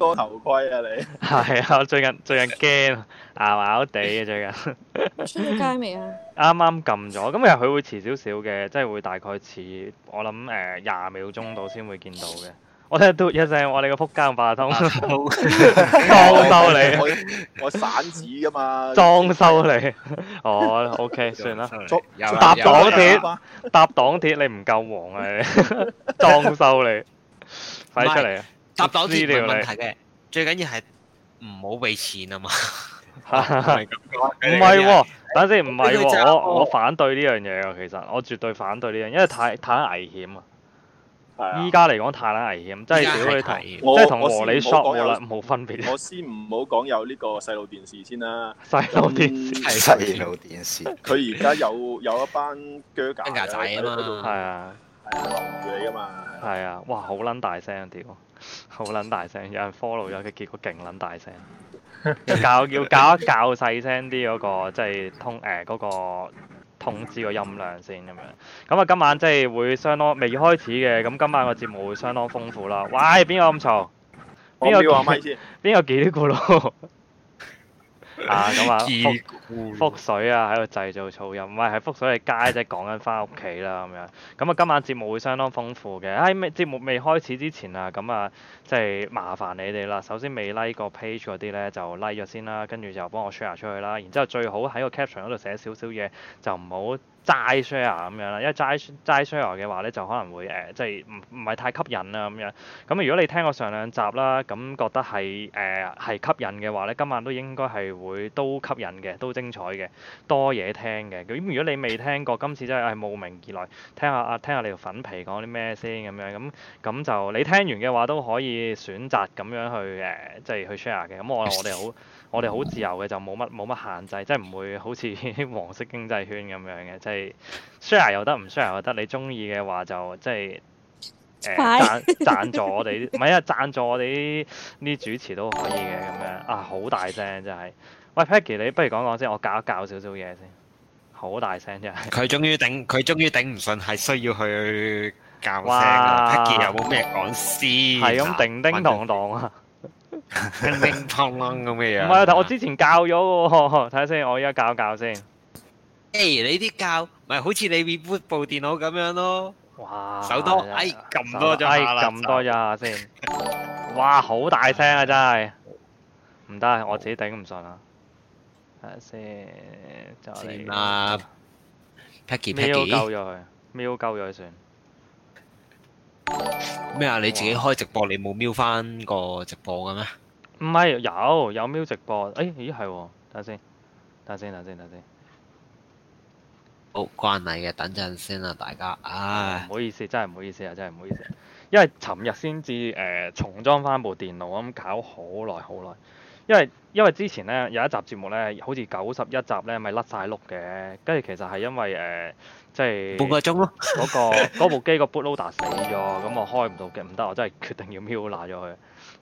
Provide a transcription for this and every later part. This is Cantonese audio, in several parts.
多頭盔啊！你係啊，最近最近驚啊，拗拗地啊，最近出咗街未啊？啱啱撳咗，咁又佢會遲少少嘅，即係會大概遲，我諗誒廿秒鐘到先會見到嘅。我聽到一聲，我哋個仆街唔發通，裝修你，我散紙㗎嘛，裝修你，哦，OK，算啦，搭港鐵，搭港鐵，你唔夠黃啊，你裝修你，快啲出嚟啊！答到呢啲問題嘅，最緊要係唔好俾錢啊嘛，咁唔係，等陣唔係，我我反對呢樣嘢啊，其實我絕對反對呢樣，因為太太危險啊，依家嚟講太危險，即係少啲體驗，即係同和你 shop 啦，冇分別。我先唔好講有呢個細路電視先啦，細路電視細路電視，佢而家有有一班鋸仔啊嘛，係啊，留住你啊嘛，係啊，哇，好撚大聲，屌！好撚大聲，有人 follow 咗佢，結果勁撚大聲，教 要教一教細聲啲嗰個，即係通，誒嗰、欸嗰個通知個音量先咁樣。咁啊今晚即係會相當未開始嘅，咁今晚個節目會相當豐富啦。喂，邊個咁嘈？邊個邊個幾呢個咯？啊咁啊，福、啊、怪福水啊，喺度製造噪音，唔係喺福水嘅街啫，講緊翻屋企啦咁樣。咁啊，今晚節目會相當豐富嘅。喺、哎、未節目未開始之前啊，咁啊，即、就、係、是、麻煩你哋啦。首先未 like 個 page 嗰啲咧，就 like 咗先啦，跟住就幫我 share 出去啦。然之後最好喺個 caption 嗰度寫少少嘢，就唔好齋 share 咁樣啦，因為齋 share 嘅話咧，就可能會誒，即係唔唔係太吸引啦咁樣。咁如果你聽過上兩集啦，咁覺得係誒係吸引嘅話咧，今晚都應該係會都吸引嘅，都精彩嘅，多嘢聽嘅。咁如果你未聽過，今次真係係慕名而來，聽下啊聽下你條粉皮講啲咩先咁樣。咁咁就你聽完嘅話都可以選擇咁樣去誒，即係去 share 嘅。咁我我哋好。 我哋好自由嘅，就冇乜冇乜限制，即係唔會好似黃色經濟圈咁樣嘅，即係 share 又得唔 share 又得，你中意嘅話就即係誒、呃、贊贊助我哋，唔係啊贊助我哋呢啲主持都可以嘅咁樣啊，好大聲真係！喂，Peggy 你不如講講先，我教，教一教少少嘢先，好大聲真係！佢終於頂，佢終於頂唔順，係需要去教聲，Peggy，有冇咩講先？係咁叮叮噹噹啊！ 明明砰砰咁嘅樣，唔係，但係我之前教咗嘅，睇下先，我而家教一教先。誒，你啲教咪好似你部部電腦咁樣咯。哇，手多，哎，撳多咗下啦，撳多咗下先。哇，好大聲啊，真係。唔得，我自己頂唔順啊。睇下先，就嚟。尖啦，Peggy Peggy。咩都救咗佢，咩都救咗佢先。咩啊？你自己開直播，你冇瞄翻個直播嘅咩？唔係，有有瞄直播。誒、哎，咦係？等下，等下，等下，等下先，等下先，等下先。好慣例嘅，等陣先啦，大家。唉，唔、嗯、好意思，真係唔好意思啊，真係唔好意思。因為尋日先至誒重裝翻部電腦，咁搞好耐好耐。因為因為之前呢，有一集節目呢，好似九十一集呢咪甩晒碌嘅，跟住其實係因為誒。呃即係半、嗰個鐘咯，嗰、 嗰個、部機個 bootloader 死咗，咁我開唔到嘅，唔得，我真係決定要 mute 咗佢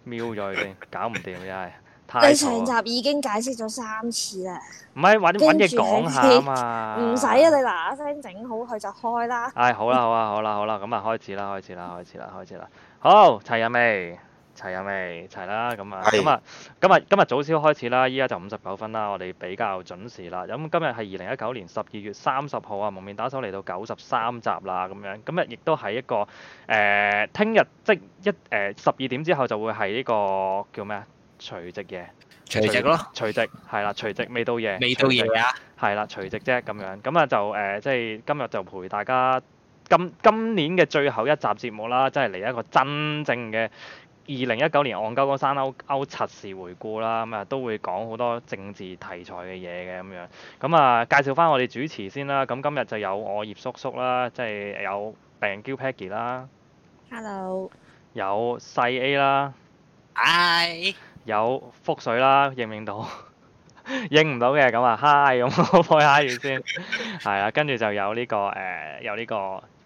，mute 咗佢已經搞唔掂嘅係。真太你上集已經解釋咗三次啦，唔係揾揾嘢講下嘛，唔使啊，你嗱一聲整好佢就開啦。哎，好啦好啊好啦好啦，咁啊開始啦，開始啦，開始啦，開始啦，好齊人未？齊啦，未齊啦，咁啊，咁啊，今日今日早朝開始啦，依家就五十九分啦，我哋比較準時啦。咁今日係二零一九年十二月三十號啊，蒙面打手嚟到九十三集啦，咁樣咁啊，亦都係一個誒聽日即一誒十二點之後就會係呢個叫咩啊？除夕夜，除夕咯，除夕係啦，除夕未到夜，未到夜啊，係啦，除夕啫咁樣咁啊，就誒即係今日就陪大家今今年嘅最後一集節目啦，即係嚟一個真正嘅。二零一九年戇鳩鳩生勾勾柒事回顧啦，咁啊都會講好多政治題材嘅嘢嘅咁樣。咁啊介紹翻我哋主持先啦。咁今日就有我葉叔叔啦，即係有病嬌 Peggy 啦，Hello，有細 A 啦，Hi，有福水啦，認唔認到？認唔到嘅咁啊，Hi 咁開 Hi 先，係啊，跟住就有呢個誒，有呢個。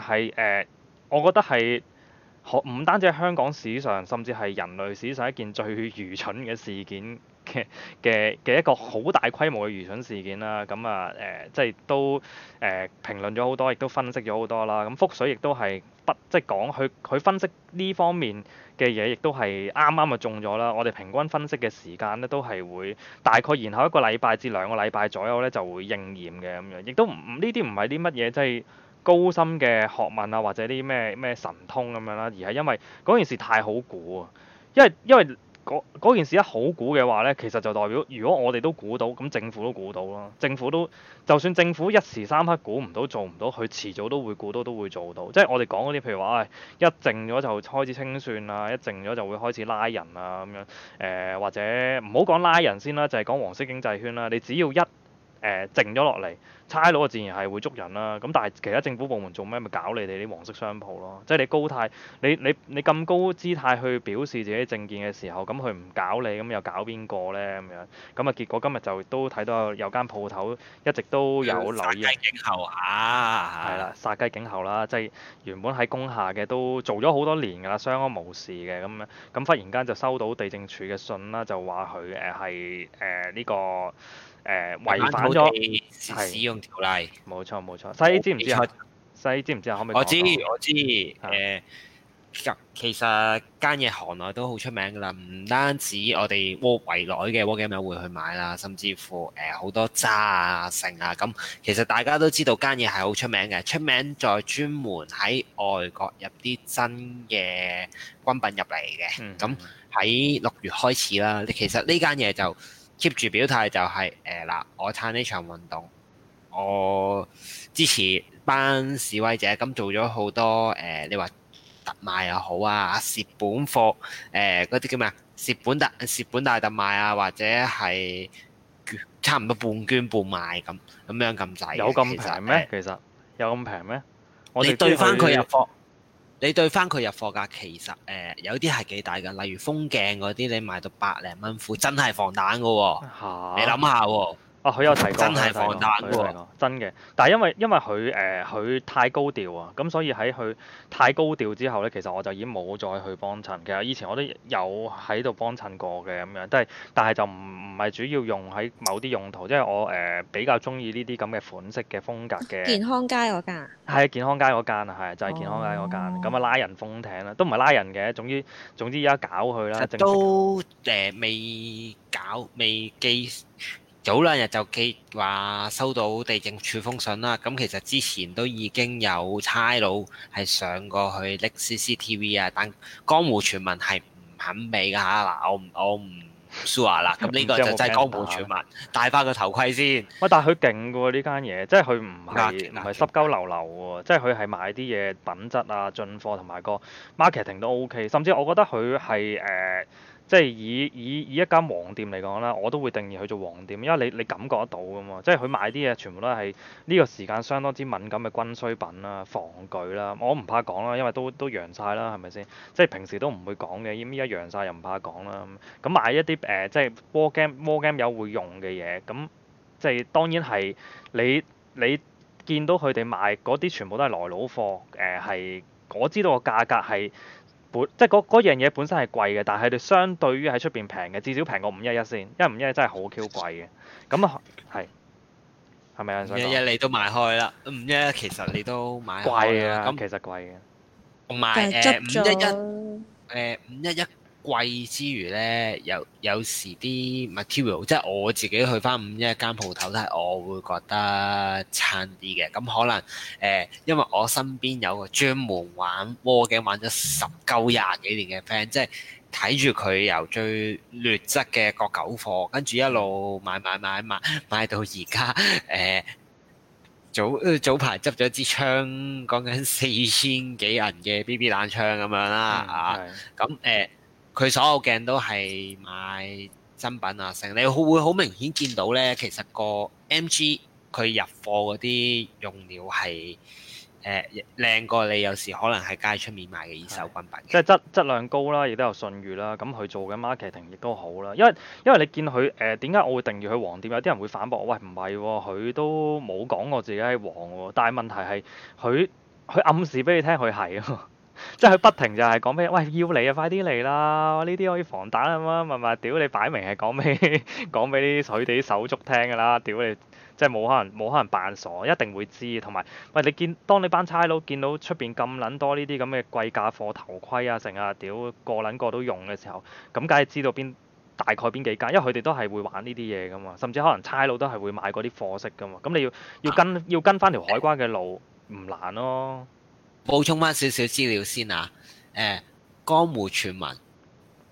係誒、呃，我覺得係可唔單止係香港史上，甚至係人類史上一件最愚蠢嘅事件嘅嘅嘅一個好大規模嘅愚蠢事件啦。咁啊誒、呃，即係都誒、呃、評論咗好多，亦都分析咗好多啦。咁、啊、福水亦都係不即係講，佢佢分析呢方面嘅嘢，亦都係啱啱就中咗啦。我哋平均分析嘅時間咧，都係會大概延後一個禮拜至兩個禮拜左右呢，就會應驗嘅咁樣。亦都唔呢啲唔係啲乜嘢即係。高深嘅學問啊，或者啲咩咩神通咁樣啦，而係因為嗰件事太好估啊，因為因為嗰件事一好估嘅話呢，其實就代表如果我哋都估到，咁政府都估到咯，政府都就算政府一時三刻估唔到做唔到，佢遲早都會估到都會做到。即係我哋講嗰啲，譬如話、哎，一靜咗就開始清算啊，一靜咗就會開始拉人啊咁樣。誒、呃、或者唔好講拉人先啦，就係、是、講黃色經濟圈啦。你只要一誒、呃、靜咗落嚟，差佬啊自然係會捉人啦。咁但係其他政府部門做咩？咪搞你哋啲黃色商鋪咯。即係你高太，你你你咁高姿態去表示自己政見嘅時候，咁佢唔搞你，咁又搞邊個呢？咁樣咁啊，結果今日就都睇到有，有間鋪頭一直都有留意。殺雞儆猴啊！係啦，殺雞儆猴啦。即係原本喺工廈嘅都做咗好多年㗎啦，相安無事嘅咁樣，咁忽然間就收到地政署嘅信啦，就話佢誒係誒呢個。呃誒、呃、違反咗使用條例，冇錯冇錯。西知唔知啊？西知唔知可唔可以講我，我知我知。誒、嗯、呃、其實間嘢行內都好出名㗎啦，唔、嗯、單止我哋鍋、嗯、圍內嘅鍋友會去買啦，甚至乎誒好、呃、多渣啊成啊咁。其實大家都知道間嘢係好出名嘅，出名在專門喺外國入啲真嘅軍品入嚟嘅。咁喺六月開始啦，嗯、其實呢間嘢就 keep 住表態，就係誒嗱，我撐呢場運動，我支持班示威者，咁、嗯、做咗好多誒、欸，你話特賣又好啊，蝕本貨誒嗰啲叫咩啊？蝕本特蝕本大特賣啊，或者係差唔多半捐半賣咁咁樣咁滯，有咁平咩？其實有咁平咩？我哋對翻佢入貨。 你對返佢入貨價其實誒、呃、有啲係幾大噶，例如風鏡嗰啲，你賣到百零蚊副，真係防彈噶喎、哦！你諗下喎、哦。啊！佢有提過，真係防彈㗎喎，真嘅。但係因為因為佢誒佢太高調啊，咁所以喺佢太高調之後咧，其實我就已經冇再去幫襯。其實以前我都有喺度幫襯過嘅咁樣，都係但係就唔唔係主要用喺某啲用途，即、就、為、是、我誒、呃、比較中意呢啲咁嘅款式嘅風格嘅。健康街嗰間係健康街嗰間啊，係、哦、就係健康街嗰間咁啊，拉人封艇啦，都唔係拉人嘅，總之總之而家搞佢啦。都誒未、呃、搞未記。早兩日就記話收到地政處封信啦，咁其實之前都已經有差佬係上過去拎 CCTV 啊，但江湖傳聞係唔肯俾㗎嚇嗱，我唔我唔 sure 啦，咁呢個就真係江湖傳聞， 戴翻個頭盔先。喂，但係佢勁嘅喎呢間嘢，即係佢唔係唔係濕鳩流流喎，即係佢係買啲嘢品質啊、進貨同埋個 marketing 都 OK，甚至我覺得佢係誒。呃即係以以以一間黃店嚟講啦，我都會定義去做黃店，因為你你感覺得到噶嘛，即係佢賣啲嘢全部都係呢個時間相當之敏感嘅軍需品啦、啊、防具啦、啊。我唔怕講啦，因為都都揚晒啦，係咪先？即係平時都唔會講嘅，依家揚晒又唔怕講啦。咁買一啲誒、呃，即係 war game war game 友會用嘅嘢，咁即係當然係你你見到佢哋賣嗰啲全部都係來佬貨，誒、呃、係我知道個價格係。本即係嗰嗰樣嘢本身係貴嘅，但係你相對於喺出邊平嘅，至少平過五一一先，因為五一一真係好 Q 貴嘅。咁啊，係係咪啊？五一一你都買開啦，五一一其實你都買。貴啊！咁其實貴嘅。同埋誒五一一誒五一一。貴之餘呢，有有時啲 material，即係我自己去返五一間鋪頭，都係我會覺得差啲嘅。咁可能誒、呃，因為我身邊有個專門玩魔鏡玩咗十鳩廿幾年嘅 friend，即係睇住佢由最劣質嘅個狗貨，跟住一路買買買買買到而家誒早、呃、早排執咗支槍，講緊四千幾銀嘅 BB 彈槍咁樣啦、嗯、啊，咁誒是。佢所有鏡都係買真品啊，成你會會好明顯見到咧，其實個 MG 佢入貨嗰啲用料係誒靚過你有時可能喺街出面買嘅二手品品，即係質質量高啦，亦都有信譽啦。咁佢做嘅 marketing 亦都好啦，因為因為你見佢誒點解我會定義佢黃店？有啲人會反駁我，喂，唔係喎，佢都冇講過自己係黃喎。但係問題係佢佢暗示俾你聽佢係。即係佢不停就係講俾，喂要嚟啊，快啲嚟啦！呢啲可以防彈咁啊嘛嘛，屌你擺明係講俾講俾啲水地手足聽㗎啦！屌你，即係冇可能冇可能扮傻，一定會知。同埋，喂你見，當你班差佬見到出邊咁撚多呢啲咁嘅貴價貨頭盔啊，剩啊，屌個撚個,個都用嘅時候，咁梗係知道邊大概邊幾間，因為佢哋都係會玩呢啲嘢噶嘛，甚至可能差佬都係會買嗰啲貨色噶嘛。咁你要要跟要跟翻條海關嘅路，唔難咯。補充翻少少資料先啊！誒、呃，江湖傳聞，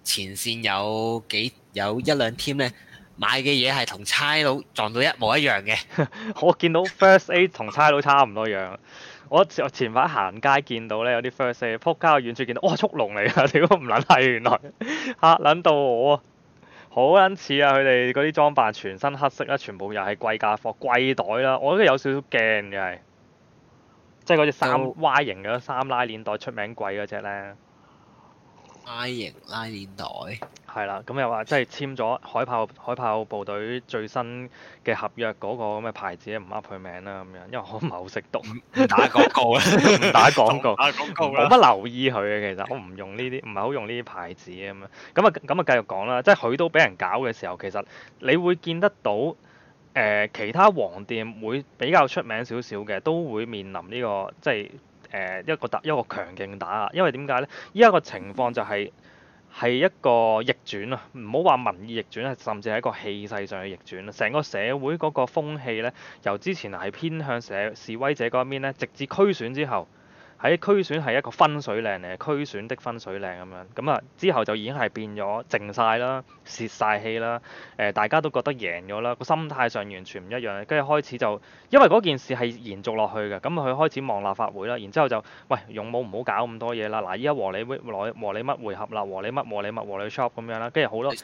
前線有幾有一兩天咧，買嘅嘢係同差佬撞到一模一樣嘅。 我見到 First Aid 同差佬差唔多樣。我前排行街見到咧，有啲 First Aid 撲街遠處見到，哇、哦，速龍嚟你都唔撚係， 原來吓，撚到我啊！好撚似啊，佢哋嗰啲裝扮，全身黑色啊，全部又係貴價貨、貴袋啦。我覺得有少少驚，嘅。係。即係嗰隻三 Y 型嘅三拉鏈袋出名貴嗰隻咧，I 型拉鏈袋係啦，咁又話即係簽咗海豹海豹部隊最新嘅合約嗰個咁嘅牌子，唔噏佢名啦咁樣，因為我唔係好識讀打廣告啦， 打廣告 我唔打廣告冇乜 留意佢嘅其實我，我唔用呢啲，唔係好用呢啲牌子咁樣。咁啊咁啊，繼續講啦，即係佢都俾人搞嘅時候，其實你會見得到。誒、呃、其他黃店會比較出名少少嘅，都會面臨呢、呢個即係誒、呃、一個一個強勁打壓啊！因為點解呢？依家個情況就係、係、係一個逆轉啊！唔好話民意逆轉，啊，甚至係一個氣勢上嘅逆轉啊！成個社會嗰個風氣咧，由之前係偏向社示威者嗰一邊呢，直至區選之後。喺區選係一個分水嶺嚟嘅，區選的分水嶺咁樣咁啊，之後就已經係變咗靜晒啦，泄晒氣啦，誒大家都覺得贏咗啦，個心態上完全唔一樣，跟住開始就因為嗰件事係延續落去嘅，咁佢開始望立法會啦，然之後就喂，勇武唔好搞咁多嘢啦，嗱依家和你和你乜回合啦，和，和，和，和，和你乜和你乜和你 shop 咁樣啦，跟住好多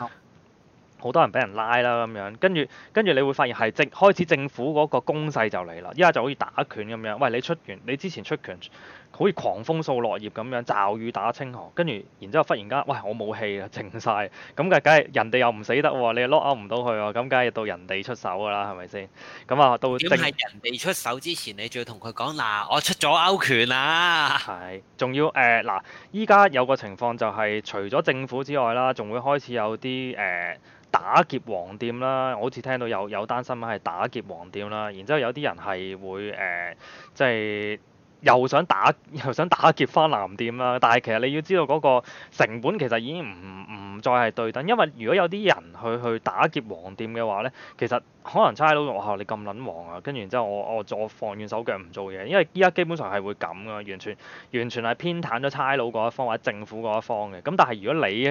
好多人俾人拉啦咁樣，跟住跟住你會發現係正開始政府嗰個攻勢就嚟啦，依家就好似打拳咁樣，喂你出拳，你之前出拳。好似狂風掃落葉咁樣，驟雨打青荷。跟住然之後忽然間，喂，我冇氣啊，靜晒。」咁嘅梗係人哋又唔死得喎，你又 lock out 唔到佢喎，咁梗係到人哋出手㗎啦，係咪先？咁啊，到定係人哋出手之前，你仲要同佢講嗱，我出咗勾拳啦。係，仲要誒嗱，依家有個情況就係，除咗政府之外啦，仲會開始有啲誒打劫黃店啦，我好似聽到有有單新聞係打劫黃店啦，然之後有啲人係會誒即係。又想打又想打劫翻藍店啦、啊，但係其實你要知道嗰個成本其實已經唔唔再係對等，因為如果有啲人去去打劫黃店嘅話咧，其實可能差佬話：你咁撚黃啊！跟住然之後我我我放軟手腳唔做嘢，因為依家基本上係會咁噶，完全完全係偏袒咗差佬嗰一方或者政府嗰一方嘅。咁但係如果你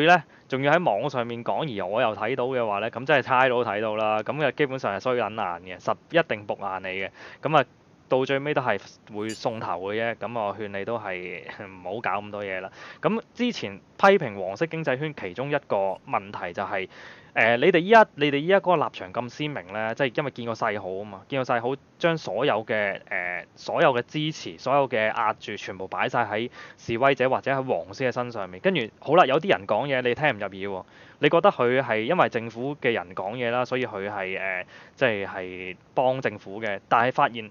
去咧，仲要喺網上面講而我又睇到嘅話咧，咁真係差佬睇到啦，咁嘅基本上係衰撚硬嘅，實一定仆硬你嘅，咁啊！到最尾都係會送頭嘅啫，咁我勸你都係唔好搞咁多嘢啦。咁之前批評黃色經濟圈其中一個問題就係，誒，你哋依家你哋依家嗰個立場咁鮮明呢？即係因為見過世好啊嘛，見過世好將所有嘅誒，所有嘅支持、所有嘅押注全部擺晒喺示威者或者喺黃色嘅身上面，跟住好啦，有啲人講嘢你聽唔入耳喎，你覺得佢係因為政府嘅人講嘢啦，所以佢係誒即係係幫政府嘅，但係發現，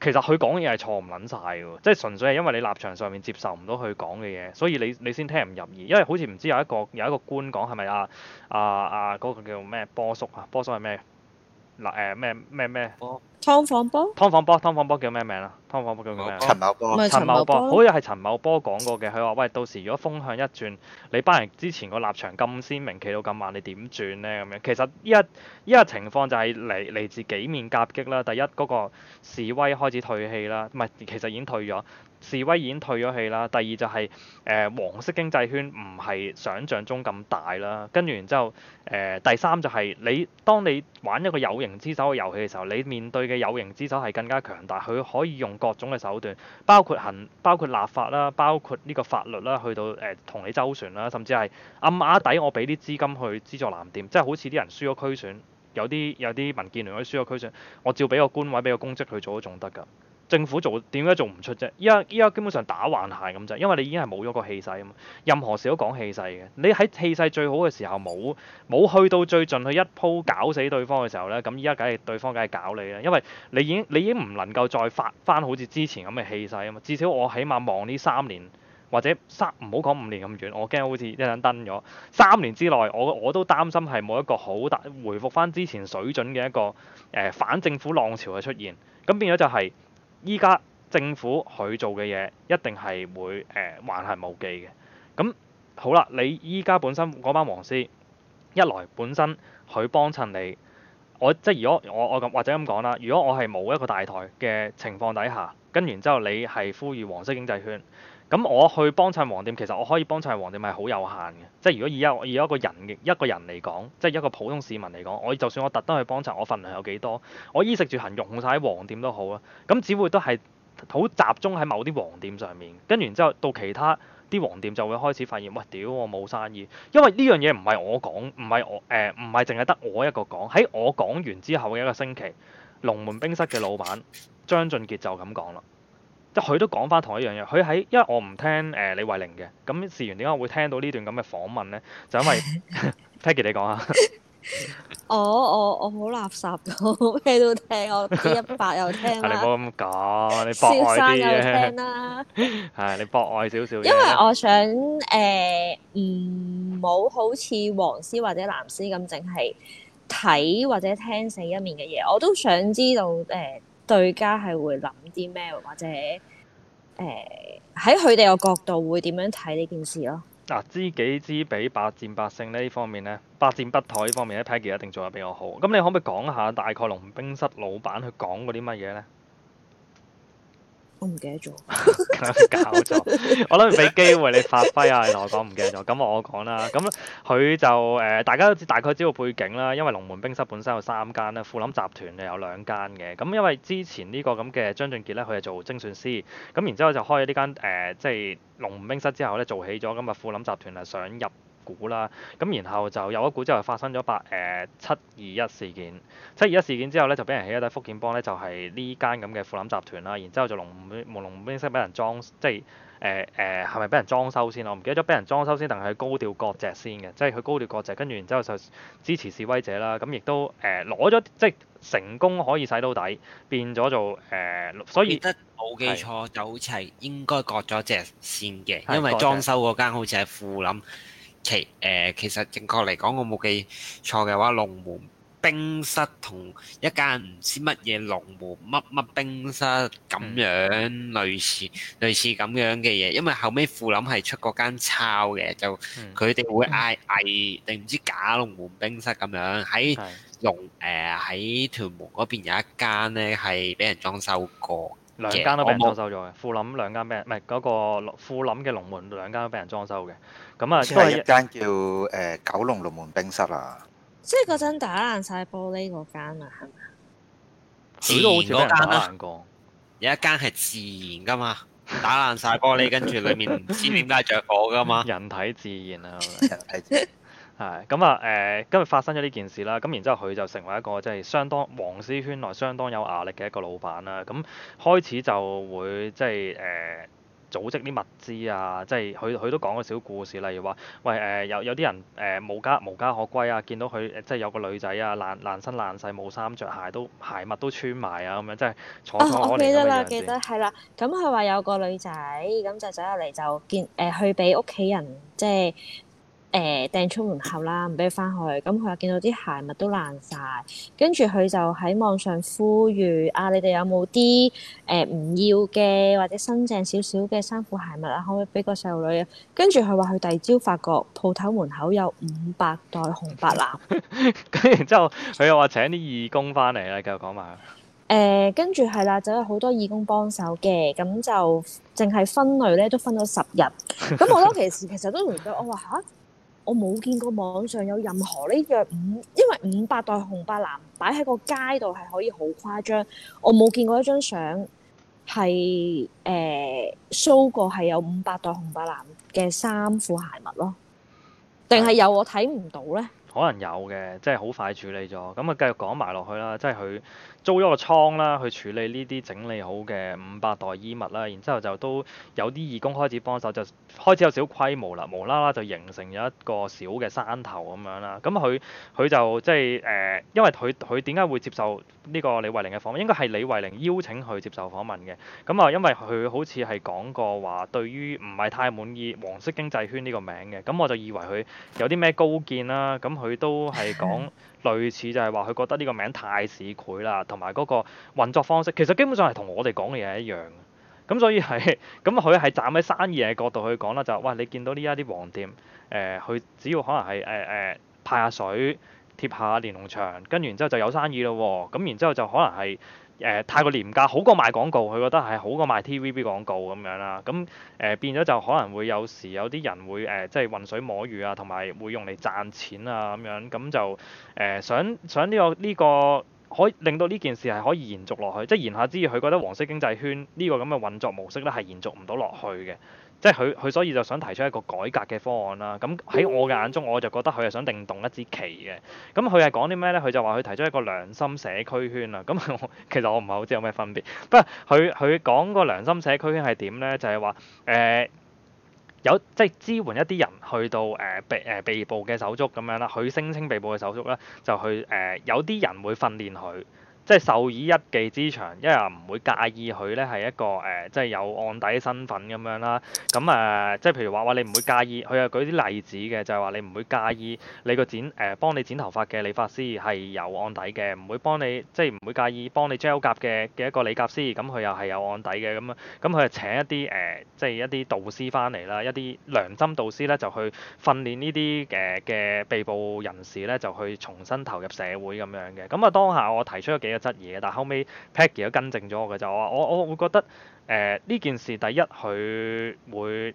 其實佢講嘢係錯唔撚晒㗎喎，即係純粹係因為你立場上面接受唔到佢講嘅嘢，所以你你先聽唔入耳。因為好似唔知有一個有一個官講，係咪啊，啊啊嗰個叫咩波叔啊？波叔係咩嗱？誒咩咩咩？啊啊湯房波，波，湯房波，湯房波叫咩名啊？湯房波叫佢咩？陳茂波，陳茂波，好似係陳茂波講過嘅，佢話喂，到時如果風向一轉，你班人之前個立場咁鮮明，企到咁硬，你點轉咧？咁樣，其實依一依個情況就係嚟嚟自幾面夾擊啦。第一嗰、嗰個示威開始退氣啦，唔係，其實已經退咗。示威已經退咗氣啦。第二就係、是、誒、呃、黃色經濟圈唔係想像中咁大啦。跟住然之後誒、呃、第三就係、是、你當你玩一個有形之手嘅遊戲嘅時候，你面對嘅有形之手係更加強大。佢可以用各種嘅手段，包括行包括立法啦，包括呢個法律啦，去到誒同、呃、你周旋啦，甚至係暗啞底我俾啲資金去資助藍店，即係好似啲人輸咗區選，有啲有啲民建聯嗰啲輸咗區選，我照俾個官位俾個公職去做都仲得㗎。政府做點解做唔出啫？依家依家基本上打橫行咁啫，因為你已經係冇咗個氣勢啊嘛。任何事都講氣勢嘅，你喺氣勢最好嘅時候冇冇去到最盡去一鋪搞死對方嘅時候咧，咁依家梗係對方梗係搞你啦。因為你已經你已經唔能夠再發翻好似之前咁嘅氣勢啊嘛。至少我起碼望呢三年或者三唔好講五年咁遠，我驚好似一陣燈咗三年之內我，我我都擔心係冇一個好大回復翻之前水準嘅一個誒、呃、反政府浪潮嘅出現，咁變咗就係、是。依家政府佢做嘅嘢一定係會誒，橫行無忌嘅，咁好啦，你依家本身嗰班黃絲一來本身佢幫襯你，我即係如果我我咁或者咁講啦，如果我係冇一個大台嘅情況底下，跟然之後，你係呼籲黃色經濟圈。咁我去幫襯黃店，其實我可以幫襯黃店係好有限嘅，即係如果以一以一個人一個人嚟講，即係一個普通市民嚟講，我就算我特登去幫襯，我份量有幾多？我衣食住行用晒喺黃店都好啦，咁只會都係好集中喺某啲黃店上面，跟住之後到其他啲黃店就會開始發現，喂，屌我冇生意，因為呢樣嘢唔係我講，唔係我誒，唔係淨係得我一個講。喺我講完之後嘅一個星期，龍門冰室嘅老闆張俊傑就咁講啦。即佢都講翻同一樣嘢，佢喺因為我唔聽誒、呃、李慧玲嘅，咁事緣點解會聽到呢段咁嘅訪問咧？就因為 Peggy 你講啊 ，我我我好垃圾嘅，咩都聽，我一百又聽啦。 你唔好咁講，你博愛啲嘢。蕭生又聽啦。係， 你博愛少少。因為我想誒，唔、呃嗯、好好似黃絲或者藍絲咁，淨係睇或者聽死一面嘅嘢。我都想知道誒。呃呃呃對家係會諗啲咩，或者誒喺佢哋個角度會點樣睇呢件事咯？嗱、啊，知己知彼，百戰百勝呢方面咧，百戰不殆呢方面咧 Peggy 一定做得比較好。咁你可唔可以講下大概龍冰室老闆去講過啲乜嘢咧？我唔記得咗，搞錯。我諗俾機會你發揮啊！你同我講唔記得咗，咁我講啦。咁佢就誒，大家都大概知道背景啦。因為龍門冰室本身有三間咧，富臨集團就有兩間嘅。咁因為之前呢個咁嘅張俊傑咧，佢係做精算師，咁然之後就開咗呢間誒、呃，即係龍門冰室之後咧做起咗。咁啊，富臨集團係想入。股啦，咁然後就有一股，之後發生咗八誒七二一事件。七二一事件之後咧，就俾人起咗底。福建幫咧就係呢間咁嘅富臨集團啦。然之後就龍龍龍冰室俾人裝，即係誒誒係咪俾人裝修先？我唔記得咗俾人裝修先，定係佢高調割席先嘅？即係佢高調割席，跟住然之後就支持示威者啦。咁亦都誒攞咗，即係成功可以洗到底，變咗做誒、呃。所以冇記錯就好似係應該割咗席先嘅，的因為裝修嗰間好似係富臨。其誒、呃，其實正確嚟講，我冇記錯嘅話，龍門冰室同一間唔知乜嘢龍門乜乜冰室咁樣、嗯類，類似類似咁樣嘅嘢。因為後尾富林係出嗰間抄嘅，就佢哋會嗌嗌定唔知假龍門冰室咁樣喺龍誒喺是、呃、屯門嗰邊有一間咧，係俾人裝修過，兩間都俾人裝修咗嘅。富林兩間俾人唔係嗰個富林嘅龍門兩間都俾人裝修嘅。咁啊，即係一間叫誒、呃、九龍龍門冰室啊，即係嗰陣打爛晒玻璃嗰間啊，係嘛？自然嗰間啦，嗯、有一間係自然㗎嘛，打爛晒玻璃， 跟住裡面唔知點解着火㗎嘛， 人體自然啊，人體，係咁啊，誒，今日發生咗呢件事啦，咁然之後佢就成為一個即係、就是、相當黃絲圈內相當有壓力嘅一個老闆啦，咁開始就會即係誒。就是組織啲物資啊，即係佢佢都講個小故事，例如話，喂誒、呃、有有啲人誒、呃、無家無家可歸啊，見到佢即係有個女仔啊，爛爛身爛世，冇衫着鞋都鞋襪都穿埋啊，咁樣即係坐坐我嚟咁樣先。記得啦，記得係啦，咁佢話有個女仔，咁、嗯、就走入嚟就見誒、呃，去俾屋企人即係。誒掟、呃、出門口啦，唔俾佢翻去。咁佢又見到啲鞋襪都爛晒。跟住佢就喺網上呼籲啊！你哋有冇啲誒唔要嘅或者新淨少少嘅衫褲鞋襪啊？可唔可以俾個細路女？跟住佢話佢第二朝發覺鋪頭門口有五百袋紅白藍。跟住 然之後，佢又話請啲義工翻嚟啦，繼續講埋。誒、呃，跟住係啦，就有好多義工幫手嘅，咁就淨係分類咧，都分咗十日。咁我當其時其實都唔易，我話嚇。啊我冇見過網上有任何呢樣五，因為五百袋紅白藍擺喺個街度係可以好誇張。我冇見過一張相係誒 show 過係有五百袋紅白藍嘅衫褲鞋襪咯，定係有我睇唔到呢？可能有嘅，即係好快處理咗。咁啊，繼續講埋落去啦，即係佢。租咗個倉啦，去處理呢啲整理好嘅五百袋衣物啦，然之後就都有啲義工開始幫手，就開始有少規模啦，無啦啦就形成咗一個小嘅山頭咁樣啦。咁佢佢就即係誒，因為佢佢點解會接受呢個李慧玲嘅訪問？應該係李慧玲邀請佢接受訪問嘅。咁啊，因為佢好似係講過話，對於唔係太滿意黃色經濟圈呢個名嘅。咁我就以為佢有啲咩高見啦。咁佢都係講。類似就係話佢覺得呢個名太市儈啦，同埋嗰個運作方式，其實基本上係同我哋講嘅嘢一樣。咁所以係，咁佢係站喺生意嘅角度去講啦，就係哇，你見到呢一啲黃店，誒、呃，佢只要可能係誒誒派下水貼下連儂牆，跟住之後就有生意咯喎。咁然之後就可能係。誒、呃、太過廉價，好過賣廣告，佢覺得係好過賣 TVB 廣告咁樣啦。咁、呃、誒變咗就可能會有時有啲人會誒、呃、即係混水摸魚啊，同埋會用嚟賺錢啊咁樣。咁就誒想想呢、呢個呢、呢個可以令到呢件事係可以延續落去。即係言下之意，佢覺得黃色經濟圈呢、呢個咁嘅運作模式咧係延續唔到落去嘅。即係佢，佢所以就想提出一個改革嘅方案啦。咁喺我嘅眼中，我就覺得佢係想定動一支旗嘅。咁佢係講啲咩咧？佢就話佢提出一個良心社區圈啦。咁我其實我唔係好知有咩分別。不過佢，佢講個良心社區圈係點咧？就係話誒有即係、就是、支援一啲人去到誒、呃、被誒、呃、被捕嘅手足咁樣啦。佢聲稱被捕嘅手足咧就去誒、呃、有啲人會訓練佢，即係授以一技之長，因為唔會介意佢咧係一個誒、呃，即係有案底身份咁樣啦。咁、呃、誒，即係譬如話話你唔會介意佢又舉啲例子嘅，就係、是、話你唔會介意你個剪誒幫、呃、你剪頭髮嘅理髮師係有案底嘅，唔會幫你即係唔會介意幫你 gel 夾嘅嘅一個理夾師，咁佢又係有案底嘅。咁啊，咁佢係請一啲誒，即係一啲、呃、導師翻嚟啦，一啲良針導師咧就去訓練呢啲嘅嘅被捕人士咧，就去重新投入社會咁樣嘅。咁啊，當下我提出咗幾個.質疑嘅，但後尾 Peggy 都跟正咗我嘅就，我我我會覺得誒呢、呃、件事，第一，佢會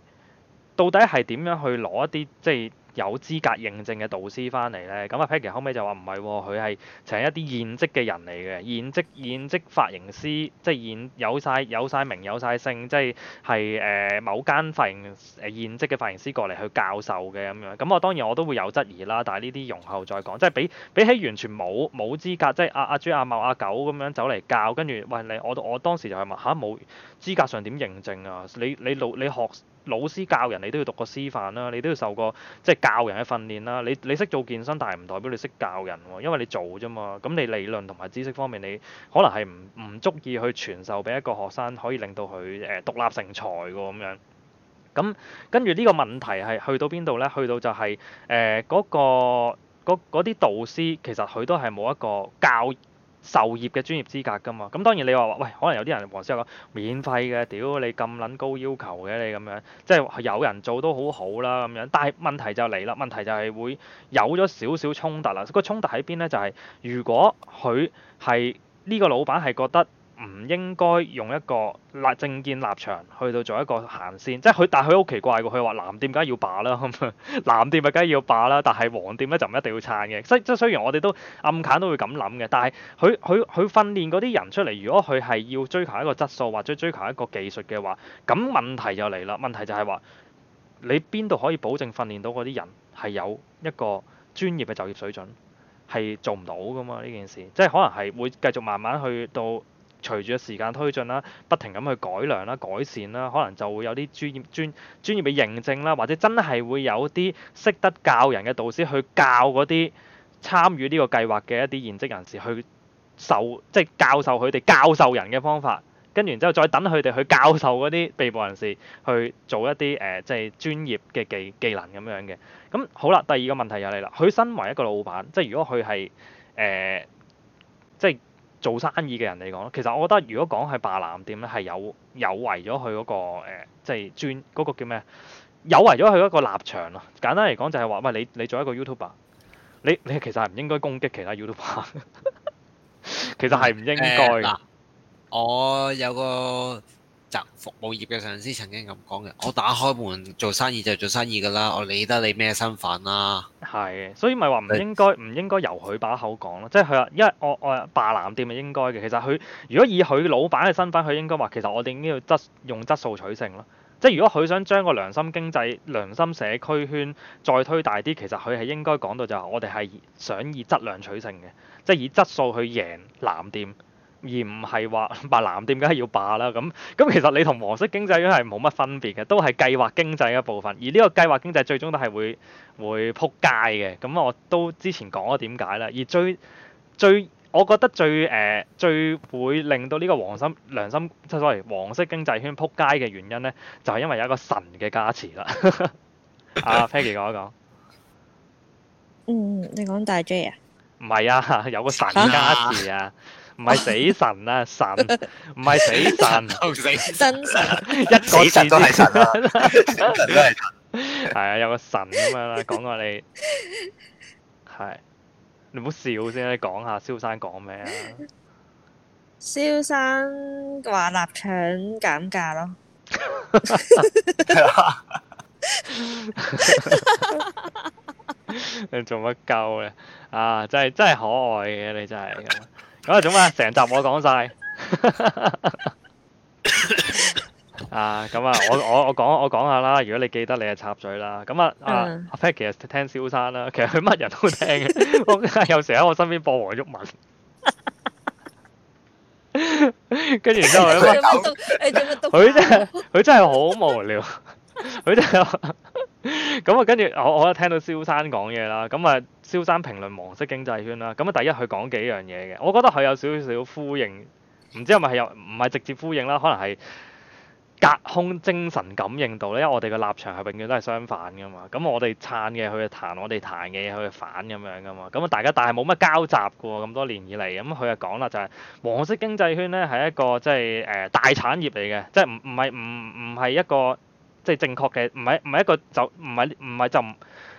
到底係點樣去攞一啲即係，有資格認證嘅導師翻嚟呢，咁阿 Peggy 後尾就話唔係喎，佢係請一啲現職嘅人嚟嘅，現職現職髮型師，即係現有晒有晒名有晒姓，即係係誒某間髮型誒現職嘅髮型師過嚟去教授嘅咁樣。咁我當然我都會有質疑啦，但係呢啲容後再講，即係比比起完全冇冇資格，即係阿阿豬阿茂阿狗咁樣走嚟教，跟住喂你我我當時就問吓冇、啊、資格上點認證啊？你你老你，你學？老師教人，你都要讀個師範啦，你都要受過即係教人嘅訓練啦。你你識做健身，但係唔代表你識教人喎，因為你做啫嘛。咁你理論同埋知識方面，你可能係唔唔足以去傳授俾一個學生，可以令到佢誒獨立成才喎咁樣。咁跟住呢個問題係去到邊度呢？去到就係誒嗰個嗰，嗰啲導師，其實佢都係冇一個教授業嘅專業資格㗎嘛，咁當然你話喂，可能有啲人黃師又講免費嘅，屌你咁撚高要求嘅你咁樣，即係有人做都好好啦咁樣，但係問題就嚟啦，問題就係會有咗少少衝突啦，個衝突喺邊咧？就係如果佢係呢個老闆係覺得。唔應該用一個立政見立場去到做一個行先，即係佢，但係佢好奇怪佢話藍店梗係要霸啦，咁 藍店咪梗係要霸啦，但係黃店咧就唔一定要撐嘅。即即雖然我哋都暗揀都會咁諗嘅，但係佢佢佢訓練嗰啲人出嚟，如果佢係要追求一個質素或者追求一個技術嘅話，咁問題就嚟啦。問題就係話你邊度可以保證訓練到嗰啲人係有一個專業嘅就業水準？係做唔到㗎嘛呢件事，即係可能係會繼續慢慢去到。隨住嘅時間推進啦，不停咁去改良啦、改善啦，可能就會有啲專業專專業嘅認證啦，或者真係會有啲識得教人嘅導師去教嗰啲參與呢個計劃嘅一啲現職人士去受，即係教授佢哋教授人嘅方法，跟住之後再等佢哋去教授嗰啲被捕人士去做一啲誒、呃、即係專業嘅技技能咁樣嘅。咁好啦，第二個問題又嚟啦，佢身為一個老闆，即係如果佢係誒即係。做生意嘅人嚟講，其實我覺得如果講係霸攬店，呢係有有違咗佢嗰個即係專嗰個叫咩？有違咗佢、嗰個呃嗰個、一個立場咯。簡單嚟講就係話，喂，你你做一個 YouTuber，你你其實係唔應該攻擊其他 YouTuber， 其實係唔應該、呃呃。我有個。服務業嘅上司曾經咁講嘅，我打開門做生意就做生意噶啦，我理得你咩身份啦。」係，所以咪話唔應該，唔應該由佢把口講咯。即係佢話，因為我我霸藍店係應該嘅。其實佢如果以佢老闆嘅身份，佢應該話，其實我哋應該要質用質素取勝咯。即係如果佢想將個良心經濟、良心社區圈再推大啲，其實佢係應該講到就係我哋係想以質量取勝嘅，即係以質素去贏藍店。而唔係話白藍，點解要霸啦？咁咁其實你同黃色經濟圈係冇乜分別嘅，都係計劃經濟一部分。而呢個計劃經濟最終都係會會撲街嘅。咁我都之前講咗點解啦。而最最，我覺得最誒、呃、最會令到呢個黃心良心即係所謂黃色經濟圈撲街嘅原因呢，就係、是、因為有一個神嘅加持啦。阿 Peggy 講一講。嗯，你講大 J 啊？唔係啊，有個神加持啊！唔係死神啊，神唔係死神，真神，一個神都係神，係啊， 神都係神啊， 神神啊， 有個神咁樣啦、啊，講下你係，你唔好笑先、啊，你講下蕭生講咩啊？蕭生話臘腸減價咯，係啊，你做乜鳩嘅？啊，真係真係可愛嘅，你真係。咁啊，做咩 啊，成集我講晒。啊，咁啊，我我我講我講下啦。如果你記得，你係插嘴啦。咁啊啊，阿 p r i e n 其實聽蕭生啦，其實佢乜人都聽嘅。我 有時喺我身邊播黃毓民。跟住之後咧，佢真係佢真係好無聊，佢 真係。咁啊，跟住 我我一聽到蕭生講嘢啦，咁啊蕭生評論黃色經濟圈啦，咁啊第一佢講幾樣嘢嘅，我覺得佢有少少呼應，唔知係咪係有唔係直接呼應啦？可能係隔空精神感應到咧，因為我哋嘅立場係永遠都係相反噶嘛。咁我哋撐嘅，佢就彈我哋彈嘅嘢，去反，反咁樣噶嘛。咁啊大家但係冇乜交集噶喎，咁多年以嚟。咁佢就講啦，就係、是、黃色經濟圈咧係一個即係誒、呃、大產業嚟嘅，即係唔唔係唔唔係一個。即係正確嘅，唔係唔係一個就唔係唔係就唔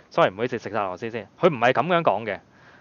，Sorry，唔好意思，食晒螺絲先。佢唔係咁樣講嘅，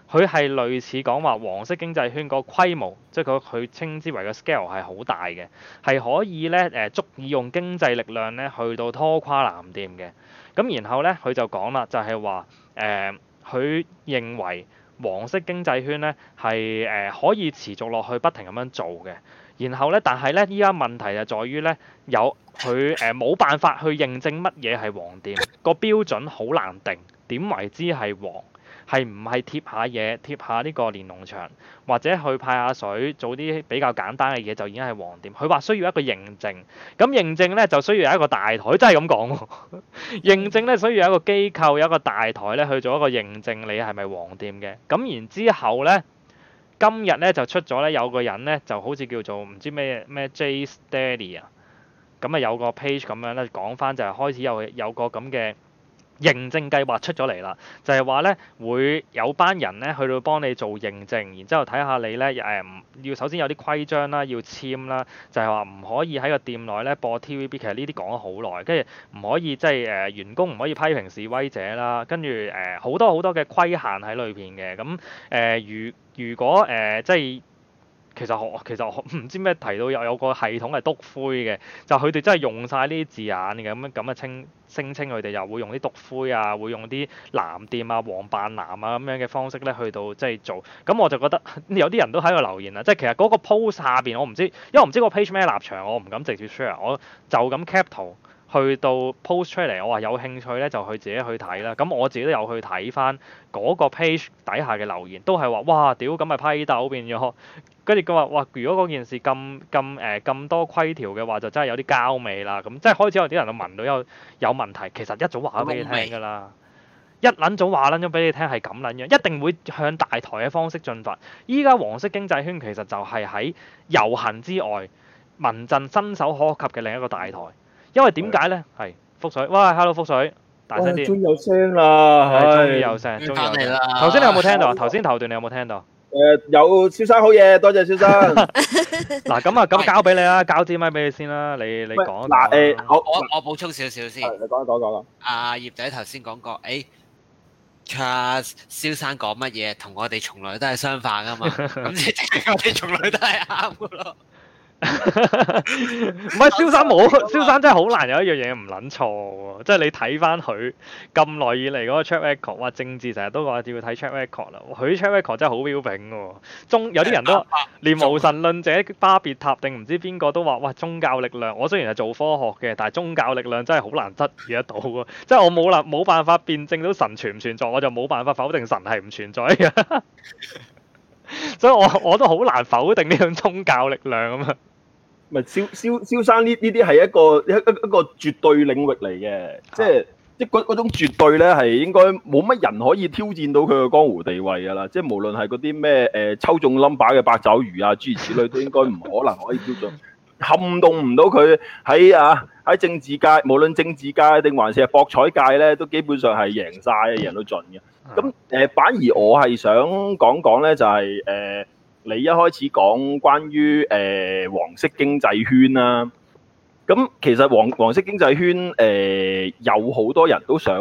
佢係類似講話黃色經濟圈個規模，即係佢佢稱之為個 scale 係好大嘅，係可以呢誒足以用經濟力量呢去到拖垮藍店嘅。咁然後呢，佢就講啦，就係話誒，佢、呃、認為黃色經濟圈呢係誒、呃、可以持續落去不停咁樣做嘅。然後咧，但係咧，依家問題就係在於咧，有佢誒冇辦法去認證乜嘢係黃店，這個標準好難定，點為之係黃，係唔係貼下嘢、貼下呢個連儂牆，或者去派下水做啲比較簡單嘅嘢就已經係黃店。佢話需要一個認證，咁認證咧就需要有一個大台，真係咁講喎。 認證咧需要有一個機構有一個大台咧去做一個認證，你係咪黃店嘅？咁然之後咧。今日咧就出咗咧、啊，有個人咧就好似叫做唔知咩咩 Jay Steady 啊，咁啊有個 page 咁樣咧，講返就係開始有有個咁嘅。認證計劃出咗嚟啦，就係話咧會有班人咧去到幫你做認證，然之後睇下你咧誒，要首先有啲規章啦，要簽啦，就係話唔可以喺個店內咧播 TVB，其實呢啲講咗好耐，跟住唔可以即係誒員工唔可以批評示威者啦，跟住誒好多好多嘅規限喺裏邊嘅，咁誒如如果誒即係。呃呃呃呃呃呃其實我其實我唔知咩提到有有個系統係篤灰嘅，就佢、是、哋真係用晒呢啲字眼嘅，咁咁嘅稱聲稱佢哋又會用啲篤灰啊，會用啲藍店啊、黃扮藍啊咁樣嘅方式咧去到即係、就是、做，咁我就覺得有啲人都喺度留言啊，即、就、係、是、其實嗰個 post 下邊我唔知，因為我唔知個 page 咩立場，我唔敢直接 share，我就咁 cap 圖。去到 post 出嚟，我話有興趣咧就去自己去睇啦。咁我自己都有去睇翻嗰個 page 底下嘅留言，都係話哇屌咁咪批鬥變咗。跟住佢話哇，如果嗰件事咁咁誒咁多規條嘅話，就真係有啲膠味啦。咁即係開始有啲人就聞到有有問題，其實一早話咗俾你聽㗎啦，美一撚早話撚咗俾你聽係咁撚樣，一定會向大台嘅方式進發。依家黃色經濟圈其實就係喺遊行之外民陣伸手可及嘅另一個大台。因為點解咧？係福水，喂！Hello，福水，大聲啲。終於有聲啦，係終於有聲，終於有聲。頭先你有冇聽到啊？頭先頭段你有冇聽到？誒，有，蕭生好嘢，多謝蕭生。嗱，咁啊，咁交俾你啦，交支咪俾你先啦，你你講。嗱，誒，我我我補充少少先。你講講講啦。阿葉仔頭先講過，誒，阿蕭生講乜嘢，同我哋從來都係相反噶嘛？咁即係我哋從來都係啱噶咯。唔係蕭生，冇，蕭生真係好難有一樣嘢唔捻錯喎。即係你睇翻佢咁耐以嚟嗰個 track record，哇！政治成日都話要睇 track record 啦。佢 track record 真係好彪炳喎。有啲人都連無神論者巴別塔定唔知邊個都話哇！宗教力量，我雖然係做科學嘅，但係宗教力量真係好難質疑得到。即係我冇能辦法辨證到神存唔存在，我就冇辦法否定神係唔存在。 所以我我都好難否定呢種宗教力量咁啊。唔係蕭蕭蕭生呢呢啲係一個一一一個絕對領域嚟嘅，即係一嗰嗰種絕對咧係應該冇乜人可以挑戰到佢嘅江湖地位噶啦。即係無論係嗰啲咩誒抽中 number 嘅八爪魚啊諸如此類，都應該唔可能可以挑戰撼動唔到佢喺啊喺政治界，無論政治界定還是係博彩界咧，都基本上係贏晒，贏到盡嘅。咁誒、嗯，反而我係想講講咧，就係、是、誒、呃、你一開始講關於誒、呃、黃色經濟圈啦、啊。咁、嗯、其實黃黃色經濟圈誒、呃，有好多人都想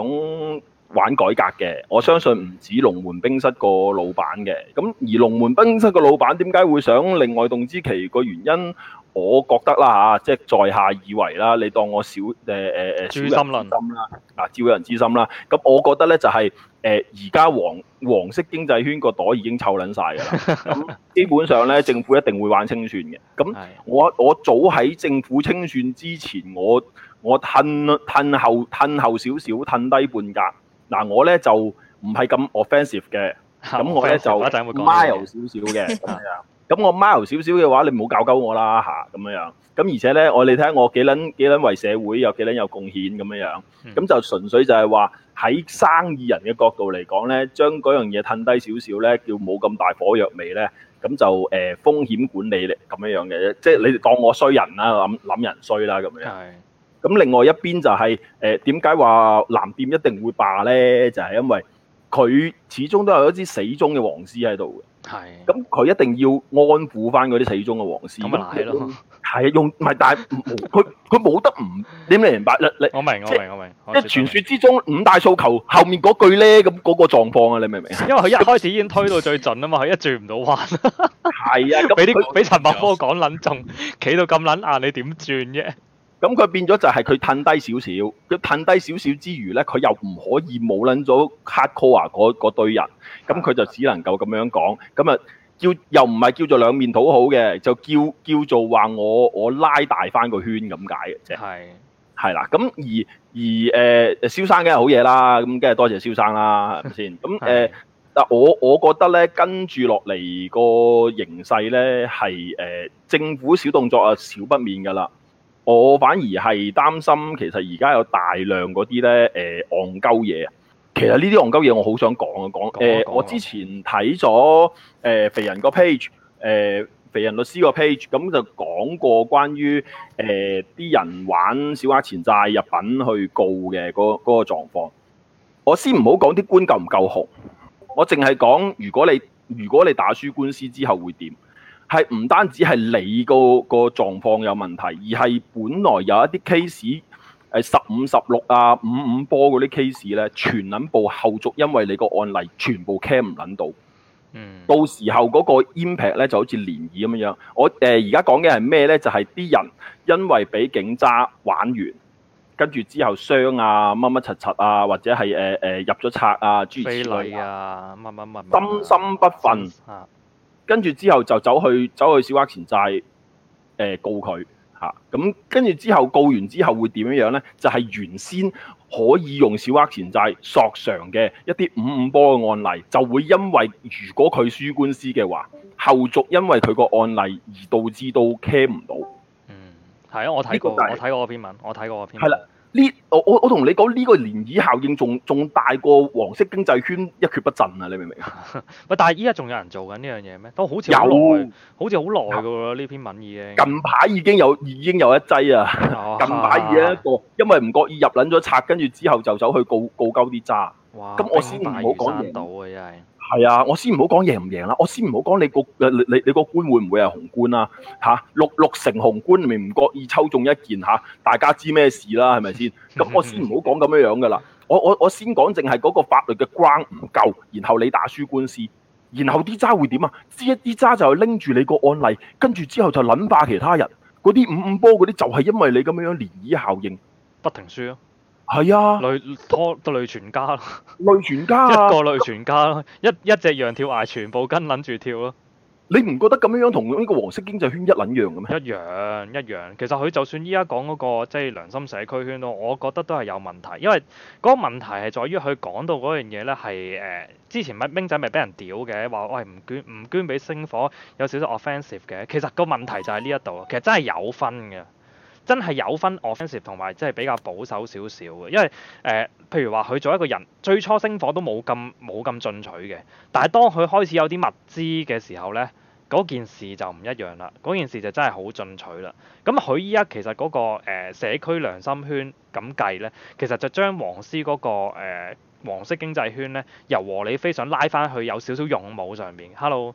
玩改革嘅。我相信唔止龍門冰室個老闆嘅。咁、嗯、而龍門冰室個老闆點解會想另外動之其個原因？我覺得啦嚇，即、啊、係、就是、在下以為啦，你當我小誒誒誒，小心心啦，嗱、啊，知人之心啦。咁、嗯嗯、我覺得咧，就係、是。誒而家黃黃色經濟圈個袋已經臭撚晒㗎啦，咁基本上咧，政府一定會玩清算嘅。咁我我早喺政府清算之前，我我褪褪後褪後少少褪低半格。嗱，我咧就唔係咁 offensive 嘅，咁我咧就 mile 少少嘅咁樣。咁我貓少少嘅話，你唔好搞鳩我啦嚇，咁、啊、樣樣。咁而且咧，我你睇下我幾撚幾撚為社會有幾撚有貢獻咁樣樣。咁、嗯、就純粹就係話喺生意人嘅角度嚟講咧，將嗰樣嘢褪低少少咧，叫冇咁大火藥味咧。咁就誒、呃、風險管理嚟咁樣樣嘅，即係你哋當我衰人啦，諗諗人衰啦咁樣。係。咁另外一邊就係誒點解話藍店一定會敗咧？就係、是、因為佢始終都有一支死忠嘅黃絲喺度嘅。係，咁佢一定要安撫翻嗰啲死忠嘅黃絲。咁咪係咯，係啊，用唔係，但係佢佢冇得唔，點你明白咧？你，明你我明、就是、我明我明，即係傳說之中五大訴求後面嗰句咧，咁、那、嗰個狀況啊，你明唔明啊？因為佢一開始已經推到最盡啊嘛，佢 一轉唔到彎。係 啊，俾啲俾陳柏科講捻重，企到咁捻硬，你點轉啫？咁佢變咗就係佢褪低少少，佢褪低少少之餘咧，佢又唔可以冇撚咗黑科啊！嗰嗰堆人咁，佢就只能夠咁樣講咁啊，叫又唔係叫做兩面討好嘅，就叫叫做話我我拉大翻個圈咁解嘅啫，係係啦。咁而而誒誒，蕭生梗係好嘢啦，咁梗係多謝蕭生啦，係咪先咁誒？但的、呃、我我覺得咧，跟住落嚟個形勢咧，係誒、呃、政府小動作啊，少不免噶啦。我反而係擔心其、呃，其實而家有大量嗰啲咧，誒戇鳩嘢。其實呢啲戇鳩嘢，我好想講啊，講誒，我之前睇咗誒肥仁個 page，誒、呃、肥仁律師個 page，咁、嗯、就講過關於誒啲、呃、人玩小額欠債入稟去告嘅嗰嗰個狀況。我先唔好講啲官夠唔夠紅，我淨係講，如果你如果你打輸官司之後會點？係唔單止係你個個狀況有問題，而係本來有一啲 case，誒十五十六啊，五五波嗰啲 case 咧，全撚部後續，因為你個案例全部 cam 唔撚到，嗯，到時候嗰個 impact 咧就好似漣漪咁樣。我誒而家講嘅係咩咧？就係啲人因為俾警察玩完，跟住之後傷啊乜乜柒柒啊，或者係誒誒入咗賊啊諸如此類啊，乜乜乜，心心不憤跟住之後就走去走去小額錢債告佢嚇，咁、啊、跟住之後告完之後會點樣呢？就係、是、原先可以用小額錢債索償嘅一啲五五波嘅案例，就會因為如果佢輸官司嘅話，後續因為佢個案例而導致到 claim 唔到。嗯，係啊，我睇過，就是、我睇過個篇文，我睇過篇文。係啦。呢我我我同你講呢個漣漪效應仲仲大過黃色經濟圈一蹶不振啊！你明唔明啊？喂！ 但係依家仲有人做緊呢樣嘢咩？都好似有，咯有，好似好耐㗎喎！呢篇文已經近排已經有已經有一劑啊！哦、哈 近排已經一個，因為唔覺意入撚咗拆，跟住之後就走去告告鳩啲渣。哇！咁大山到啊！真係～係啊，我先唔好講贏唔贏啦，我先唔好講你個誒，你你個官會唔會係紅官啊？吓、啊，六六成紅官，你咪唔覺意抽中一件吓、啊，大家知咩事啦，係咪先？咁 我先唔好講咁樣樣噶啦，我我我先講淨係嗰個法律嘅關唔夠，然後你打輸官司，然後啲渣會點啊？知一啲渣就拎住你個案例，跟住之後就捻化其他人，嗰啲五五波嗰啲就係因為你咁樣樣漣漪效應不停輸啊！係啊，累拖累全家，累全家一個累全家咯累，一一隻羊跳崖，全部跟捻住跳咯。你唔覺得咁樣樣同呢個黃色經濟圈一捻樣嘅咩？一樣一樣，其實佢就算依家講嗰個即係、就是、良心社區圈咯，我覺得都係有問題，因為嗰個問題係在於佢講到嗰樣嘢咧係誒，之前咪，兵仔咪俾人屌嘅，話喂唔捐唔捐俾星火有少少 offensive 嘅，其實個問題就喺呢一度，其實真係有分嘅。真係有分 offensive 同埋，即係比較保守少少嘅，因為誒、呃，譬如話佢做一個人，最初星火都冇咁冇咁進取嘅。但係當佢開始有啲物資嘅時候呢，嗰件事就唔一樣啦。嗰件事就真係好進取啦。咁佢依家其實嗰、那個、呃、社區良心圈咁計呢，其實就將黃絲嗰、那個誒、呃、黃色經濟圈呢，由和理非上拉翻去有少少勇武上面。Hello。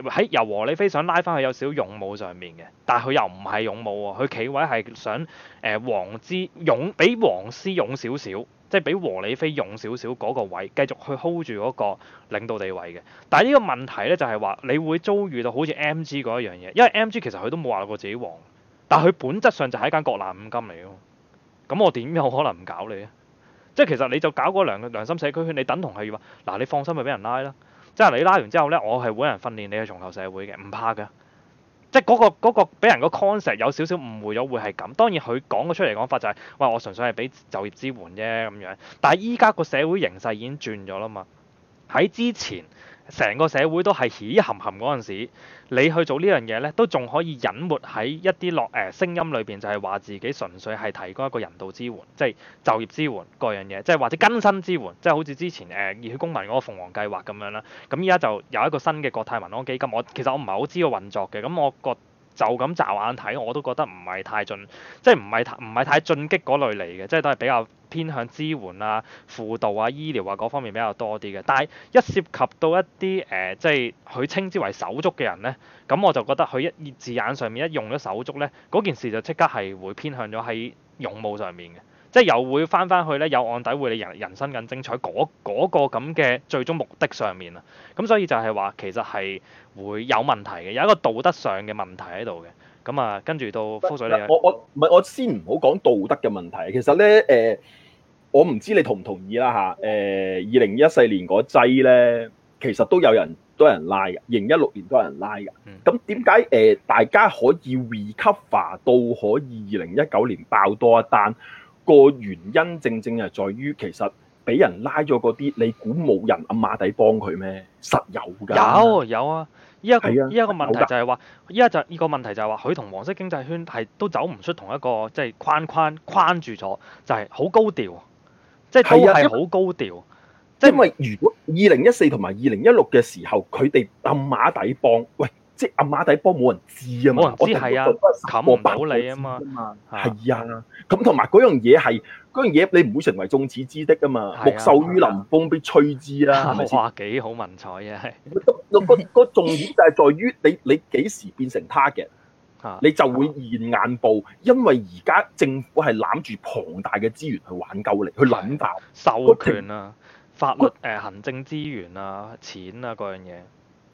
喺由和理非想拉翻去有少少勇武上面嘅，但係佢又唔係勇武喎、哦，佢企位係想誒黃、呃、之勇比黃絲勇少少，即係比和理非勇少少嗰個位，繼續去 hold 住嗰個領導地位嘅。但係呢個問題呢，就係、是、話，你會遭遇到好似 M G 嗰一樣嘢，因為 M G 其實佢都冇話過自己黃，但係佢本質上就係一間國難五金嚟咯。咁我點有可能唔搞你啊？即係其實你就搞嗰良良心社區圈，你等同係話嗱，你放心咪俾人拉啦。即係你拉完之後呢，我係搵人訓練你去重投社會嘅，唔怕㗎。即係嗰個嗰個俾人個 concept 有少少誤會咗，會係咁。當然佢講嘅出嚟講法就係：喂，我純粹係俾就業支援啫咁樣。但係依家個社會形勢已經轉咗啦嘛。喺之前。成個社會都係起冚冚嗰陣時，你去做呢樣嘢咧，都仲可以隱沒喺一啲落誒聲音裏邊，就係話自己純粹係提供一個人道支援，即係就業支援各樣嘢，即係或者更新支援，即係好似之前誒熱血公民嗰個鳳凰計劃咁樣啦。咁依家就有一個新嘅國泰民安基金，我其實我唔係好知個運作嘅，咁我覺就咁驟眼睇，我都覺得唔係太進，即係唔係唔係太進擊嗰類嚟嘅，即係都係比較。偏向支援啊、輔導啊、醫療啊嗰方面比較多啲嘅，但係一涉及到一啲誒、呃，即係佢稱之為手足嘅人呢，咁我就覺得佢一字眼上面一用咗手足呢，嗰件事就即刻係會偏向咗喺勇武上面嘅，即係又會翻翻去呢，有案底會你人人生更精彩嗰、嗰個咁嘅最終目的上面啊，咁所以就係話其實係會有問題嘅，有一個道德上嘅問題喺度嘅，咁啊跟住到福水你我我唔係我先唔好講道德嘅問題，其實呢。誒、呃。我唔知你同唔同意啦吓，誒二零一四年嗰劑咧，其實都有人多人拉嘅，二零一六年都有人拉嘅。咁點解誒大家可以 recycle 到可以二零一九年爆多一、啊、單？個原因正正係在於其實俾人拉咗嗰啲，你估冇人阿馬底幫佢咩？實有㗎、啊，有有啊！依家依家個問題就係話，依家就依個問題就係話，佢同黃色經濟圈係都走唔出同一個即係、就是、框框框住咗，就係、是、好高調。即係都係好高調，啊、因為如果二零一四同埋二零一六嘅時候，佢哋暗馬底幫，喂，即係暗馬底幫冇人知啊嘛，冇人知係啊，冇冚唔到你啊嘛，係啊，咁同埋嗰樣嘢係嗰樣嘢你唔會成為眾矢之的啊嘛，木秀、啊、於林，風必摧之啦，哇，幾好文采啊，咁嗰嗰重點就係在於你你幾時變成他嘅。你就會現眼報，因為而家政府係攬住龐大嘅資源去挽救你，去撚爆授權啊、法律誒、啊、行政資源啊、錢啊嗰樣嘢。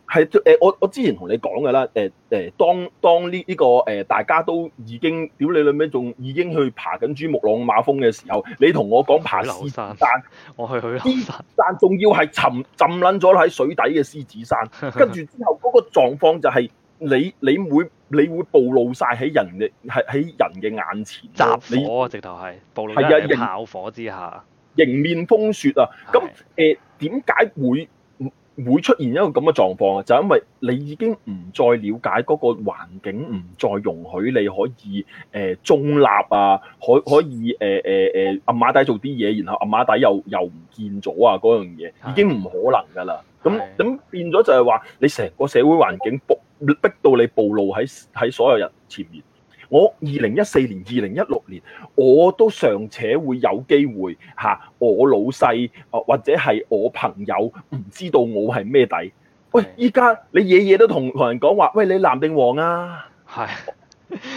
係誒，我我之前同你講嘅啦，誒誒，當當呢、這、呢個誒，大家都已經屌你兩尾，仲已經去爬緊珠穆朗瑪峰嘅時候，你同我講爬獅山，但 我去許留山，但仲要係沉浸撚咗喺水底嘅獅子山，跟住之後嗰個狀況就係、是。你你會你會暴露晒喺人嘅係喺人嘅眼前，雜火、啊、你直頭係暴露喺炮火之下，迎面風雪啊！咁誒點解會會出現一個咁嘅狀況啊？就因為你已經唔再了解嗰個環境，唔再容許你可以誒、呃、中立啊，可可以誒誒誒暗馬底做啲嘢，然後暗馬底又又唔見咗啊！嗰樣嘢是的 已經唔可能㗎啦。咁咁是的 的變咗就係話你成個社會環境，逼到你暴露喺喺所有人前面，我二零一四年、二零一六年我都尚且會有機會嚇、啊，我老細或者係我朋友唔知道我係咩底。喂，依家你夜夜都同同人講話，喂你藍定黃啊？係。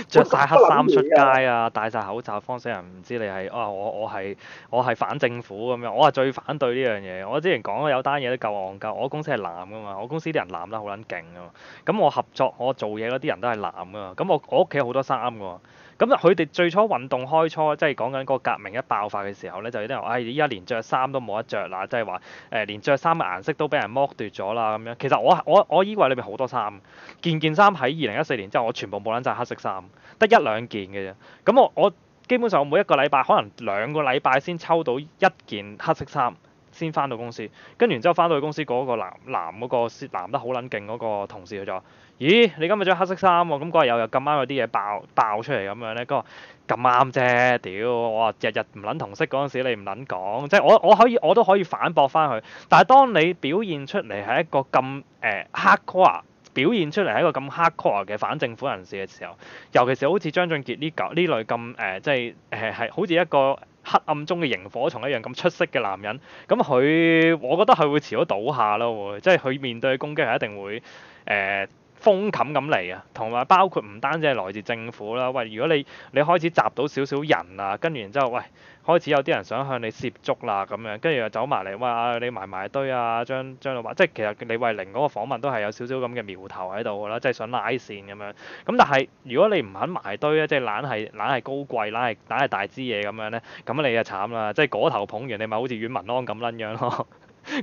着晒 黑衫出街啊，戴晒口罩，方死人唔知你係啊！我我係我係反政府咁樣，我係最反對呢樣嘢。我之前講過，有單嘢都夠戇鳩。我公司係藍噶嘛，我公司啲人藍得好撚勁噶嘛。咁我合作我做嘢嗰啲人都係藍噶嘛。咁我我屋企好多衫㗎喎。咁佢哋最初運動開初，即係講緊個革命一爆發嘅時候咧，就有啲人話，唉、哎，依家連着衫都冇得着啦，即係話，誒、呃，連着衫嘅顏色都俾人剝奪咗啦咁樣。其實我我我衣櫃裏面好多衫，件件衫喺二零一四年之後，我全部冇撚曬黑色衫，得一兩件嘅啫。咁我我基本上我每一個禮拜，可能兩個禮拜先抽到一件黑色衫。先返到公司，跟住之後返到去公司嗰個男男嗰、嗰個男得好撚勁嗰個同事佢就話：咦，你今日着黑色衫喎，啊，咁嗰日又又咁啱有啲嘢爆爆出嚟咁樣咧，佢話咁啱啫，屌我話日日唔撚同色嗰陣時你唔撚講，即係我我可以我都可以反駁翻佢，但係當你表現出嚟係一個咁誒黑 core，表現出嚟係一個咁黑 core 嘅反政府人士嘅時候，尤其是好似張俊傑呢呢類咁誒、呃，即係誒係好似一個。黑暗中嘅螢火蟲一樣咁出色嘅男人，咁佢，我覺得佢會遲早倒下咯喎，即係佢面對嘅攻擊係一定會。誒、呃。封冚咁嚟啊，同埋包括唔單止係來自政府啦，喂，如果你你開始集到少少人啊，跟住然之後，喂，開始有啲人想向你接觸啦，咁樣，跟住又走埋嚟，喂，你埋，埋埋堆啊，將老到即係其實李慧玲嗰個訪問都係有少少咁嘅苗頭喺度啦，即係想拉線咁樣。咁但係如果你唔肯埋，埋堆啊，即係懶係懶係高貴，懶係懶係大支嘢咁樣咧，咁你啊慘啦，即係嗰頭捧完你咪好似阮文安咁撚樣咯，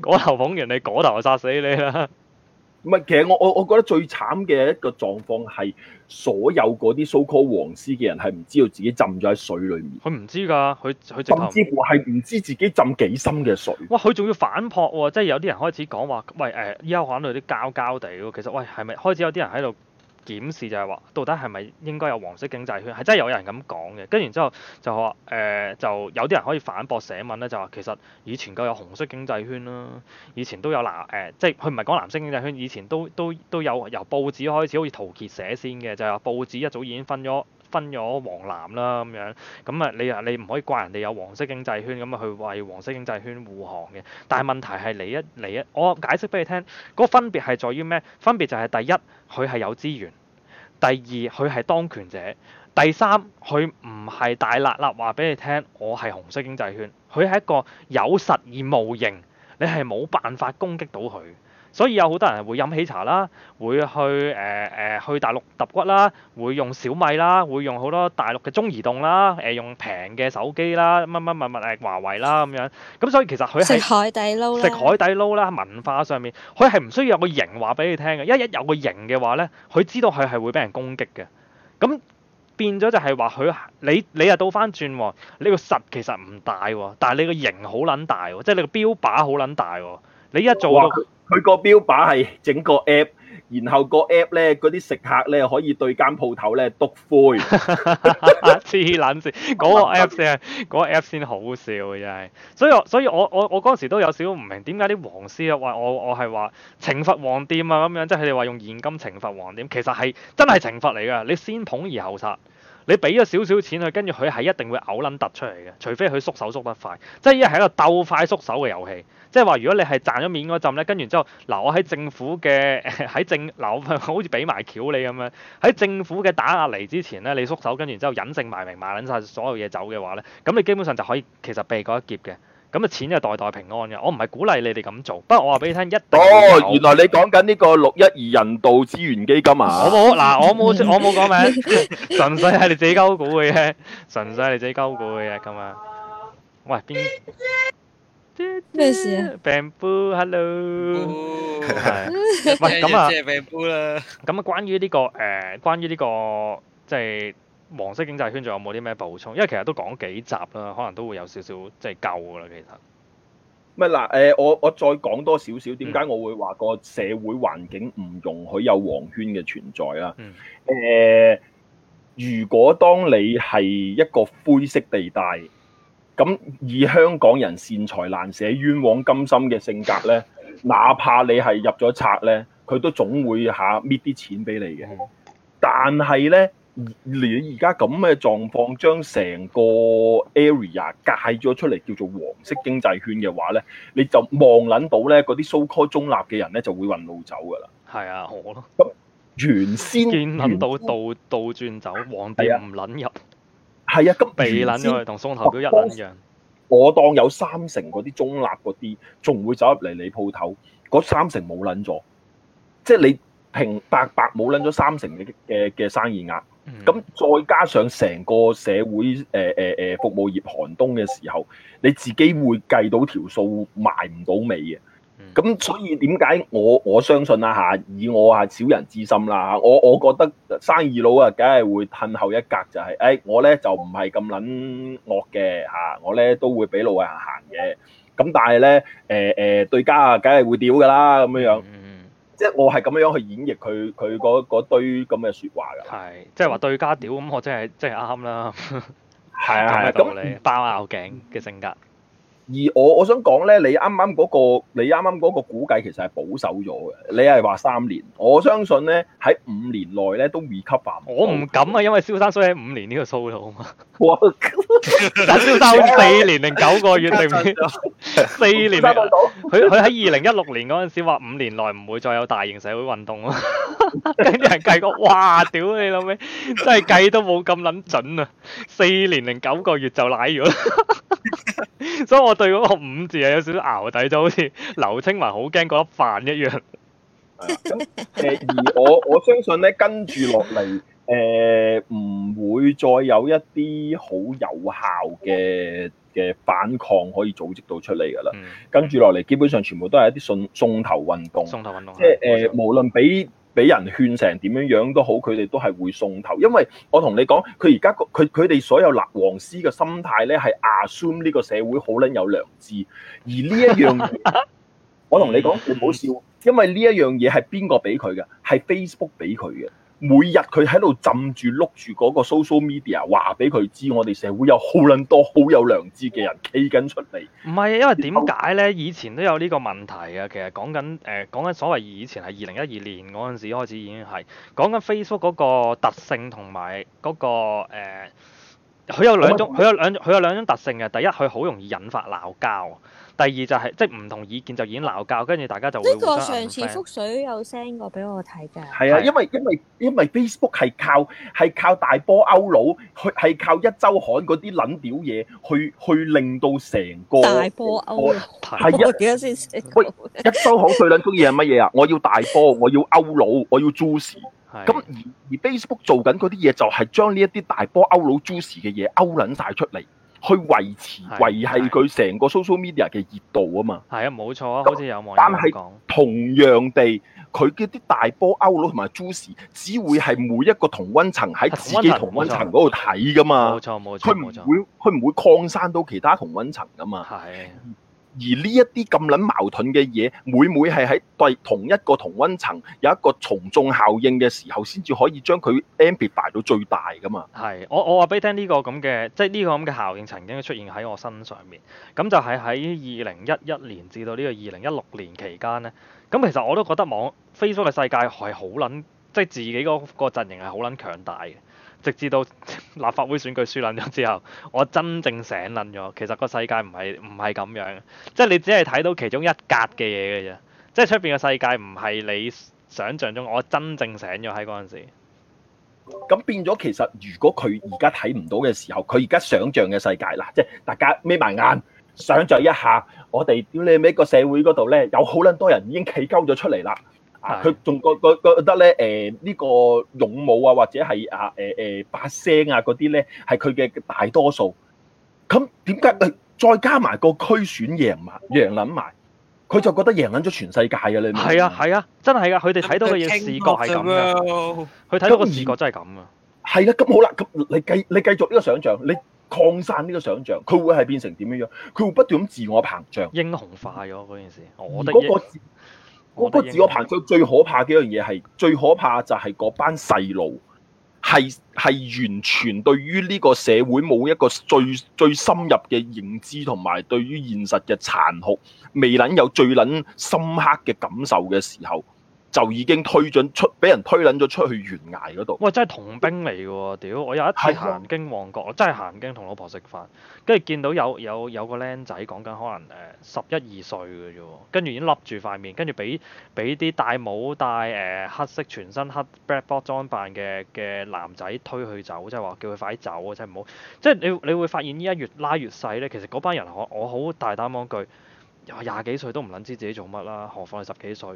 嗰 頭捧完你嗰頭就殺死你啦。唔係，其實我我我覺得最慘嘅一個狀況係所有嗰啲 so call 黃絲嘅人係唔知道自己浸咗喺水裏面。佢唔知㗎，佢佢甚至乎係唔知自己浸幾深嘅水。哇！佢仲要反撲喎、啊，即係有啲人開始講話，喂，誒，依家喺度啲膠膠地喎。其實喂，係咪開始有啲人喺度？檢視就係話，到底係咪應該有黃色經濟圈？係真係有人咁講嘅。跟住之後就話誒、呃，就有啲人可以反駁寫文咧，就話其實以前夠有紅色經濟圈啦，以前都有藍誒、呃，即係佢唔係講藍色經濟圈，以前都都都有由報紙開始好似陶傑寫先嘅，就係話報紙一早已經分咗分咗黃藍啦咁樣。咁啊，你啊你唔可以怪人哋有黃色經濟圈咁啊，去為黃色經濟圈護航嘅。但係問題係你一你一我解釋俾你聽，嗰分別係在於咩？分別就係第一，佢係有資源。第二，佢係當權者，第三佢唔係大辣辣話畀你聽，我係紅色經濟圈，佢係一個有實而無形，你係冇辦法攻擊到佢。所以有好多人會飲喜茶啦，會去誒誒、呃呃、去大陸揼骨啦，會用小米啦，會用好多大陸嘅中移動啦，誒、呃、用平嘅手機啦，乜乜乜乜誒華為啦咁樣。咁所以其實佢係海底撈啦，食海底撈啦，文化上面佢係唔需要有個型話俾你聽嘅。一一有個型嘅話咧，佢知道佢係會俾人攻擊嘅。咁變咗就係話佢你你又倒翻轉喎，你、你、你個實其實唔大喎，但係你個型好撚大喎，即係你個標靶好撚大喎。你一做到、嗯佢個標靶係整個 app，然後個 app 咧，嗰啲食客咧可以對間鋪頭咧篤灰。黐撚線，嗰個 app 先，嗰個 app 先、那個、好笑真係。所以，所以我我我嗰陣時都有少少唔明點解啲黃絲話我我係話懲罰黃店啊咁樣，即係佢哋話用現金懲罰黃店，其實係真係懲罰嚟噶，你先捧而後殺。你俾咗少少錢佢，跟住佢係一定會嘔撚突出嚟嘅，除非佢縮手縮得快。即係依係一個鬥快縮手嘅遊戲。即係話，如果你係賺咗面嗰陣咧，跟住之後，嗱，我喺政府嘅喺政，嗱， 好似俾埋橋你咁樣，喺政府嘅打壓嚟之前咧，你縮手跟住之後隱姓埋名賣撚晒所有嘢走嘅話咧，咁你基本上就可以其實避過一劫嘅。咁啊，錢就代代平安嘅。我唔係鼓勵你哋咁做，不過我話俾你聽，一定有。哦，原來你講緊呢個六一二人道資源基金啊？我冇嗱，我冇，我冇講名，純粹係你自己鳩估嘅啫，純粹係你自己鳩估嘅啫咁啊。喂，邊？咩事啊？Bamboo，Hello。喂，咁啊，Bamboo 啦，咁啊，關於呢個誒，關於呢個即係。黃色經濟圈仲有冇啲咩補充？因為其實都講幾集啦，可能都會有少少，即係夠噶啦。嗯、其實咪嗱，誒我我再講多少少，點解我會話個社會環境唔容許有黃圈嘅存在啦。誒、嗯呃，如果當你係一個灰色地帶，咁以香港人善財難捨、冤枉甘心嘅性格咧，哪怕你係入咗賊咧，佢都總會下搣啲錢俾你嘅。嗯、但係咧。你而家咁嘅狀況，將成個 area 界咗出嚟，叫做黃色經濟圈嘅話咧，你就望撚到咧嗰啲 so called 中立嘅人咧，就會運路走噶啦。係啊，好咯。原先，原先見到倒倒轉走，黃地唔撚入，係啊。咁原先同松頭都一撚樣，我當有三成嗰啲中立嗰啲，仲會走入嚟你鋪頭，嗰三成冇撚咗，即係你平白白冇撚咗三成嘅嘅嘅生意額。咁、嗯、再加上成個社會誒誒誒服務業寒冬嘅時候，你自己會計到條數埋唔到尾嘅，咁、嗯、所以點解我我相信啦、啊、嚇，以我啊小人之心啦、啊、嚇，我我覺得生意佬啊，梗係會褪後一格，就係哎，就係誒我咧就唔係咁撚惡嘅嚇，我咧都會俾老人行嘅，咁但係咧誒誒對家啊，梗係會屌㗎啦咁樣樣。嗯。即係我係咁樣樣去演繹佢佢嗰嗰堆咁嘅說話噶，係即係話對家屌咁，我真係真係啱啦，係 啊的，啊， 咁那包拗頸嘅性格。而我我想講咧，你啱啱嗰個，你啱啱嗰個估計其實係保守咗嘅。你係話三年，我相信咧喺五年內咧都二級版。我唔敢啊，因為蕭生衰喺五年呢個數度啊嘛。但係蕭生四年零九個月定唔知？四年零，佢佢喺二零一六年嗰陣時話五年內唔會再有大型社會運動咯。跟住人計過，哇！屌你諗咩，真係計都冇咁撚準啊！四年零九個月就奶咗啦，所以我。對嗰個五字係有少少淆底，就好似劉青雲好驚嗰粒飯一樣。誒， 而我我相信咧，跟住落嚟，誒、呃、唔會再有一啲好有效嘅嘅反抗可以組織到出嚟噶啦。嗯、跟住落嚟，基本上全部都係一啲送送頭運動，送頭運動，即係誒，呃嗯、無論俾。俾人勸成點樣樣都好，佢哋都係會送頭，因為我同你講，佢而家佢佢哋所有立黃絲嘅心態咧，係 assume 呢個社會好撚有良知，而呢一樣我同你講唔好笑，因為呢一樣嘢係邊個俾佢嘅？係 Facebook 俾佢嘅。每日佢喺度浸住碌住嗰個 social media，話俾佢知我哋社會有好撚多好有良知嘅人企緊出嚟。唔係，因為點解咧？以前都有呢個問題啊。其實講緊誒，講、呃、講緊所謂以前係二零一二年嗰陣時開始已經係講緊 Facebook 嗰個特性同埋嗰個、呃、佢有兩種，佢明有，有兩，佢有兩種特性嘅。第一，佢好容易引發鬧交。第二就係、是、即係唔同意見就已經鬧交，跟住大家就會即係上次覆水有 send 過俾我睇㗎。係啊，因為因為因為 Facebook 係靠係靠大波歐佬去係靠一周刊嗰啲撚屌嘢去去令到成個大波歐係啊！幾多先喂，一周刊最撚中意係乜嘢啊？我要大波，我要歐佬，我要 juice，的做事。咁而而 Facebook 做緊嗰啲嘢就係將呢一啲大波歐佬 juice 嘅嘢歐撚晒出嚟。去維持的維係佢成個 social media 嘅熱度啊嘛，係啊冇錯啊，好似有網友咁講。但係同樣地，佢嗰啲大波歐佬同埋 juicy，只會係每一個同温層喺自己同温層嗰度睇噶嘛，冇錯冇錯，佢唔會佢唔錯會,會擴散到其他同温層噶嘛。而呢一啲咁撚矛盾嘅嘢，每每係喺對同一個同温層有一個從眾效應嘅時候，先至可以將佢 amplify 到最大噶嘛。係我我話俾你聽呢個咁嘅，即係呢個咁嘅效應曾經出現喺我身上面。咁就係喺二零一一年至到呢個二零一六年期間咧。咁其實我都覺得網 Facebook 嘅世界係好撚，即係自己嗰個陣營係好撚強大嘅。直至到立法會選舉輸撚咗之後，我真正醒撚咗。其實個世界唔係唔係咁樣嘅，即係你只係睇到其中一格嘅嘢嘅啫。即係出邊嘅世界唔係你想像中。我真正醒咗喺嗰陣時。咁變咗其實，如果佢而家睇唔到嘅時候，佢而家想像嘅世界啦，即係大家眯埋眼想像一下，我哋屌你咪個社會嗰度咧，有好撚多人已經企鳩咗出嚟啦。佢仲覺覺覺得咧，誒、呃、呢、呢個勇武啊，或者係啊誒誒把聲啊嗰啲咧，係佢嘅大多數。咁點解？再加埋個區選贏埋贏捻埋，佢就覺得贏捻咗全世界啊！你明唔明？係啊係啊，真係啊。佢哋睇到嘅嘢視覺係咁噶，佢睇到個視覺真係咁啊。係啦，咁好啦，咁你繼你繼續呢個想像，你擴散呢個想像，佢會係變成點樣樣？佢會不斷咁自我膨脹，英雄化咗嗰件事。我哋。得。我覺得自我膨脹最可怕嘅一樣嘢係，最可怕就係嗰班細路係係完全對於呢個社會冇一個最最深入嘅認知，同埋對於現實嘅殘酷未能有最諗深刻嘅感受嘅時候。就已經推進出，俾人推撚咗出去懸崖嗰度。喂，真係童兵嚟㗎喎！屌、嗯，我有一次行經旺角，嗯、我真係行經同老婆食飯，跟住見到有有有個僆仔講緊可能誒十一二歲嘅啫喎，跟住已經笠住塊面，跟住俾俾啲戴帽戴誒黑色全身黑 black box 裝扮嘅嘅男仔推佢走，即係話叫佢快啲走啊！真係唔好，即係你你會發現而家越拉越細咧。其實嗰班人我我好大膽講句，廿幾歲都唔撚知自己做乜啦，何況係十幾歲。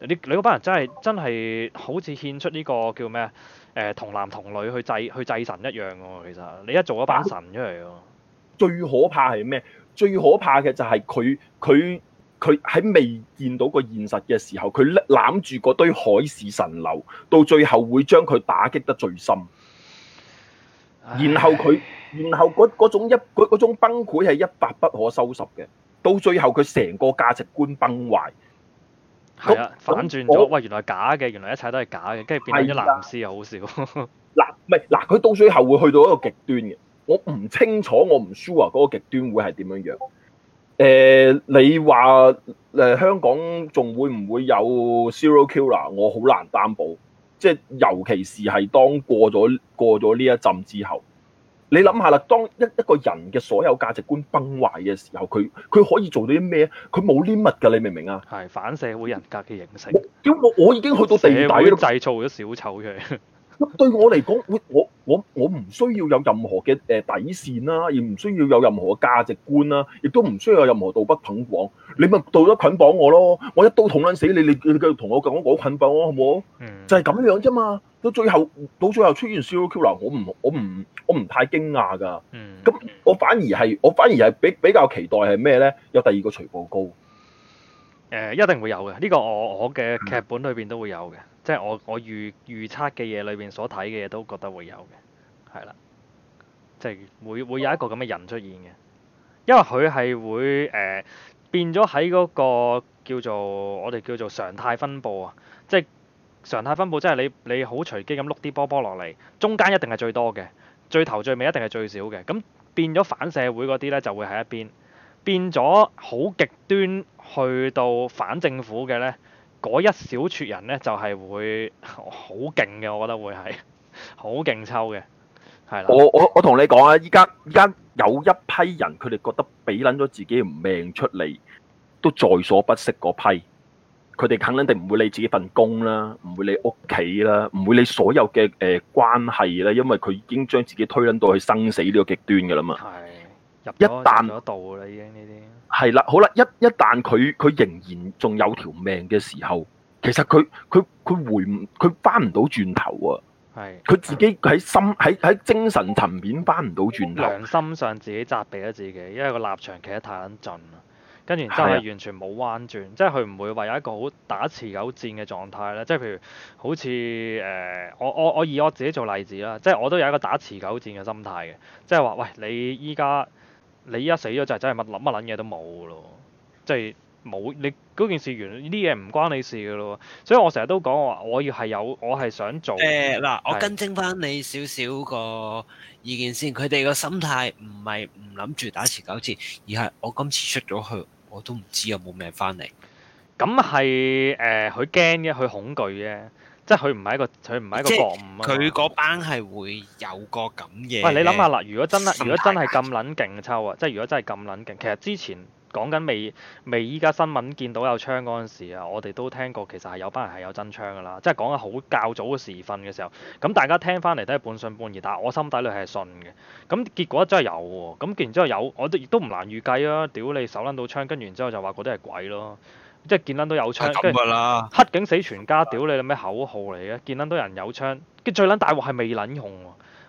你你嗰班人真係真係好似獻出呢、呢個叫咩啊？誒、呃、童男童女去祭去祭神一樣喎，其實你一做咗班神出嚟。最可怕係咩？最可怕嘅就係佢佢佢喺未見到個現實嘅時候，佢攬住嗰堆海市蜃樓，到最後會將佢打擊得最深。然後佢唉唉，然後嗰一嗰嗰種崩潰係一發不可收拾嘅。到最後佢成個價值觀崩壞。係啊、嗯，反轉咗，我喂，原來係假嘅，原來一切都係假嘅，跟住變咗藍絲又好笑。嗱，唔係，嗱，佢到最後會去到一個極端嘅，我唔清楚，我唔 sure 嗰個極端會係點樣樣。誒、呃，你話誒、呃、香港仲會唔會有 serial killer？我好難擔保，即係尤其是係當過咗過咗呢一陣之後。你諗下啦，當一一個人嘅所有價值觀崩壞嘅時候，佢佢可以做到啲咩？佢冇 limit 㗎，你明唔明啊？係反社會人格嘅形成。咁我我已經去到地底啦。製造咗小丑嘅。嚟。 對我嚟講，我我我唔需要有任何嘅誒底線啦、啊，而唔需要有任何嘅價值觀啦、啊，亦都唔需要有任何道德捆綁。你咪道德捆綁我咯，我一刀捅撚死你，你你繼續同我繼續講捆綁我，好冇？嗯。就係咁樣啫嘛。到最後，到最後出現少數流，我唔我唔我唔太驚訝噶。咁、嗯、我反而係我反而係比比較期待係咩呢？有第二個徐步高。誒、嗯，一定會有嘅。呢、這個我我嘅劇本裏邊都會有嘅，即、就、係、是、我我預預測嘅嘢裏邊所睇嘅嘢都覺得會有嘅，係啦，即、就、係、是、會會有一個咁嘅人出現嘅，因為佢係會誒、呃、變咗喺嗰個叫做我哋叫做常態分佈啊。常態分布即係你你好隨機咁碌啲波波落嚟，中間一定係最多嘅，最頭最尾一定係最少嘅。咁變咗反社會嗰啲呢，就會喺一邊，變咗好極端去到反政府嘅呢，嗰一小撮人呢，就係會好勁嘅，我覺得會係好勁抽嘅，係啦。我我我同你講啊，依家依家有一批人，佢哋覺得俾撚咗自己唔命出嚟，都在所不惜嗰批，佢哋肯定定唔會理自己份工啦，唔會理屋企啦，唔會理所有嘅誒關係啦，因為佢已經將自己推撚到去生死呢個極端㗎啦嘛。係入咗道啦，已經呢啲係啦，好啦，一一旦佢佢仍然仲有條命嘅時候，其實佢佢佢回唔佢翻唔到轉頭啊。係佢自己喺心喺喺精神層面翻唔到轉頭。良心上自己責備咗自己，因為個立場企得太撚盡啦。跟住真係完全冇彎轉，的即係佢唔會話有一個好打持久戰嘅狀態咧。即係譬如好似誒、呃，我我我以我自己做例子啦，即係我都有一個打持久戰嘅心態嘅，即係話喂，你依家你依家死咗就真係乜諗乜撚嘢都冇咯，即係冇你嗰件事完，啲嘢唔關你事㗎咯。所以我成日都講我話，我要係有我係想做誒嗱，呃呃、是我跟蹤翻你少，少少個意見先，佢哋個心態唔係唔諗住打持久戰，而係我今次出咗去。我都唔知有冇命翻嚟，咁係誒，佢驚嘅，佢恐懼嘅，即係佢唔係一個，佢唔係一個覺悟啊。佢嗰班係會有個咁嘅。喂，你諗下啦，如果真係，如果真係咁撚勁抽啊，即係如果真係咁撚勁，其實之前。講緊未未依家新聞見到有槍嗰陣時啊，我哋都聽過其實係有班人係有真槍噶啦，即係講緊好較早嘅時分嘅時候，咁大家聽翻嚟都係半信半疑，但係我心底裏係信嘅。咁結果真係有喎，咁既然真係有，我都亦都唔難預計啊！屌你手撚到槍，跟完之後就話嗰啲係鬼咯，即係見撚到有槍，黑警死全家，屌你咩口號嚟嘅？見撚到人有槍，跟最撚大鑊係未撚用。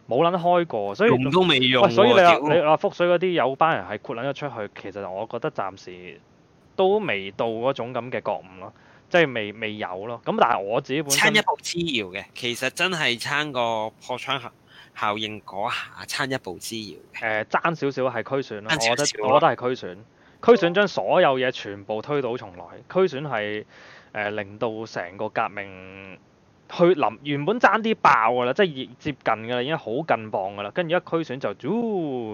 冇撚開過，所以用都未用，哎。所以你話、啊、你話覆水嗰啲有班人係豁撚咗出去，其實我覺得暫時都未到嗰種咁嘅覺悟咯，即係未未有咯。咁但係我自己本身撐一步之遙嘅，其實真係撐個破窗效效應嗰下撐一步之遙。誒、呃，爭少少係區選啦，我覺得我覺得係區選。區選將所有嘢全部推倒重來。區選係誒、呃、令到成個革命。去臨原本爭啲爆噶啦，即係接近噶啦，已經好近磅噶啦。跟住一區選就，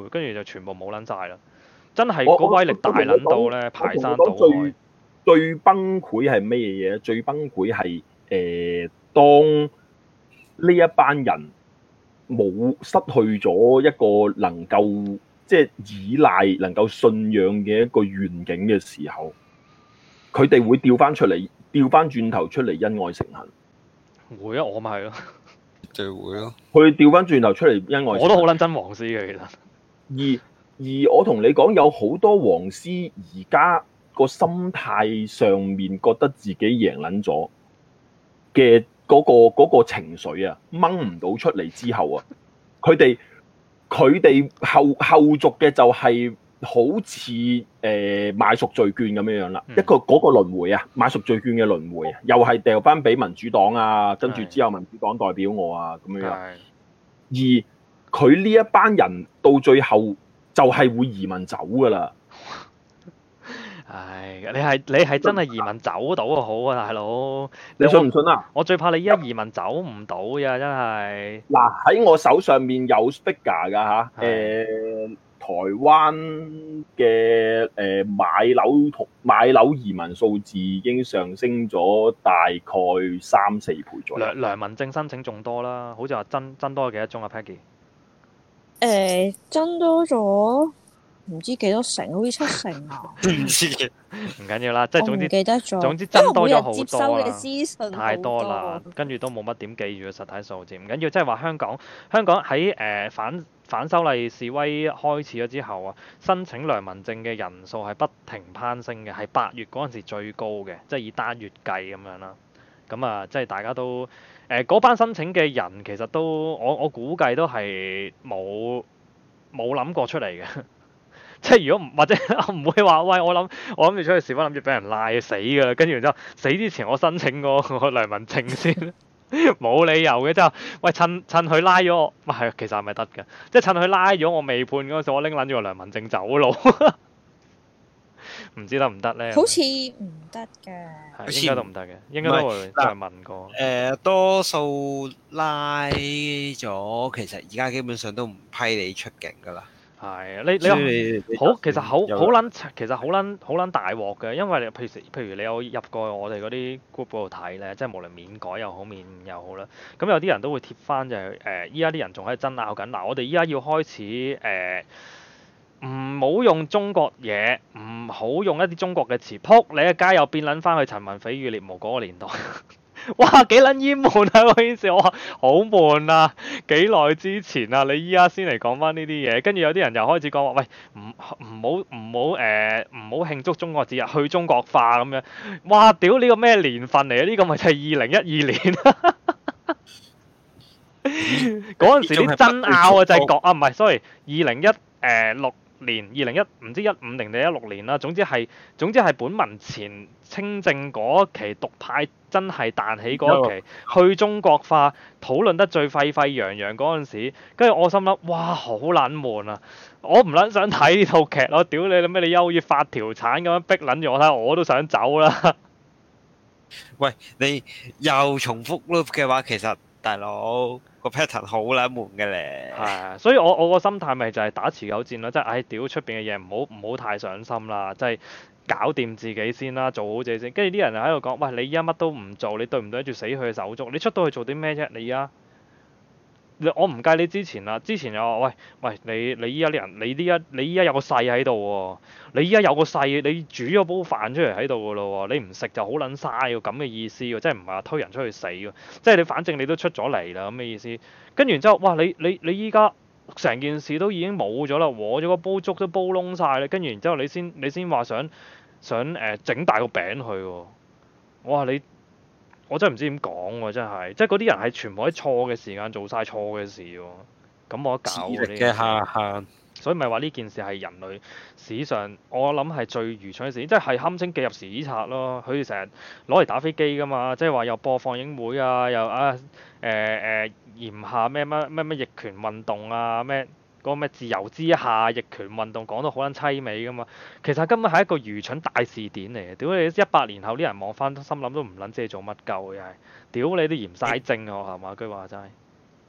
跟、呃、住就全部冇撚晒啦。真係嗰威力大撚到咧，排山倒海。我我我我最崩潰係咩嘢咧？最崩潰係誒、呃，當呢一班人冇失去咗一個能夠即係、就是、依賴、能夠信仰嘅一個願景嘅時候，佢哋會掉翻出嚟，掉翻轉頭出嚟，恩愛成恨。會啊，我咪係咯，聚會咯，佢掉返轉頭出嚟，因為我都好撚憎黃師嘅，其實而而我同你講，有好多黃師而家個心態上面覺得自己贏撚咗嘅嗰個、嗰個情緒啊，掹唔到出嚟之後啊，佢哋佢哋後後續嘅就係、係。好似誒、呃、買贖罪券咁樣樣啦，嗯、一個嗰、嗰個輪迴啊，買贖罪券嘅輪迴，又係掉翻俾民主黨啊，跟住之後民主黨代表我啊，咁樣樣。是而佢呢一班人到最後就係會移民走噶啦。 唉，你係你係真係移民走到好信信啊，大佬。你信唔信啊？我最怕你一移民走唔到啊，真係。嗱，喺我手上面有 speaker 噶吓。誒、啊。是呃台灣嘅誒買樓同買樓移民數字已經上升咗大概三四倍左右。良良民證申請仲多啦，好似話增增多咗幾多宗啊？Peggy，誒增多咗唔知幾多成，好似七成啊！唔知，唔緊要啦，即係總之記得咗，總之增多咗好多啦。接收嘅資訊太多啦，跟住都冇乜點記住實體數字，唔緊要，即係話香港，香港喺誒、呃、反。反修例示威開始咗之後啊，申請良民證嘅人數係不停攀升嘅，係八月嗰陣時最高嘅，即係以單月計咁樣啦。咁啊，即係大家都誒嗰班申請嘅人其實都我我估計都係冇冇諗過出嚟嘅。即係如果唔或者我唔會話喂，我諗我諗住出去示威，諗住俾人賴死㗎，跟住然之後死之前我申請個良民證先。 冇 理由嘅，即係喂，趁趁佢拉咗我，唔係，其實係咪得㗎？即係趁佢拉咗我未判嗰時，我拎撚住個梁文正走路，唔 知得唔得咧？好似唔得嘅，應該都唔得嘅，應該都會再問過。誒、呃，多數拉咗，其實而家基本上都唔批你出境噶啦。係啊，你你好，其實好好撚，其實好撚好撚大鑊嘅，因為譬如譬如你有入過我哋嗰啲 group 度睇咧，即係無論免改又好免又好啦，咁有啲人都會貼翻就係誒，依家啲人仲喺度爭拗緊，嗱、呃、我哋依家要開始誒，唔、呃、好用中國嘢，唔好用一啲中國嘅詞，撲你嘅街又變撚翻去陳文斐與列模嗰個年代。 哇，幾撚悶啊！我意思我話好悶啊，幾耐之前啊，你依家先嚟講翻呢啲嘢，跟住有啲人又開始講話，喂，唔唔好唔好誒，唔好慶祝中國節日，去中國化咁樣。哇，屌呢個咩年份嚟啊？呢個咪就係二零一二年啊！嗰陣時啲爭拗啊，就係講啊，唔係，sorry，二零一誒六。21, 15，年二零一唔知一五零定一六年啦，總之係總之係本文前清正嗰期獨派真係彈起嗰期，oh. 去中國化討論得最沸沸揚揚嗰陣時，跟住我心諗哇好捻悶啊！我唔捻想睇呢套劇咯，屌你諗咩？你憂好似發條鏟咁樣逼捻住我睇，我都想走啦。 喂，你又重複咯嘅話，其實。大佬個 pattern 好撚悶嘅咧，係 啊，所以我我個心態咪就係打持久戰咯，即係唉屌出邊嘅嘢唔好唔好太上心啦，即係搞掂自己先啦，做好自己先。跟住啲人就喺度講：「喂，你依家乜都唔做，你對唔對得住死去嘅手足？你出到去做啲咩啫？你依家？我唔計你之前啦，之前又話喂喂你你依家啲人，你呢一你依家有個細喺度喎，你依家有個細，你煮咗煲飯出嚟喺度㗎咯喎，你唔食就好撚嘥喎咁嘅意思喎，即係唔係話推人出去死喎，即係你反正你都出咗嚟啦咁嘅意思，跟完之後，哇你你你依家成件事都已經冇咗啦，和咗個煲粥都煲窿晒啦，跟住然之後你先你先話想想誒整、呃、大個餅佢喎，哇你！我真係唔知點講喎，真係，即係嗰啲人係全部喺錯嘅時間做晒錯嘅事喎，啊，咁我一搞呢啲嘢。智力嘅下限，所以咪話呢件事係人類史上我諗係最愚蠢嘅事，即係堪稱記入史冊咯。佢哋成日攞嚟打飛機㗎嘛，即係話又播放影會啊，又啊誒誒嚴下咩乜乜乜逆權運動啊咩。個咩自由之下，逆權運動講得好撚凄美噶嘛，其實根本係一個愚蠢大事典嚟嘅。屌你一百年後啲人望翻，心諗都唔撚知做乜鳩嘅？係屌你都嫌晒症喎，係嘛？句話真係。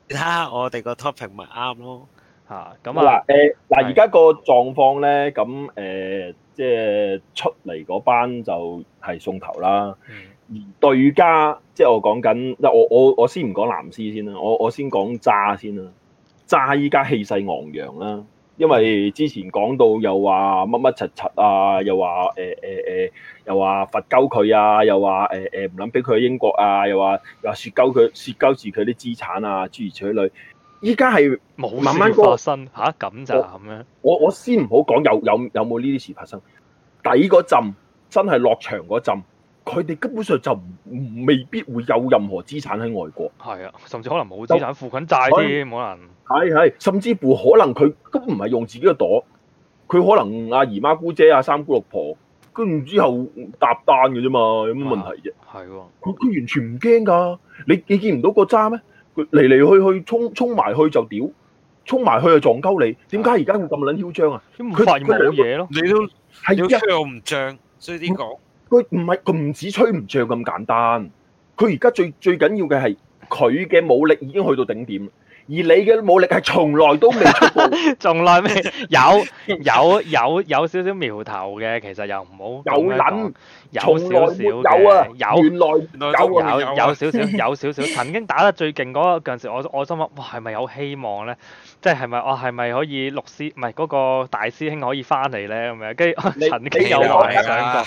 你睇下我哋個 topic 咪啱咯嚇。咁啊嗱，而家個狀況咧，咁誒即係出嚟嗰班就係送頭啦。而對家，即係我講緊，即我我我先唔講藍絲先啦，我我先講渣先啦。揸依家氣勢昂揚啦，因為之前講到又話乜乜柒柒啊，又話誒誒誒，又話罰鳩佢啊，又話誒誒唔諗俾佢去英國啊，又話又話雪鳩佢雪鳩住佢啲資產啊，諸如此類。依家係慢慢發生吓咁、啊、就咁樣我。我我先唔好講有有有冇呢啲事發生，底嗰陣真係落場嗰陣。佢哋根本上就未必會有任何資產喺外國，係啊，甚至可能冇資產負緊債啫，可能。係係，甚至乎可能佢都唔係用自己嘅袋，佢可能阿姨媽姑姐啊、三姑六婆，跟住之後搭單嘅啫嘛，有乜問題啫？係喎，佢佢完全唔驚㗎，你你見唔到個渣咩？嚟嚟去去衝衝埋去就屌，衝埋去就撞鳩你，點解而家咁撚囂張啊？佢發現冇嘢咯，你都係因為我唔漲，所以點講？佢唔係，佢唔止吹唔漲咁簡單，佢而家最最緊要嘅係佢嘅武力已經去到頂點，而你嘅武力係從來都未出過， 從來未有有有有，有少少苗頭嘅，其實又唔好咁講。有少少嘅，有原來有有少少有少少，曾經打得最勁嗰陣時，我我心諗哇係咪有希望咧？即係係咪我係咪可以六師唔係嗰個大師兄可以翻嚟咧咁樣？跟住曾經有上過，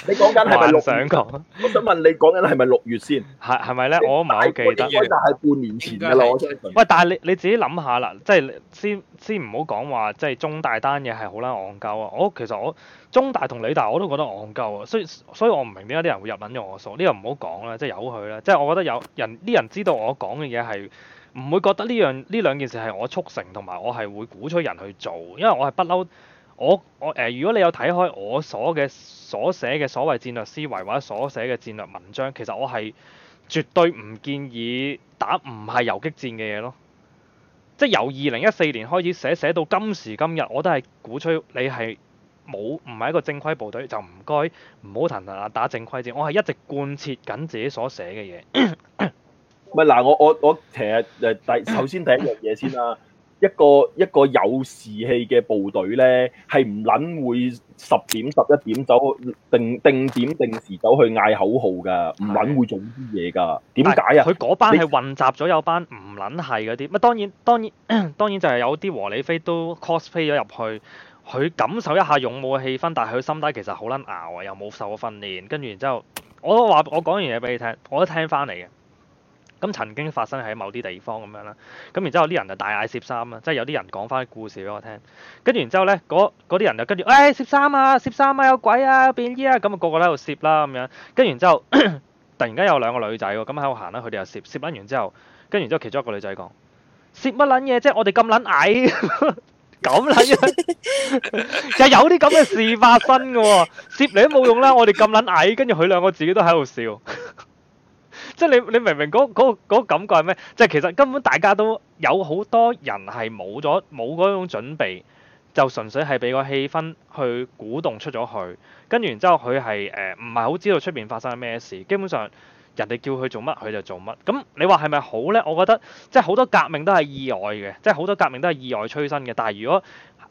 你講緊係咪六上過？我想問你講緊係咪六月先？係係咪咧？我唔係好記得。但係半年前噶啦，我真係。喂，但係你你自己諗下啦，即係先先唔好講話，即係中大單嘢係好撚戇鳩啊！我其實我。中大同理大我都覺得戇鳩啊，所以所以我唔明點解啲人會入撚咗我數，呢個唔好講啦，即係由佢啦。即係我覺得有人啲人知道我講嘅嘢係唔會覺得呢樣呢兩件事係我促成同埋我係會鼓吹人去做，因為我係不嬲。我我呃，如果你有睇開我所嘅所寫嘅所謂戰略思維或者所寫嘅戰略文章，其實我係絕對唔建議打唔係游擊戰嘅嘢咯。即係由二零一四年開始寫，寫到今時今日，我都係鼓吹你係。冇唔係一個正規部隊，就唔該，唔好騰騰打正規戰。我係一直貫徹緊自己所寫嘅嘢。唔係嗱，我我我其實誒第首先第一樣嘢先啦。一個一個有士氣嘅部隊咧，係唔撚會十點十一點走定定點定時走去嗌口號㗎，唔撚的會做啲嘢㗎。點解啊？佢嗰班係混雜咗有班唔撚係嗰啲。乜當然當然當然就係有啲和理非都 cosplay 咗入去。佢感受一下勇武嘅氣氛，但係佢心底其實好撚熬啊，又冇受過訓練。跟住然之後，我，都我話我講完嘢俾你聽，我都聽翻嚟嘅。咁曾經發生喺某啲地方咁樣啦。咁然之後啲人就大嗌攝衫啊，即係有啲人講翻啲故事俾我聽。跟住然之後咧，嗰啲人就跟住，誒攝衫啊，攝衫啊，有鬼啊，有便衣啊，咁啊個個喺度攝啦咁樣。跟住然之後， 突然間有兩個女仔喎，咁喺度行啦，佢哋又攝攝撚完之後，跟住然之後其中一個女仔講：攝乜撚嘢啫？即係我哋咁撚矮。 咁樣，又有啲咁嘅事發生嘅，攝你都冇用啦。我哋咁撚矮，跟住佢兩個自己都喺度笑，即係你你明唔明嗰嗰嗰感覺係咩？即係其實根本大家都有好多人係冇咗冇嗰種準備，就純粹係俾個氣氛去鼓動出咗去，跟住然之後佢係誒唔係好知道出邊發生咩事，基本上。人哋叫佢做乜佢就做乜，咁你話係咪好呢？我覺得即係好多革命都係意外嘅，即係好多革命都係意外催生嘅。但係如果誒、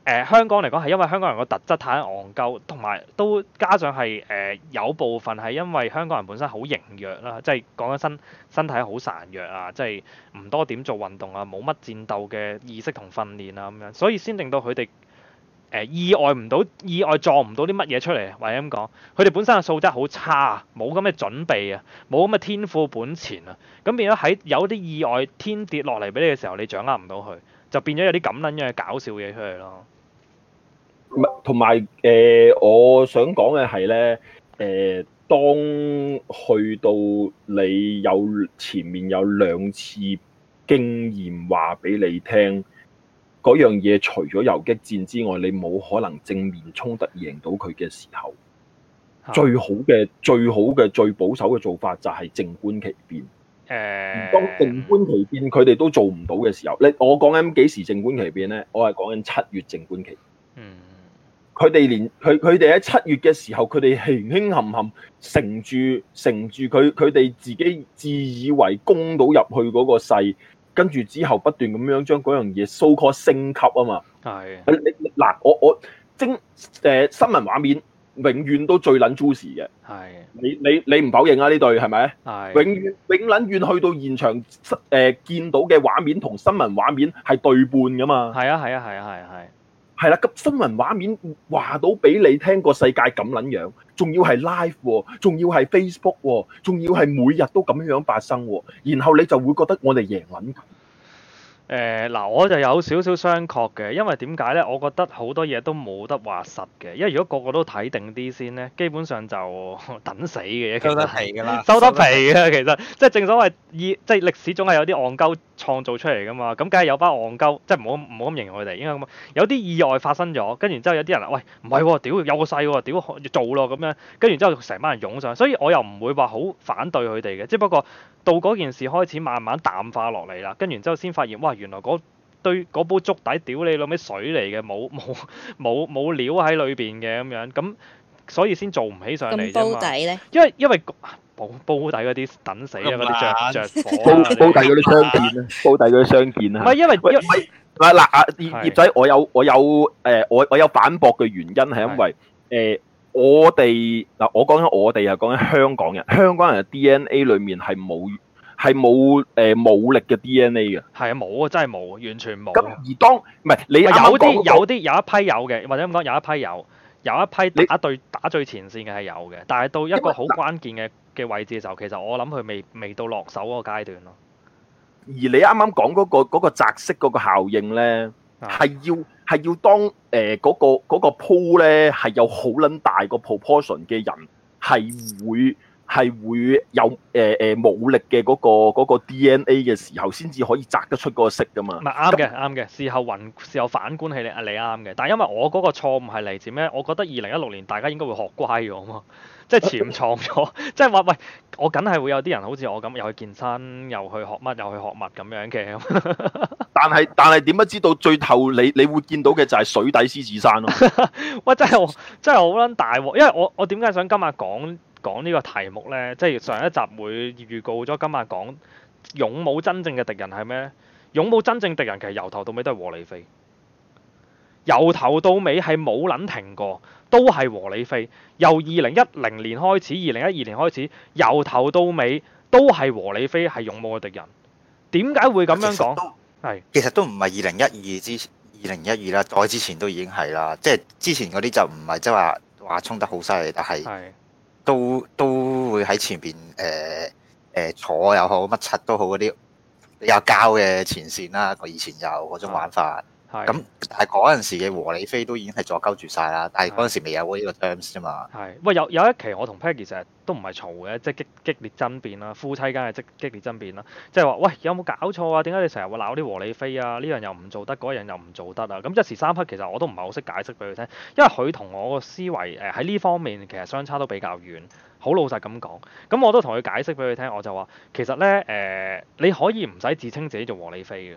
呃、香港嚟講，係因為香港人個特質太昂鳩，同埋都加上係誒、呃、有部分係因為香港人本身好羸弱啦，即係講緊身身體好孱弱啊，即係唔多點做運動啊，冇乜戰鬥嘅意識同訓練啊咁樣，所以先令到佢哋。意外唔到，意外撞唔到啲乜嘢出嚟，或者咁講，佢哋本身嘅素質好差，冇咁嘅準備啊，冇咁嘅天賦本錢啊，咁變咗喺有啲意外天跌落嚟俾你嘅時候，你掌握唔到佢，就變咗有啲咁撚樣嘅搞笑嘢出嚟咯。同埋誒，我想講嘅係呢，誒、呃，當去到你有前面有兩次經驗話俾你聽。嗰樣嘢除咗遊擊戰之外，你冇可能正面衝突贏到佢嘅時候，最好嘅、最好嘅、最保守嘅做法就係靜觀其變。誒，當靜觀其變佢哋都做唔到嘅時候，你我講緊幾時靜觀其變呢？我係講緊七月靜觀其變。佢哋連佢佢哋喺七月嘅時候，佢哋輕輕冚冚，承住承住佢佢哋自己自以為攻到入去嗰個勢。跟住之後不斷咁樣將嗰樣嘢搜購升級啊嘛，係的，你嗱，我我精，誒新聞畫面永遠都最撚 juicy 嘅，係，你你你唔否認啊呢對係咪？係的，永遠永撚遠去到現場誒、呃、見到嘅畫面同新聞畫面係對半噶嘛，係啊係啊係啊係係，係啦，咁新聞畫面話到俾你聽個世界咁撚樣。仲要係 live 喎，仲要係 Facebook 喎，仲要係每日都咁樣樣發生喎，然後你就會覺得我哋贏撚。誒嗱、呃、我就有少少商榷嘅，因為點解咧？我覺得好多嘢都冇得話實嘅，因為如果個個都睇定啲先咧，基本上就等死嘅嘢，其實就是、收得皮㗎啦，收得皮嘅其實，即係正所謂意，即係歷史總係有啲戇鳩創造出嚟㗎嘛，咁梗係有返戇鳩，即係唔好唔好咁形容佢哋，因為有啲意外發生咗，跟住之後有啲人話：喂，唔係喎，屌有個勢喎、啊，屌做咯咁樣，跟住之後成班人湧上，所以我又唔會話好反對佢哋嘅，只不過到嗰件事開始慢慢淡化落嚟啦，跟住之後先發現，喂！」原來嗰堆嗰煲粥底，屌你老味水嚟嘅，冇冇冇冇料喺裏邊嘅咁樣，咁所以先做唔起上嚟啫嘛。煲底咧，因為因為煲煲底嗰啲等死啊，嗰啲著著火煲煲底嗰啲商店咧，煲底嗰啲商店啦。唔係因為因嗱嗱啊葉葉仔，我有我有誒我我有反駁嘅原因係因為誒我哋嗱我講緊我哋呀講緊香港人，香港人嘅 DNA 裏面係冇。係冇誒武力嘅 DNA 嘅，係啊冇啊真係冇，啊，完全冇。咁而當唔係你剛剛有啲有啲有一批有嘅，或者咁講有一批有有一批打對你打最前線嘅係有嘅，但係到一個好關鍵嘅嘅位置嘅時候，其實我諗佢未未到落手嗰個階段咯。而你啱啱講嗰個擲色嗰個效應咧，係、啊、要係要當誒嗰、呃那個嗰、個 pool 咧係、那個、有好撚大個 proportion 嘅人係會。係會有誒誒、呃呃、武力嘅嗰、嗰個、嗰個 DNA 嘅時候，先至可以摘得出嗰個色噶嘛。唔係啱嘅，啱嘅。事後云，事後反觀係你，啊你啱嘅。但係因為我嗰個錯誤係嚟自咩？我覺得二零一六年大家應該會學乖咗嘛，即係潛藏咗，即係話，喂，我梗係會有啲人好似我咁，又去健身，又去學乜，又去學物咁樣嘅。但係但係點樣知道最頭你你會見到嘅就係水底獅子山咯。 喂，真係真係好捻大鑊，因為我我點解想今日講？講呢個題目呢，即係上一集會預告咗，今日講勇武真正嘅敵人係咩呢？勇武真正敵人其實由頭到尾都係和理非，由頭到尾係冇撚停過，都係和理非。由二零一零年開始，二零一二年開始，由頭到尾都係和理非係勇武嘅敵人。點解會咁樣講？係其實都唔係二零一二之二零一二啦，20 12, 2012，再之前都已經係啦。即係之前嗰啲就唔係即係話話衝得好犀利，但係。都都會喺前邊誒誒坐又好，乜柒都好，嗰啲比較膠嘅前線啦。我以前有嗰種玩法。嗯咁係但係嗰陣時嘅和理非都已經係阻鳩住晒啦，但係嗰陣時未有呢個 terms 啫嘛。係，喂有有一期我同 Peggy 成日都唔係嘈嘅，即係激烈爭辯啦，夫妻間嘅激激烈爭辯啦，即係話喂有冇搞錯啊？點解你成日會鬧啲和理非啊？呢樣又唔做得，嗰樣又唔做得啊？咁一時三刻其實我都唔係好識解釋俾佢聽，因為佢同我個思維誒喺呢方面其實相差都比較遠。好老實咁講，咁我都同佢解釋俾佢聽，我就話其實咧誒、呃，你可以唔使自稱自己做和理非嘅。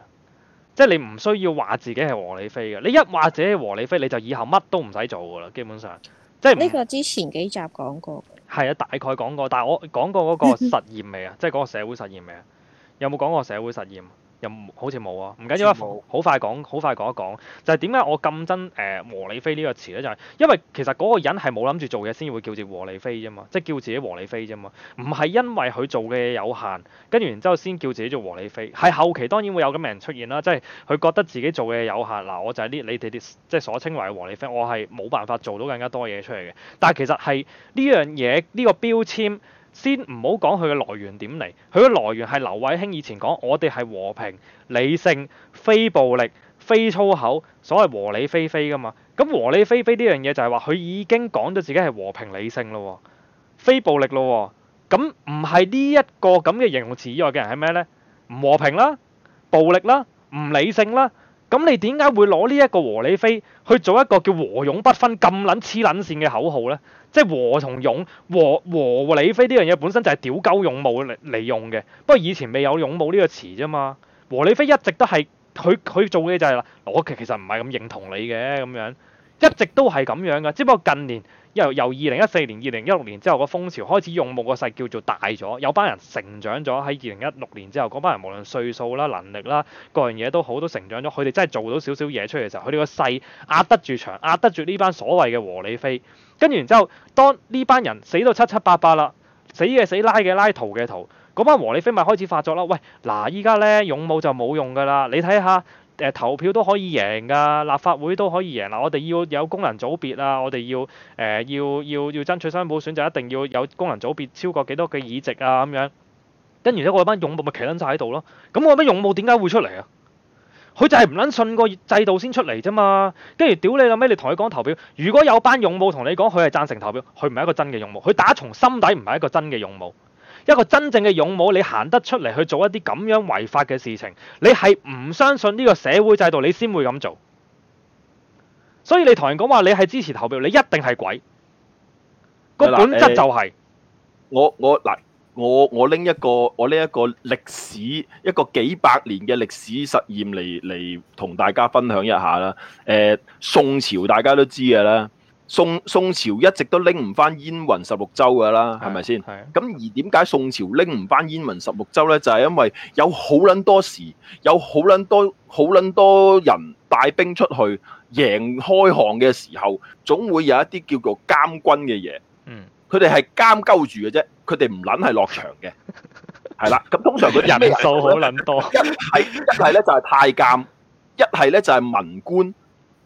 即係你唔需要話自己係和理非嘅，你一話自己係和理非你就以後乜都唔使做噶啦，基本上。即係呢個之前幾集講過。係啊，大概講過，但係我講過嗰個實驗未啊？ 即係嗰個社會實驗未啊？有冇講過社會實驗？又唔好似冇啊，唔緊要啊，好快講，好快講一講。就係點解我咁憎誒和理非呢個詞咧？就係因為其實嗰個人係冇諗住做嘢先會叫住和理非啫嘛，即係叫自己和理非啫嘛。唔係因為佢做嘅嘢有限，跟住然之後先叫自己做和理非。係後期當然會有咁嘅人出現啦，即係佢覺得自己做嘅嘢有限。嗱，我就係呢，你哋啲即係所稱為和理非，我係冇辦法做到更加多嘢出嚟嘅。但係其實係呢樣嘢，呢個標籤。先唔好講佢嘅來源點嚟，佢嘅來源係劉慧卿以前講，我哋係和平、理性、非暴力、非粗口，所謂和理非非㗎嘛。咁和理非非呢樣嘢就係話佢已經講咗自己係和平理性咯，非暴力咯。咁唔係呢一個咁嘅形容詞以外嘅人係咩呢？唔和平啦，暴力啦，唔理性啦。咁你點解會攞呢一個和理非去做一個叫和勇不分咁撚痴撚線嘅口號呢？即係和同勇和和理非呢樣嘢本身就係屌鳩勇武嚟用嘅。不過以前未有勇武呢個詞啫嘛。和理非一直都係佢佢做嘅就係、是、啦。我其其實唔係咁認同你嘅咁樣，一直都係咁樣㗎。只不過近年。因為由二零一四年、二零一六年之後個風潮開始，勇武個勢叫做大咗，有班人成長咗喺二零一六年之後，嗰班人無論歲數啦、能力啦，各樣嘢都好，都成長咗。佢哋真係做到少少嘢出嚟嘅時候，佢哋個勢壓得住場，壓得住呢班所謂嘅和理非。跟住然之後，當呢班人死到七七八八啦，死嘅死，拉嘅拉，逃嘅逃，嗰班和理非咪開始發作啦。喂，嗱，依家咧勇武就冇用噶啦，你睇下。投票都可以贏噶，立法會都可以贏。嗱，我哋要有功能組別啊，我哋要誒、呃、要要要爭取雙普選就一定要有功能組別超過幾多嘅議席啊咁樣。跟住咧，我班勇武咪企撚晒喺度咯。咁我乜勇武點解會出嚟啊？佢就係唔撚信個制度先出嚟啫嘛。跟住屌你個咩？你同佢講投票，如果有班勇武同你講佢係贊成投票，佢唔係一個真嘅勇武，佢打從心底唔係一個真嘅勇武。一個真正嘅勇武，你行得出嚟去做一啲咁樣違法嘅事情，你係唔相信呢個社會制度，你先會咁做。所以你同人講話你係支持投票，你一定係鬼。個本質就係、是呃、我我嗱、呃、我我拎一個我呢一個歷史一個幾百年嘅歷史實驗嚟嚟同大家分享一下啦。誒、呃，宋朝大家都知嘅啦。宋宋朝一直都拎唔翻燕雲十六州噶啦，係咪先？咁而點解宋朝拎唔翻燕雲十六州咧？就係因為有好撚多時，有好撚多好撚多人帶兵出去贏開巷嘅時候，總會有一啲叫做監軍嘅嘢。嗯，佢哋係監鳩住嘅啫，佢哋唔撚係落場嘅。係啦， 咁通常佢人數好撚多。一係一係咧就係太監，一係咧就係文官。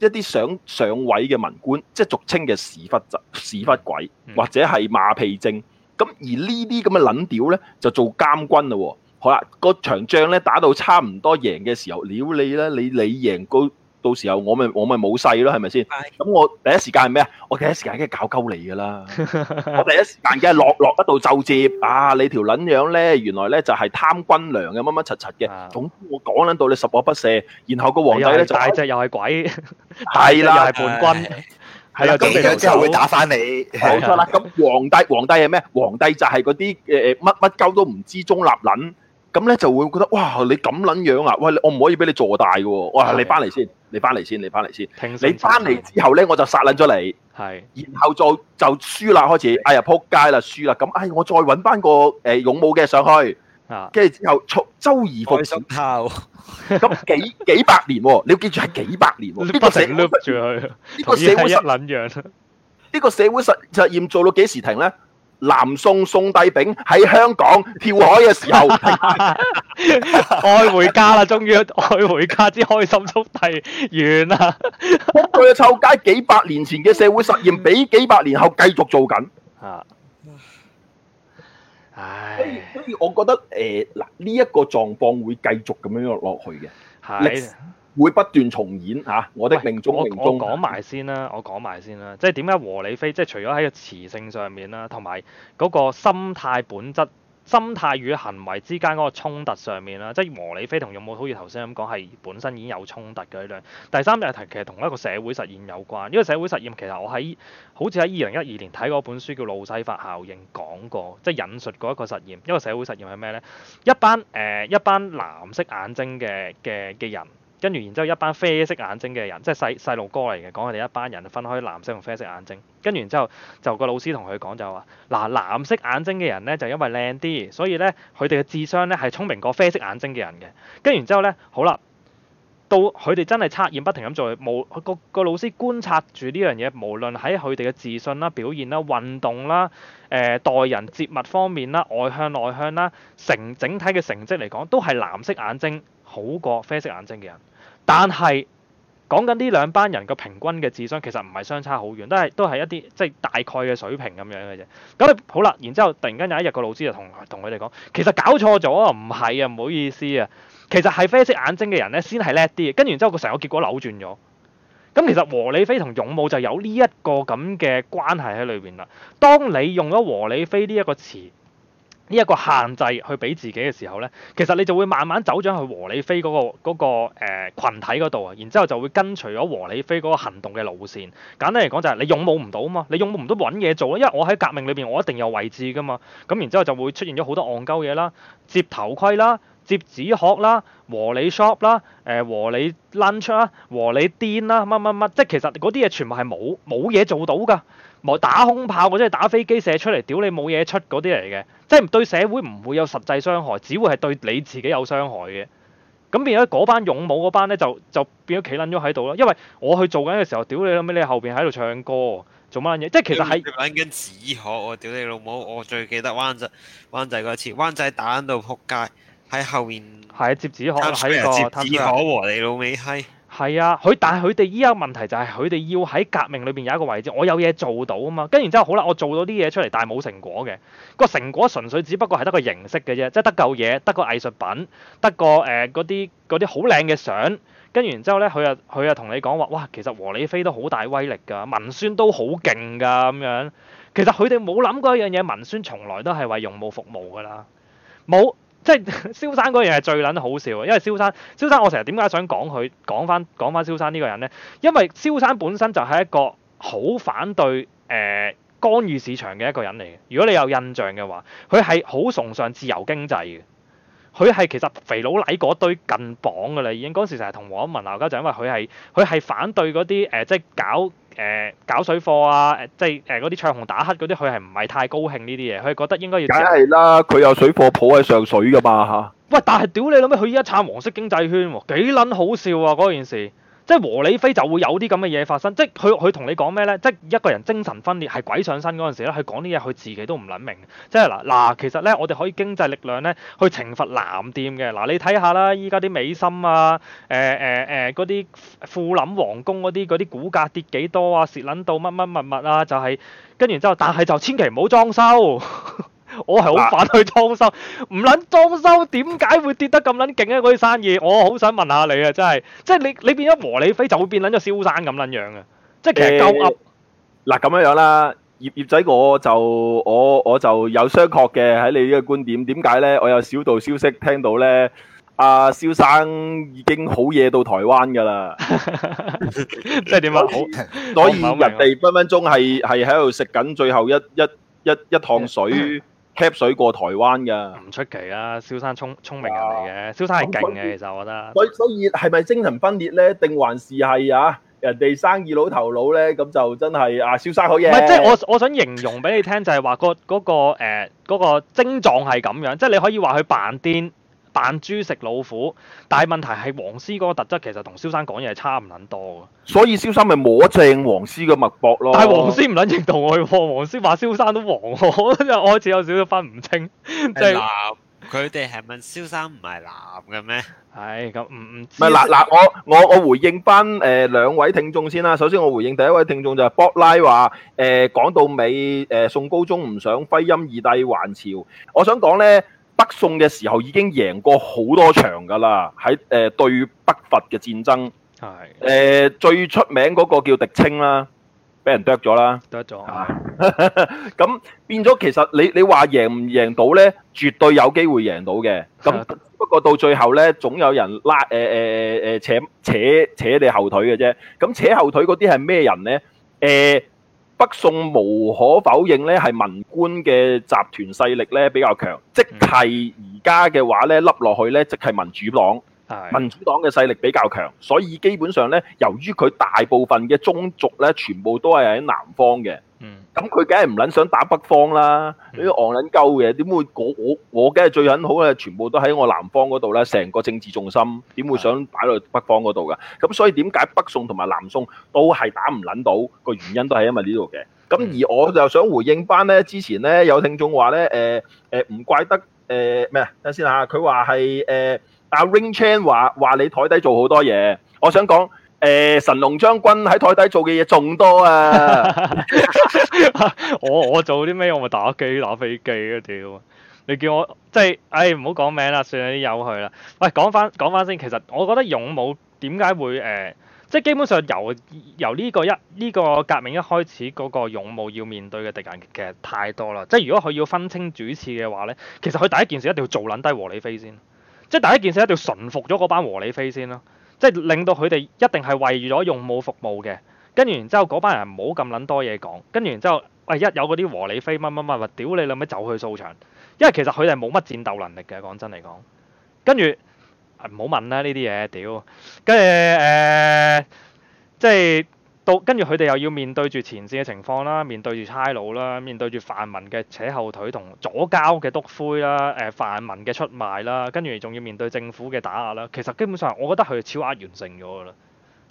一啲想上，上位嘅文官，即係俗稱嘅屎忽仔、屎忽鬼，或者係馬屁精，咁而呢啲咁嘅撚屌咧，就做監軍啦、哦。好啦，個場仗咧打到差唔多贏嘅時候，屌你啦，你你贏到時候我咪我咪冇勢咯，係咪先？咁、嗯、我第一時間係咩啊？我第一時間梗係搞鳩你噶啦！我第一時間梗係落落一度奏摺，啊！你條撚樣咧，原來咧就係貪軍糧嘅乜乜柒柒嘅。什麼什麼啊、總之我講撚到你十惡不赦，然後個皇帝咧就大隻又係鬼，係啦又係叛軍，係啦咁樣之後會打翻你、啊。冇錯啦，咁皇帝皇帝係咩？皇帝就係嗰啲誒乜乜鳩都唔知中立撚。咁咧就會覺得哇！你咁撚樣，樣啊，喂！我唔可以俾你做大嘅喎，哇！你翻嚟先，你翻嚟先，你翻嚟先。停信你翻嚟之後咧，我就殺撚咗你。係是的、哎哎。然後再就輸啦，開始哎呀，撲街啦，輸啦。咁哎，我再揾翻個誒勇武嘅上去。跟住之後，從周而復始。咁的幾幾百年喎？你要記住係幾百年喎？呢 個社會撚樣，呢 個社會實驗、這個、社會實驗做到幾時停咧？南宋宋帝昺喺香港跳海嘅時候，愛回家啦！終於愛回家之開心速遞完啦！佢嘅臭街，幾百年前嘅社會實驗，比幾百年後繼續做緊。啊！唉，所以所以我覺得誒，嗱呢一個狀況會繼續咁樣落去嘅。係。會不斷重演嚇、啊，我的命中，命中我我講埋先啦，我講埋先啦。即係點解和理非？即係除咗喺個磁性上面啦，同埋嗰個心態本質、心態與行為之間嗰個衝突上面啦。即係和理非同勇武，好似頭先咁講，係本身已經有衝突嘅呢對。第三樣嘢係其實同一個社會實驗有關，因為社會實驗其實我喺好似喺二零一二年睇嗰本書叫《路西法效應》，講過即係引述嗰一個實驗。一個社會實驗係咩呢？一班誒、呃、一班藍色眼睛嘅嘅嘅人。跟住，然之後一班啡色眼睛嘅人，即係細細路哥嚟嘅，講佢哋一班人分開藍色同啡色眼睛。跟住，然之後就個老師同佢講就話：嗱，藍色眼睛嘅人呢，就因為靚啲，所以呢，佢哋嘅智商呢，係聰明過啡色眼睛嘅人嘅。跟住，然之後呢，好啦，到佢哋真係測驗不停咁做，無個個老師觀察住呢樣嘢，無論喺佢哋嘅自信啦、表現啦、運動啦、呃、待人接物方面啦、外向內向啦、成整體嘅成績嚟講，都係藍色眼睛好過啡色眼睛嘅人。但係講緊呢兩班人個平均嘅智商其實唔係相差好遠，是都係都係一啲即係大概嘅水平咁樣嘅啫。咁好啦，然之後突然間有一日個老師就同同佢哋講，其實搞錯咗，唔係啊，唔好意思啊，其實係啡色眼睛嘅人咧先係叻啲。跟住然之後個成個結果扭轉咗。咁其實和理非同勇武就有呢一個咁嘅關係喺裏邊啦。當你用咗和理非呢一個詞，呢一個限制去俾自己嘅時候咧，其實你就會慢慢走咗去和理非嗰個嗰個誒群體嗰度啊，然之後就會跟隨咗和理非嗰個行動嘅路線。簡單嚟講就係你勇武唔到啊嘛，你勇武唔到揾嘢做咯，因為我喺革命裏邊我一定有位置噶嘛。咁然之後就會出現咗好多戇鳩嘢啦，接頭盔啦。接紙殼啦，和你 shop 啦，誒、呃、和你 lunch 啦，和你癲啦，乜乜乜，即係其實嗰啲嘢全部係冇冇嘢做到㗎，冇打空炮，或者係打飛機射出嚟，屌你冇嘢出嗰啲嚟嘅，即係對社會唔會有實際傷害，只會係對你自己有傷害嘅。咁變咗嗰班勇武嗰班咧，就就變咗企撚咗喺度啦。因為我去做緊嘅時候，屌你諗咩？你後邊喺度唱歌做乜嘢？即係其實係撚緊紙殼喎，屌你老母！我最記得灣仔灣仔嗰次，灣仔打到撲街。喺後面係啊，接子可喺個接子可和你老味。閪係啊，佢但係佢哋依家問題就係佢哋要喺革命裏邊有一個位置，我有嘢做到啊嘛，跟然之後好啦，我做到啲嘢出嚟，但係冇成果嘅，個成果純粹只不過係得個形式嘅啫，即係得嚿嘢，得個藝術品，得個誒嗰啲嗰啲好靚嘅相，跟然之後咧，佢又佢又同你講話，哇，其實和你飛都好大威力噶，文宣都好勁噶咁樣，其實佢哋冇諗過一樣嘢，文宣從來都係為勇武服務噶啦，冇。即係蕭生嗰樣係最撚好笑，因為蕭生蕭生我成日點解想講佢講翻講翻蕭生呢個人呢？因為蕭生本身就係一個好反對誒、呃、干預市場嘅一個人嚟嘅。如果你有印象嘅話，佢係好崇尚自由經濟嘅，佢係其實肥佬黎嗰堆近榜㗎啦已經。嗰時成日同黃一文鬧交就因為佢係佢係反對嗰啲誒即係搞。誒、呃、搞水貨啊！誒、呃、即係誒嗰啲唱紅打黑嗰啲，佢係唔係太高興呢啲嘢？佢覺得應該要梗係啦，佢有水貨鋪喺上水噶嘛嚇！啊、喂，但係屌你諗咩？佢而家撐黃色經濟圈喎，啊，幾撚好笑啊嗰件事！即係和理非就會有啲咁嘅嘢發生，即係佢佢同你講咩咧？即係一個人精神分裂係鬼上身嗰陣時咧，佢講啲嘢佢自己都唔諗明。即係嗱嗱，其實咧我哋可以經濟力量咧去懲罰藍店嘅嗱、啊，你睇下啦，依家啲美心啊，誒誒誒嗰啲富臨皇宮嗰啲嗰啲股價跌幾多啊？蝕撚到乜乜乜乜啊！就係跟完之後，但係就千祈唔好裝修。 我係好反對裝修，唔撚裝修點解會跌得咁撚勁呀？嗰啲生意我好想問下你啊！真係，即係你你變咗和理非就會變撚咗蕭生咁撚樣啊！即係其實鳩噏嗱咁樣樣啦，葉葉仔我就我我就有商榷嘅喺你呢個觀點，點解咧？我有小道消息聽到咧，阿蕭生已經好嘢到台灣噶啦，即係點啊？好，所以人哋分分鐘係係喺度食緊最後一一一一趟水。吸水過台灣㗎，唔出奇啊！蕭生聰聰明人嚟嘅，嗯、蕭生係勁嘅，以其實我覺得所。所所以係咪精神分裂咧？定還是係啊？人哋生意佬頭腦咧，咁就真係啊！蕭生好嘢。唔係，即係我我想形容俾你聽，就係、是、話、嗰個嗰、呃嗰個誒嗰個症狀係咁樣，即係你可以話佢扮癲。扮豬食老虎，但係問題係黃絲嗰個特質其實同蕭生講嘢係差唔撚多嘅，所以蕭生咪摸正黃絲嘅脈搏咯。但係黃絲唔撚認同我，黃絲話蕭生都黃， 我就開始有少少分唔清。即男、欸，佢哋係問蕭生唔係男嘅咩？係咁唔唔咪嗱嗱，我我我回應翻、誒、呃、兩位聽眾先啦。首先我回應第一位聽眾就係博拉話，誒講到尾誒、呃呃、宋高宗唔想徽欽二帝還朝，我想講咧。北宋嘅時候已經贏過好多場㗎啦，喺誒、呃、對北伐嘅戰爭，係誒是的、呃、最出名嗰個叫狄青啦，俾人剁咗啦，剁咗了，咁、啊、 變咗其實你你話贏唔贏到咧，絕對有機會贏到嘅。咁不過到最後咧，總有人拉誒誒誒誒扯扯扯你後腿嘅啫，咁扯後腿嗰啲係咩人咧？誒、呃。北宋無可否認咧，係文官嘅集團勢力咧比較強。即係而家嘅話咧，笠落、嗯、去咧，即係民主黨。是的 民主黨嘅勢力比較強，所以基本上咧，由於佢大部分嘅宗族咧，全部都係喺南方嘅。咁佢梗係唔撚想打北方啦，啲戇撚鳩嘅，點會我我我梗係最撚好啊！全部都喺我南方嗰度啦，成個政治重心點會想擺落北方嗰度噶？咁所以點解北宋同埋南宋都係打唔撚到？個原因都係因為呢度嘅。咁而我就想回應翻咧，之前咧有聽眾話咧，誒誒唔怪得誒咩啊？等先嚇，佢話係誒阿、呃啊、Ring Chan 話話你台底做好多嘢，我想講。誒、欸，神龍將軍喺台底做嘅嘢仲多啊！我我做啲咩？我咪打機打飛機啊！屌，你叫我即係，唉、哎，唔好講名啦，算你有去啦。喂，講翻講翻先，其實我覺得勇武點解會誒、呃，即係基本上由由呢個一呢、呢個革命一開始嗰個勇武要面對嘅敵人，其實太多啦。即係如果佢要分清主次嘅話咧，其實佢第一件事一定要做撚低和理非先，即係第一件事一定要馴服咗嗰班和理非先啦。即係令到佢哋一定係為住咗用武服務嘅，跟住然之後嗰班人唔好咁撚多嘢講，跟住然之後，喂、哎、一有嗰啲和理非乜乜乜話屌你兩咪走去掃場，因為其實佢哋冇乜戰鬥能力嘅，講真嚟講，跟住唔好問啦呢啲嘢，屌，跟住誒即係。到跟住佢哋又要面對住前線嘅情況啦，面對住差佬啦，面對住泛民嘅扯後腿同左膠嘅篤灰啦，誒、呃、泛民嘅出賣啦，跟住仲要面對政府嘅打壓啦。其實基本上我覺得佢哋超額完成咗噶啦，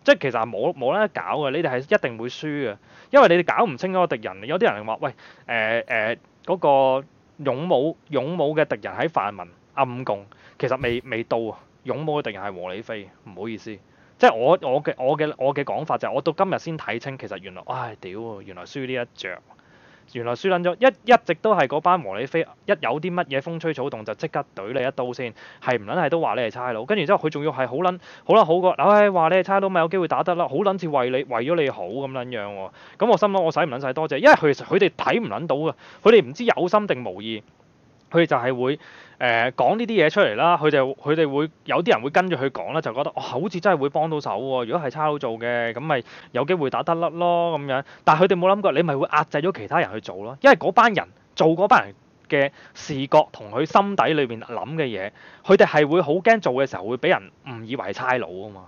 即係其實係冇冇得搞嘅。你哋係一定會輸嘅，因為你哋搞唔清嗰個敵人。有啲人話，喂，誒誒嗰個勇武勇武嘅敵人喺泛民暗共，其實未未到啊。勇武嘅敵人係和理非，唔好意思。即係我我嘅我嘅我嘅講法就係，我到今日先睇清，其實原來，唉，屌，原來輸呢一著，原來輸撚咗，一一直都係嗰班和你飛，一有啲乜嘢風吹草動就即刻懟你一刀先，係唔撚係都話你係差佬，跟住之後佢仲要係好撚好啦，好過唉，話你係差佬咪有機會打得啦，好撚似為你為咗你好咁撚樣喎，咁我心諗我使唔撚使多謝，因為佢佢哋睇唔撚到㗎，佢哋唔知有心定無意，佢就係會。誒、呃、講呢啲嘢出嚟啦，佢就佢哋會有啲人會跟住佢講啦，就覺得、哦、好似真係會幫到手喎、啊。如果係差佬做嘅，咁咪有機會打得甩咯咁樣。但係佢哋冇諗過，你咪會壓制咗其他人去做咯、啊。因為嗰班人做嗰班人嘅視覺同佢心底裏邊諗嘅嘢，佢哋係會好驚做嘅時候會俾人誤以為係差佬啊嘛，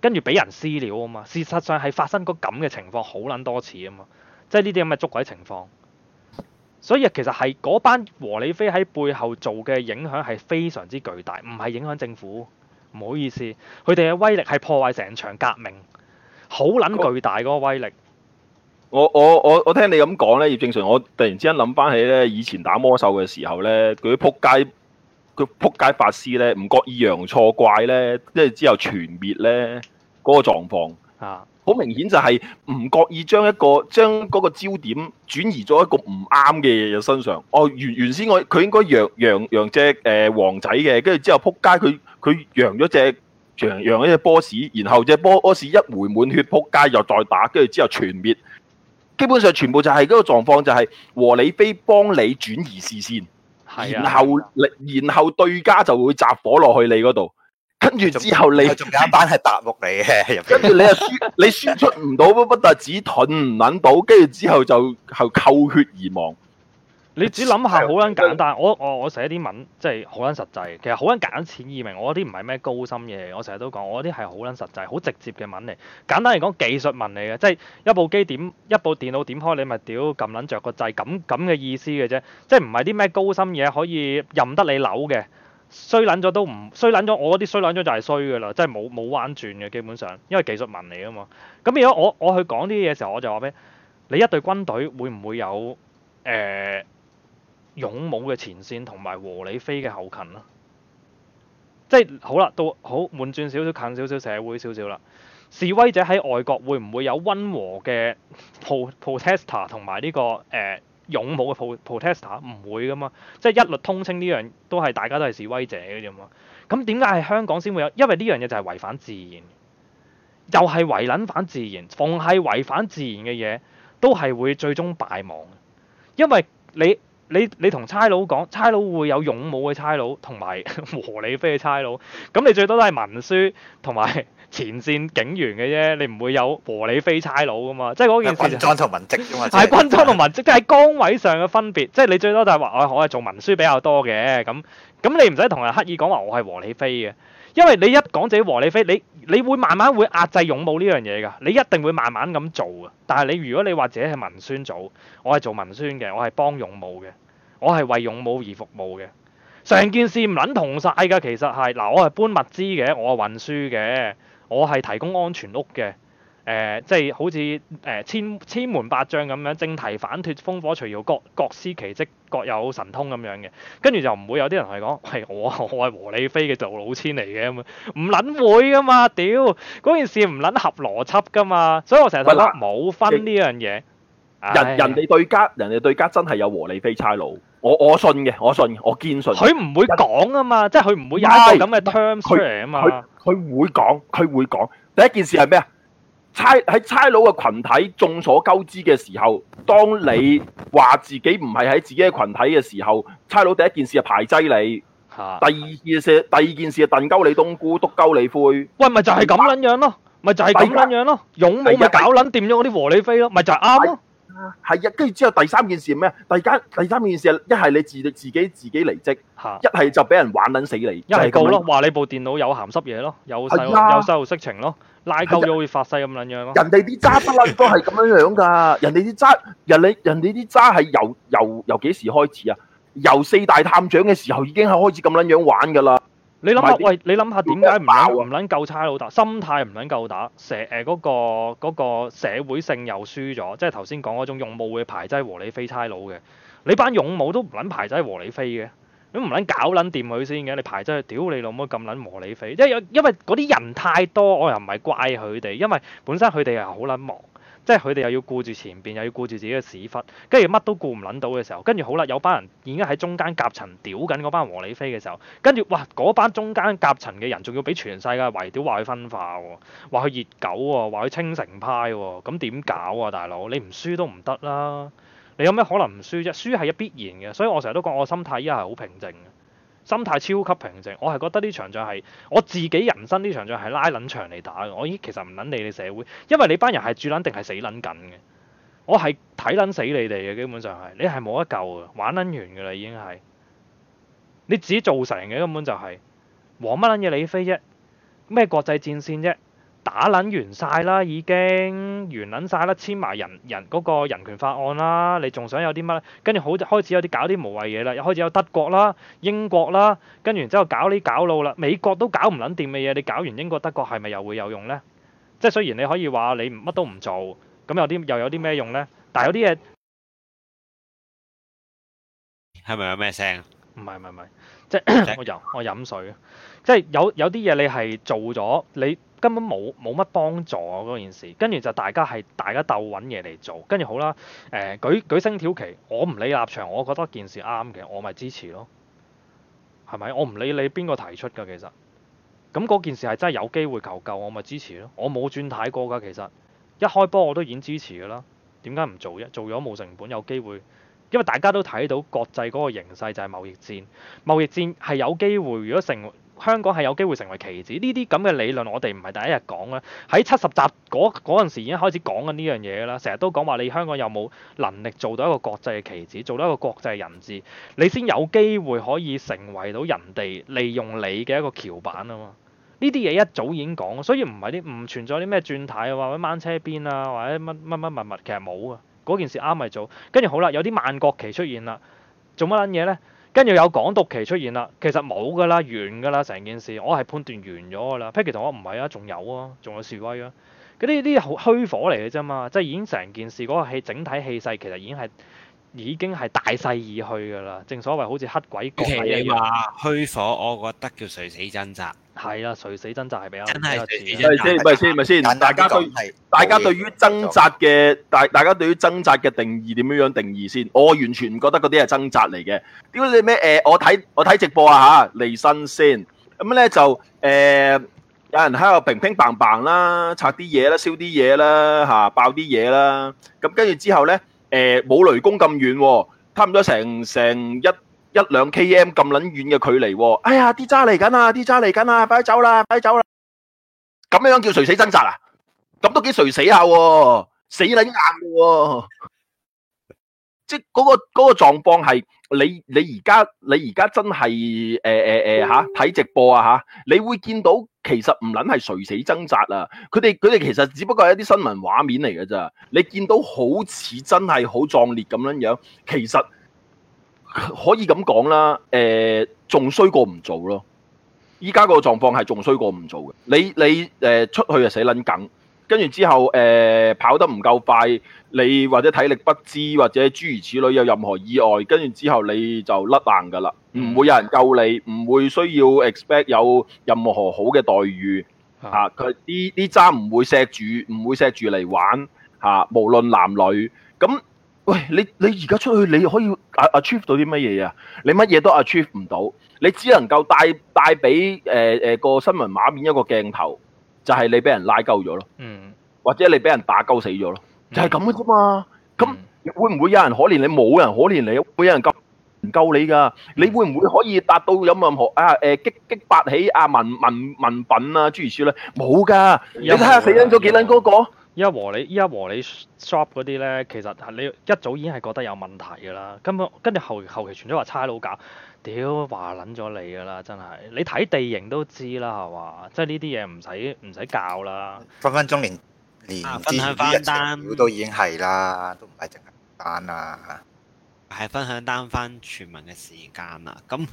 跟住俾人私了啊嘛。事實上係發生過咁嘅情況好撚多次啊嘛，即係呢啲咁嘅捉鬼情況。所以其實係嗰班和理非喺背後做嘅影響係非常之巨大，唔係影響政府。唔好意思，佢哋嘅威力係破壞成場革命，好撚巨大嗰個威力。我我我我聽你咁講呢，葉正常，我突然之間諗翻起呢以前打魔獸嘅時候呢，佢啲撲街，佢撲街法師呢唔覺意羊錯怪呢，即係之後全滅呢嗰個狀況。啊。好明顯就係唔覺意將一個將嗰個焦點轉移咗一個唔啱嘅嘢身上。哦，原原先我佢應該揚揚揚隻誒黃仔嘅，跟住之後撲街佢佢揚咗隻揚揚咗隻波士，隻隻 boss, 然後隻波波士一回滿血撲街又再打，跟住之後全滅。基本上全部就係嗰個狀況，就係、是、和理非幫你轉移視線，是啊、然後然後對家就會集火落去你嗰度。跟住之後你，簡單答你仲有一班係白目嚟嘅。跟住 你又輸，你輸出唔到，不不但止盾唔撚到，跟住之後就後扣血而亡。你只諗下，好撚簡單。就是、我我我寫啲文，即係好撚實際。其實好撚簡淺易明。我啲唔係咩高深嘢。我成日都講，我啲係好撚實際、好直接嘅文嚟。簡單嚟講，技術文嚟嘅，即係一部機點，一部電腦點開，你咪屌撳撚着個掣，咁咁嘅意思嘅啫。即係唔係啲咩高深嘢可以任得你扭嘅。衰撚咗都唔衰撚咗，我嗰啲衰撚咗就係衰噶啦，即係冇冇彎轉嘅基本上，因為技術文嚟㗎嘛。咁如果我我去講呢啲嘢嘅時候，我就話咩？你一隊軍隊會唔會有誒、呃、勇武嘅前線同埋和理非嘅後勤咧？即係好啦，到好換轉少少近少少社會少少啦。示威者喺外國會唔會有溫和嘅 protester 同埋、這、呢個誒？呃勇武嘅 pro protester 唔會噶嘛，即係一律通稱呢樣都係大家都係示威者嘅啫嘛。咁點解係香港先會有？因為呢樣嘢就係違反自然，又係違撚反自然。逢係違反自然嘅嘢，都係會最終敗亡。因為你你你同差佬講，差佬會有勇武嘅差佬同埋和理非嘅差佬。咁你最多都係文書同埋。前線警員嘅啫，你唔會有和理非差佬㗎嘛。即係嗰件事係軍裝同文職，係軍裝同文職即係喺崗位上嘅分別。 即係你最多就係話我係做文書比較多嘅咁咁，你唔使同人刻意講話我係和理非嘅，因為你一講自己和理非，你你會慢慢會壓制勇武呢樣嘢㗎。你一定會慢慢咁做嘅。但係你如果你或者係文宣組，我係做文宣嘅，我係幫勇武嘅，我係為勇武而服務嘅。成件事唔撚同晒㗎。其實係嗱，我係搬物資嘅，我係運輸嘅。我係提供安全屋嘅，誒、呃，即係好似誒、呃、千千門八將咁樣，正提反脱，風火除妖，各各司其職，各有神通咁樣嘅。跟住就唔會有啲人係講，係我我係和理非嘅就老千嚟嘅咁，唔撚會噶嘛？屌，嗰件事唔撚合邏輯噶嘛，所以我成日都話冇分呢喂樣嘢。人唉呀 人哋對家，人哋對家真係有和理非差佬。我我信嘅，我信，我堅信的。佢唔會講啊嘛，即係佢唔會有一個咁嘅 terms 嚟啊嘛。佢佢會講，佢會講。第一件事係咩啊？差喺差佬嘅群體眾所周知嘅時候，當你話自己唔係喺自己嘅群體嘅時候，差佬第一件事係排擠你。嚇。第二件事，第二件事係燉鳩你冬菇，篤鳩你灰。喂，咪就係咁撚樣咯，咪、啊、就係咁撚樣咯。啊、勇武咪搞撚掂咗嗰啲和理非咯，咪就係啱咯。啊係啊，跟住之後第三件事咩？大家第三件事一係你自己自己自己離職，一係、啊、就俾人玩捻死你，一係夠咯，話你部電腦有鹹濕嘢咯，有的有有細路色情咯，拉夠咗會發誓咁捻樣咯，人哋啲渣不嬲都係咁樣樣噶， 人哋啲渣，人哋人哋啲渣係由由由幾時開始啊？由四大探長嘅時候已經係開始咁捻樣玩噶啦。你諗下，喂！你諗下點解唔撚唔撚夠差佬打？心態唔撚夠打，社誒嗰、嗰個嗰個社會性又輸咗。即係頭先講嗰種勇武嘅排擠和理非差佬嘅，你班勇武都唔撚排擠和理非嘅，你唔撚搞撚掂佢先嘅。你排擠佢，屌你老母咁撚和理非，因為因為嗰啲人太多，我又唔係怪佢哋，因為本身佢哋又好撚忙。即係佢哋又要顧住前邊，又要顧住自己嘅屎忽，跟住乜都顧唔撚到嘅時候，跟住好啦，有班人已經喺中間夾層屌緊嗰班和理非嘅時候，跟住哇嗰班中間夾層嘅人仲要俾全世界圍屌話佢分化喎、哦，話佢熱狗喎、哦，話佢清城派喎、哦，咁點搞啊大佬？你唔輸都唔得啦，你有咩可能唔輸啫？輸係一必然嘅，所以我成日都講我心態依家係好平靜。心態超級平靜，我係覺得呢場仗係我自己人生呢場仗係拉撚場嚟打嘅，我依其實唔撚理你社會，因為你班人係住撚定係死撚緊嘅，我係睇撚死你哋嘅，基本上係你係冇得救嘅，玩撚完嘅啦已經係，你自己做成嘅根本就係和乜撚嘢理非啫，咩國際戰線啫？打撚完晒啦，已經完撚晒啦，簽埋人人嗰個人權法案啦。你仲想有啲乜咧？跟住好開始有啲搞啲無謂嘢啦，又開始有德國啦、英國啦，跟住然之後搞呢搞路啦。美國都搞唔撚掂嘅嘢，你搞完英國德國係咪又會有用呢？即係雖然你可以話你乜都唔做，咁有啲又有啲咩用呢？但係有啲嘢係咪有咩聲？唔係唔係唔係，即係 我飲我飲水。即係有有啲嘢你係做咗你。根本冇冇乜幫助啊！嗰件事，跟住就大家係大家鬥揾嘢嚟做，跟住好啦，誒、呃、舉舉聲挑旗，我唔理立場，我覺得件事啱嘅，我咪支持咯，係咪？我唔理你邊個提出嘅，其實，咁嗰件事係真係有機會求救，我咪支持咯，我冇轉態過㗎，其實，一開波我都已經支持㗎啦，點解唔做啫？做咗冇成本，有機會，因為大家都睇到國際嗰個形勢就係貿易戰，貿易戰係有機會，如果成香港係有機會成為棋子，呢啲咁嘅理論我哋唔係第一日講啦。喺七十集嗰嗰陣時已經開始講緊呢樣嘢啦，成日都講話你香港有冇能力做到一個國際嘅棋子，做到一個國際人質，你先有機會可以成為到人哋利用你嘅一個橋板啊嘛。呢啲嘢一早已經講，所以唔係啲唔存在啲咩轉態啊，或者掹車邊啊，或者乜乜乜物物，其實冇噶。嗰件事啱咪做，跟住好啦，有啲萬國旗出現啦，做乜撚嘢呢？跟住有港獨旗出現啦，其實冇㗎啦，完㗎啦，成件事我係判斷完咗㗎啦。Patrick 同 我唔係啊，仲有啊，仲有示威啊，嗰啲啲好虛火嚟嘅啫嘛，即係已經成件事嗰個氣整體氣勢其實已經係。已經係大勢已去㗎啦！正所謂好似黑鬼過嚟。其實虛火，我覺得叫垂死掙扎。係啦，垂死掙扎係比較。真係，先，唔先，唔先。大家對大家對於掙扎嘅大，大家對於掙扎嘅定義點樣樣定義先？我完全唔覺得嗰啲係掙扎嚟嘅。屌你咩？誒，我睇我睇直播啊！嚇，離身先咁咧就誒，有人喺度乒乒棒棒啦，拆啲嘢啦，燒啲嘢啦，嚇爆啲嘢啦。咁跟住之後咧。誒，冇雷公咁遠喎，差唔多成成一一兩 km 咁撚遠嘅距離喎。哎呀，啲渣嚟緊啊，啲渣嚟緊啊，快走啦，快走啦！咁樣叫垂死掙扎啊？咁都幾垂死下喎，死撚硬嘅喎，即係嗰個嗰個狀況係。你你而家你而家真係誒誒誒吓睇直播啊吓、啊，你會見到其實唔捻係垂死掙扎啦、啊。佢哋佢哋其實只不過係一啲新聞畫面嚟嘅咋。你見到好似真係好壯烈咁樣樣，其實可以咁講啦。誒、呃，仲衰過唔做咯。依家個狀況係仲衰過唔做嘅。你你誒、呃、出去啊，死捻梗。跟住之後，誒、呃、跑得唔夠快，你或者體力不支，或者諸如此類有任何意外，跟住之後你就甩爛㗎啦，唔、嗯、會有人救你，唔會需要 expect 有任何好嘅待遇嚇。佢啲啲渣唔會錫住，唔會錫住嚟玩嚇、啊，無論男女，咁、啊、喂，你你而家出去你可以 achieve 到啲乜嘢啊？你乜嘢都 achieve 唔到，你只能夠帶帶俾誒誒個新聞畫面一個鏡頭。就係你俾人拉鳩咗咯，嗯、或者你俾人打鳩死咗咯，就係咁嘅啫嘛。咁、嗯、會唔會有人可憐你？冇人可憐你，會有人救唔救你㗎？嗯、你會唔會可以達到有冇任何啊？誒、呃、激激發起啊文文文品啊諸如此類？冇㗎。有你睇下死因咗幾撚個個？依家和你依家和你 shop 嗰啲咧，其實你一早已經係覺得有問題㗎啦。根本跟住後後期全都話差佬搞。屌，話撚咗你噶啦，真係你睇地形都知啦，係嘛？即係呢啲嘢唔使唔使教啦，分分鐘連連、啊、分享翻單都已經係啦，都唔係淨係單啦、啊，係分享單翻全民嘅時間啦。咁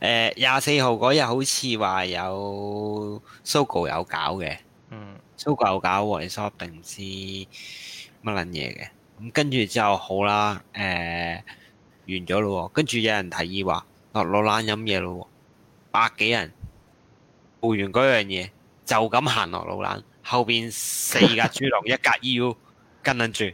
誒廿四號嗰日好似話有 Sogo 有搞嘅，嗯，Sogo 有搞 online shopping 之乜撚嘢嘅，咁跟住之後好啦，誒、呃、完咗咯喎，跟住有人提議話，落老蘭飲嘢咯，百幾人，做完嗰樣嘢就咁行落老蘭，後邊四架豬籠一架 EU 跟住，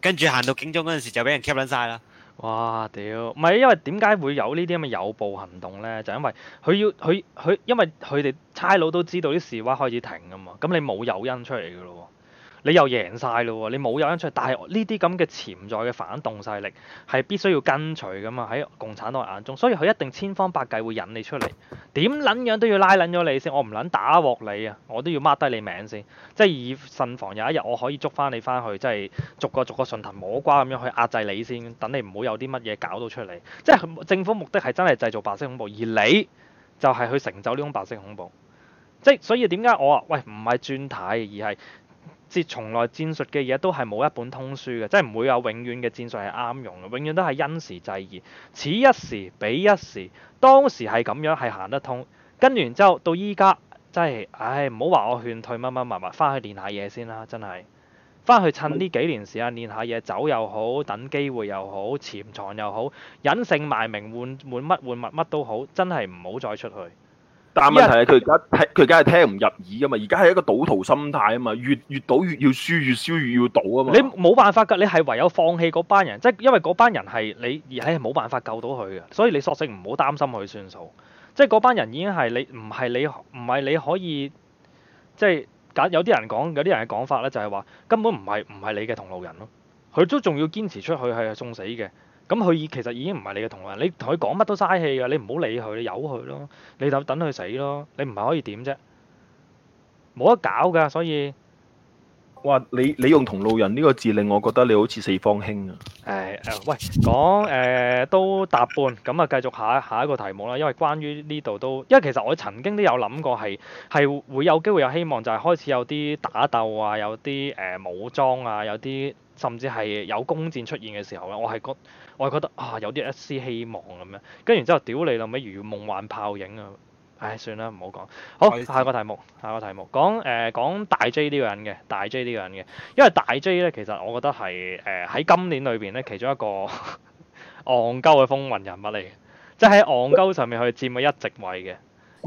跟住行到警鐘嗰陣時就俾人 capture 晒啦。哇屌！唔係、啊、因為點解會有呢啲咁嘅誘捕行動呢？就因為佢要佢佢，因為佢哋差佬都知道啲事話開始停啊嘛，咁你冇誘因出嚟嘅咯。你又贏晒咯喎！你冇有得出，但係呢啲咁嘅潛在嘅反動勢力係必須要跟隨噶嘛，喺共產黨眼中，所以佢一定千方百計會引你出嚟，點撚樣都要拉撚咗你先。我唔撚打鑊你啊，我都要 mark 低你名先，即係以慎防有一日我可以捉翻你翻去，即係逐個逐個順藤摸瓜咁樣去壓制你先，等你唔好有啲乜嘢搞到出嚟。即係政府目的係真係製造白色恐怖，而你就係去成就呢種白色恐怖。即係所以點解我話喂，唔係轉睇而係？自從來戰術嘅嘢都係冇一本通書嘅，即係唔會有永遠嘅戰術係啱用，永遠都係因時制宜，此一時彼一時，當時係咁樣係行得通，跟完之後到依家真係，唉，唔好話我勸退乜乜物物，翻去練下嘢先啦，真係，翻去趁呢幾年時間練下嘢，走又好，等機會又好，潛藏又好，隱姓埋名換換乜換物乜都好，真係唔好再出去。但問題係佢而家佢而家係聽唔入耳㗎嘛，而家係一個賭徒心態啊嘛，越越賭越要輸，越輸越要賭啊嘛。你冇辦法㗎，你係唯有放棄嗰班人，即係因為嗰班人係你而係冇辦法救到佢嘅，所以你索性唔好擔心佢算數。即係嗰班人已經係你唔係你唔係你可以即係揀有啲人講有啲人嘅講法咧，就係話根本唔係唔係你嘅同路人咯，佢都仲要堅持出去係送死嘅。咁佢已其實已經唔係你嘅同路人，你同佢講乜都嘥氣㗎，你唔好理佢，你由佢咯，你就等佢死咯。你唔係可以點啫，冇得搞㗎。所以，哇！你你用同路人呢個字令我覺得你好似四方兄啊。誒誒、呃呃，喂，講誒、呃、都答半咁啊，就繼續下下一個題目啦。因為關於呢度都，因為其實我曾經都有諗過係係會有機會有希望，就係開始有啲打鬥啊，有啲誒、呃、武裝啊，有啲甚至係有弓箭出現嘅時候咧，我係覺得。我覺得啊，有啲一絲希望咁樣，跟然之後屌你啦，咩如夢幻泡影啊！唉，算啦，唔好講。好，下個題目，下個題目講誒、呃、講大 J 呢個人嘅，大 J 呢個人嘅，因為大 J 呢，其實我覺得係誒喺今年裏邊呢，其中一個戇鳩嘅風雲人物嚟嘅，即係喺戇鳩上面佢佔咗一席位嘅。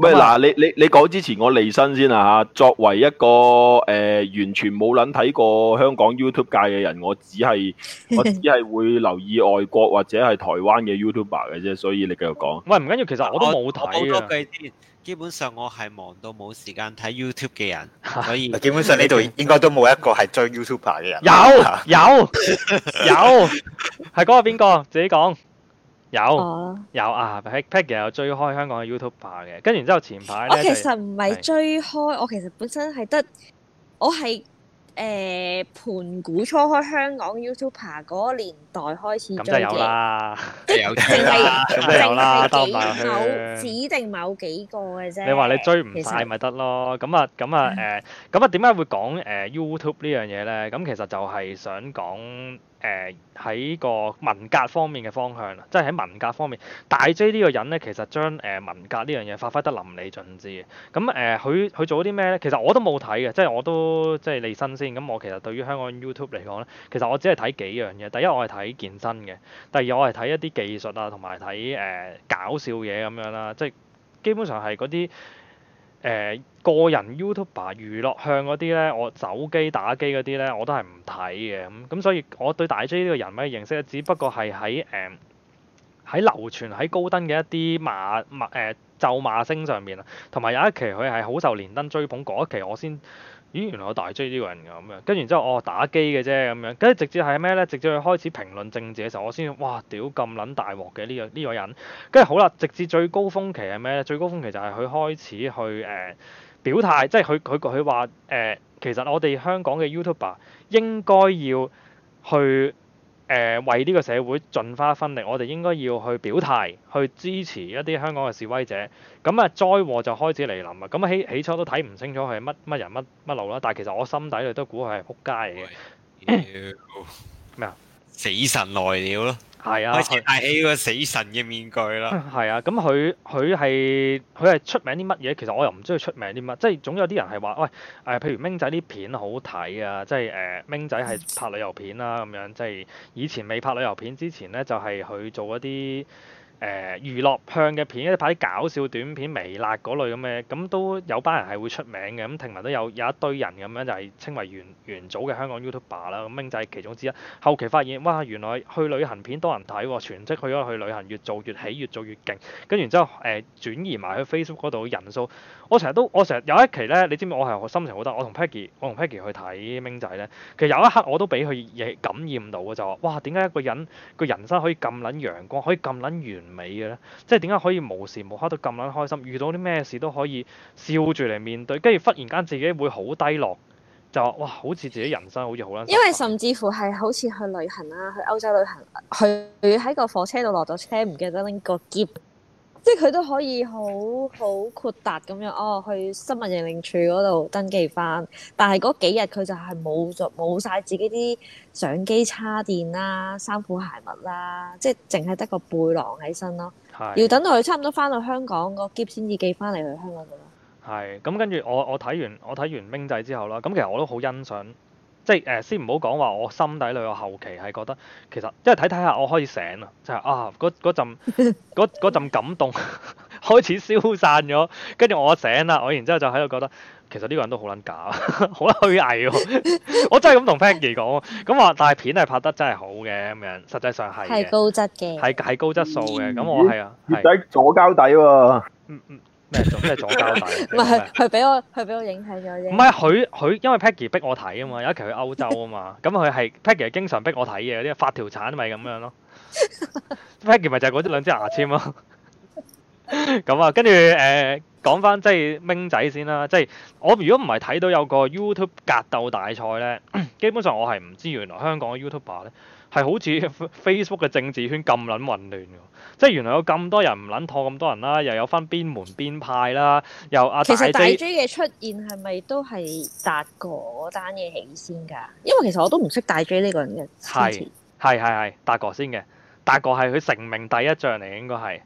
嗯、喂，嗱、啊，你你你講之前，我離身先啦、啊、嚇。作為一個誒、呃、完全冇撚睇過香港 YouTube 界嘅人，我只係我只係會留意外國或者係台灣嘅 YouTuber 嘅啫。所以你繼續講。喂，唔緊要，其實我都冇睇啊。好多計先，基本上我係忙到冇時間睇 YouTube 嘅人，所以 基本上呢度應該都冇一個係追 YouTuber 嘅人。有有 有，係嗰個邊個？自己講。有有啊，喺 Peggy 有追開香港 YouTuber 嘅，跟住然之後前排我其實唔係追開，我其實本身係得我係誒盤古初開香港 YouTuber 嗰個年代開始追嘅，咁即係有啦，即係淨係淨係某指定某幾個嘅啫。你話你追唔晒咪得咯？咁啊咁啊誒咁啊點解會講誒 YouTube 呢樣嘢咧？咁其實就係想講。誒喺、呃、個文革方面嘅方向啊，即係喺文革方面，大 J 呢個人咧，其實將誒、呃、文革、呃、呢樣嘢發揮得淋漓盡致嘅。咁誒，佢佢做啲咩咧？其實我都冇睇嘅，即係我都即係利申先。咁我其實對於香港 YouTube 嚟講咧，其實我只係睇幾樣嘢。第一我係睇健身嘅，第二我係睇一啲技術啊，同埋睇誒搞笑嘢咁樣啦。即係基本上係嗰啲。誒、呃、個人 YouTuber 娛樂向嗰啲咧，我走機打機嗰啲咧，我都係唔睇嘅咁。咁所以，我對大 J 呢個人物嘅認識，只不過係喺誒喺流傳喺高登嘅一啲罵罵、呃、咒罵聲上面啊，同埋有，有一期佢係好受連登追捧嗰一期我，我先。咦，原來我大追呢個人㗎，咁樣跟住然之後，哦打機嘅啫，咁樣跟住直接係咩咧？直接去開始評論政治嘅時候，我先哇屌咁撚大鑊嘅呢個呢、呢個人。跟住好啦，直至最高峰期係咩咧？最高峰期就係佢開始去誒、呃、表態，即係佢佢佢話誒，其實我哋香港嘅 YouTuber 應該要去。誒為呢個社會盡花分力，我哋應該要去表態，去支持一啲香港嘅示威者。咁啊災禍就開始嚟臨啦。咁起起初都睇唔清楚佢係乜乜人乜乜路啦，但係其實我心底裡都估佢係撲街嚟嘅。咩啊？死神來了咯，係啊！佢戴起個死神嘅面具啦，係啊！咁佢佢係佢係出名啲乜嘢？其實我又唔知佢出名啲乜，即係總有啲人係話喂誒、呃，譬如明仔啲片好睇啊，即係誒、呃、明仔係拍旅遊片啦、啊、咁樣，即係以前未拍旅遊片之前咧，就係、是、佢做一啲。誒、呃、娛樂向嘅片，一啲拍啲搞笑短片、微辣嗰類咁嘅，咁、嗯、都有班人係會出名嘅。咁聽聞都有有一堆人咁樣就係、是、稱為原原祖嘅香港 YouTuber 啦、嗯，咁明仔其中之一。後期發現哇，原來去旅行片多人睇喎，全職去咗去旅行，越做越起，越做越勁。跟住然之後誒轉移埋去 Facebook 嗰度人數。我成日都，我成日有一期咧，你知唔知我係心情好得？我同 Peggy，我同 Peggy 去睇明仔咧，其實有一刻我都俾佢感染到嘅，就話哇點解一個人個人生可以咁撚陽光，可以咁撚完美嘅咧，即係點解可以無時無刻都咁撚開心？遇到啲咩事都可以笑住嚟面對，跟住忽然間自己會好低落，就哇，好似自己人生好似好撚。因為甚至乎係好似去旅行啊，去歐洲旅行啊，去喺個火車度落咗車，唔記得拎個喼。即係佢都可以好好豁達咁樣，哦，去新聞認領處嗰度登記翻。但係嗰幾日佢就係冇咗冇曬自己啲相機叉電啦、衫褲鞋襪啦，即係淨係得個背囊喺身咯。係是要等到佢差唔多翻到香港，個篋先至寄翻嚟去香港嘅。係咁，跟住我我睇完我睇完明仔之後啦，咁其實我都好欣賞。即係誒，先唔好講話，我心底裏我後期係覺得其實，因為睇睇下我可以醒啦，就係啊，嗰嗰陣嗰陣感動開始消散咗，跟住我醒啦，我然之後就喺度覺得其實呢個人都好撚假，好虛偽喎，我真係咁同 Fancy 講，咁話大片係拍得真係好嘅咁樣，實際上係係高質嘅，係係高質素嘅，咁我係啊，就係左膠底喎、啊。嗯嗯咩咩左交底？唔係佢俾我佢俾我影睇咗嘢？唔係佢許，因為 Peggy 逼我睇啊嘛。有一期去歐洲啊嘛，咁佢係 Peggy 係經常逼我睇嘅。有啲發條鏟咪咁樣咯。Peggy 咪、呃、就係嗰啲兩隻牙籤咯。咁啊，跟住誒講翻即係明仔先啦。即係我如果唔係睇到有個 YouTube 格鬥大賽咧，基本上我係唔知原來香港嘅 YouTuber 咧。係好似 Facebook 嘅政治圈咁撚混亂㗎，即係原來有咁多人唔撚妥，咁多人啦，又有翻邊門邊派啦，又阿其實大 J 嘅出現係咪都係達哥單嘢起先㗎？因為其實我都唔識大 J 呢個人嘅，係係係係達哥先嘅，達哥係佢成名第一仗嚟嘅應該係。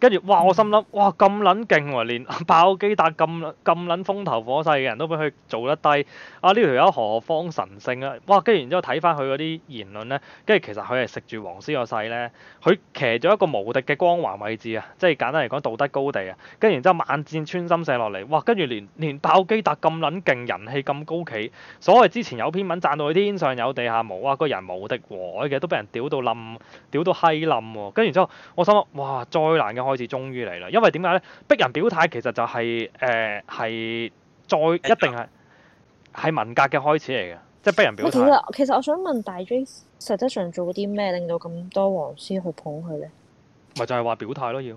跟住哇，我心諗哇咁撚勁喎，連爆基達咁撚風頭火勢嘅人都俾佢做得低，啊呢條友何方神聖啊！哇，跟住然之後睇翻佢嗰啲言論咧，跟住其實佢係食住黃絲個勢咧，佢騎咗一個無敵嘅光環位置啊，即係簡單嚟講道德高地啊，跟住然之後萬箭穿心射落嚟，哇！跟住連連爆基達咁撚勁，人氣咁高企，所謂之前有篇文讚到佢天上有地下無，哇！個人無敵喎，依個都俾人屌到冧，屌到閪冧喎，跟住然之後我心諗哇再難嘅。開始終於嚟啦，因為點解咧？逼人表態其實就係誒，係再一定係係文革嘅開始嚟嘅，即係逼人表態。其實我想問大 J，實質上做啲咩令到咁多黃絲去捧佢咧？咪就係話表態咯，要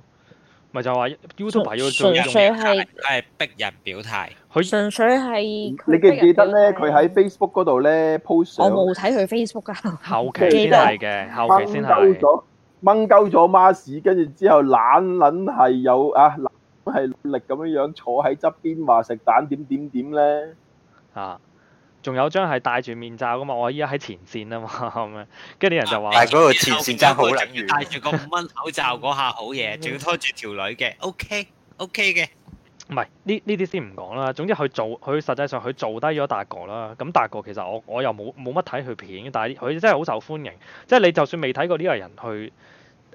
咪就係話 YouTuber 純粹係係逼人表態，佢純粹係你記唔記得咧？佢喺 Facebook 嗰度咧 post，我冇睇佢 Facebook 㗎，後期先係嘅，後期先係。掹鳩咗 mask 跟住之後懶撚係有啊，係努力咁樣樣坐喺側邊話食蛋點點點咧啊！仲有張係戴住面罩噶嘛，我依家喺前線啊嘛咁樣，跟住啲人就話：，但係嗰個前線真係好難。戴住個五蚊口罩嗰下好嘢，仲 要拖住條女嘅 ，OK OK 嘅。唔係呢呢啲先唔講啦，總之佢做佢實際上佢做低咗達哥啦。咁達哥其實我我又冇冇乜睇佢片，但係佢真係好受歡迎。即係你就算未睇過呢個人去誒、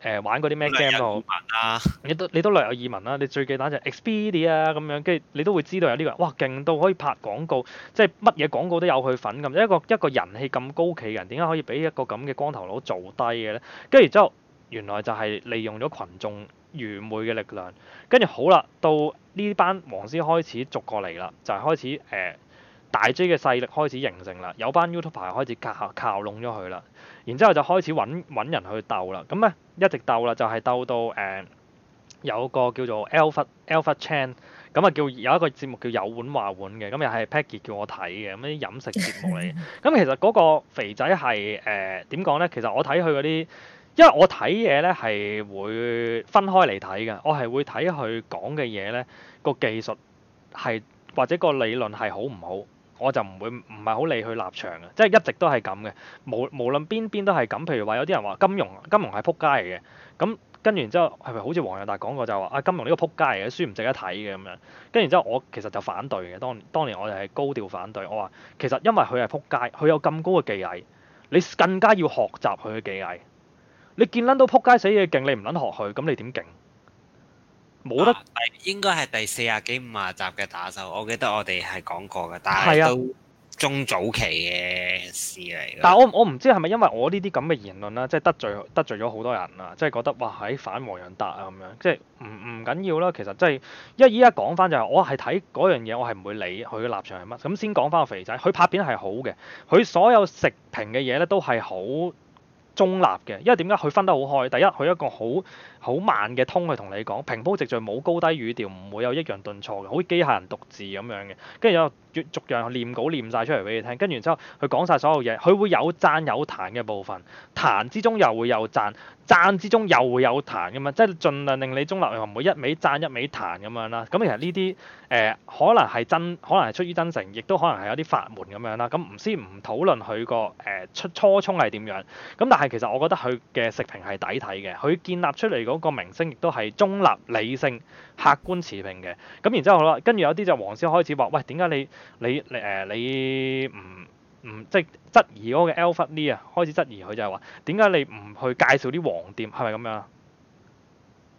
呃、玩嗰啲咩 game 都好，都啊、你都你都略有耳聞啦。你最記得就 Xperia 咁、啊、樣，跟住你都會知道有呢個人，哇勁到可以拍廣告，即係乜嘢廣告都有佢份咁。一個一個人氣咁高企嘅人，點解可以俾一個咁嘅光頭佬做低嘅咧？跟住之後，原來就係利用咗群眾。愚昧嘅力量，跟住好啦，到呢班黃絲開始逐個嚟啦，就係、是、開始誒、呃、大 J 嘅勢力開始形成啦，有班 YouTuber 開始靠靠弄咗佢啦，然之後就開始揾揾人去鬥啦，咁咧一直鬥啦，就係、是、鬥到誒、呃、有個叫做 Al pha, Alpha Alpha Chan，咁啊叫有一個節目叫有碗話碗嘅，咁又係 Peggy 叫我睇嘅咁啲飲食節目嚟，咁其實嗰個肥仔係誒點講咧？其實我睇佢嗰啲。因為我睇嘢咧係會分開嚟睇嘅，我係會睇佢講嘅嘢咧，個技術係或者個理論係好唔好，我就唔會唔係好理佢立場嘅，即係一直都係咁嘅。無無論邊邊都係咁，譬如話有啲人話金融金融係撲街嚟嘅，咁跟住然之後係咪好似黃日達講過就話、是、啊金融呢個撲街嚟嘅書唔值得睇嘅咁樣，跟住然之後我其實就反對嘅，當當年我哋係高調反對，我話其實因為佢係撲街，佢有咁高嘅技藝，你更加要學習佢嘅技藝。你見捻到撲街死嘢勁，你唔捻學佢，咁你點勁？冇得，啊、應該係第四十幾五十集嘅打手，我記得我哋係講過嘅，但係都中早期嘅事嚟、啊。但係我我唔知係咪因為我呢啲咁嘅言論啦，即係得罪得罪咗好多人啦，即係覺得哇喺、哎、反王仁達啊咁樣，即係唔唔緊要啦。其實即、就、係、是，因為依家講翻就係，我係睇嗰樣嘢，我係唔會理佢嘅立場係乜。咁先講翻個肥仔，佢拍片係好嘅，佢所有食評嘅嘢咧都係好。中立嘅，因為點解佢分得好開？第一，佢一個好。好慢嘅通去同你講平鋪直敘，冇高低語調，唔會有抑揚頓挫嘅，好似機械人讀字咁樣嘅。跟住有逐樣念稿念晒出嚟俾你聽，跟住然之後，佢講晒所有嘢，佢會有讚有彈嘅部分，彈之中又會有讚，讚之中又會有彈咁嘛，即係盡量令你中立又唔會一味讚一味彈咁樣啦。咁其實呢啲誒可能係真，可能係出於真誠，亦都可能係有啲法門咁樣啦。咁唔先唔討論佢個誒出初衷係點樣咁，但係其實我覺得佢嘅食評係抵睇嘅，佢建立出嚟嗰。個明星亦都係中立、理性、客觀、持平嘅。咁然之後啦，跟住有啲就黃絲開始話：喂，點解你你誒你唔唔即係質疑我嘅 Elfi 啊？開始質疑佢就係話：點解你唔去介紹啲黃店？係咪咁樣啊？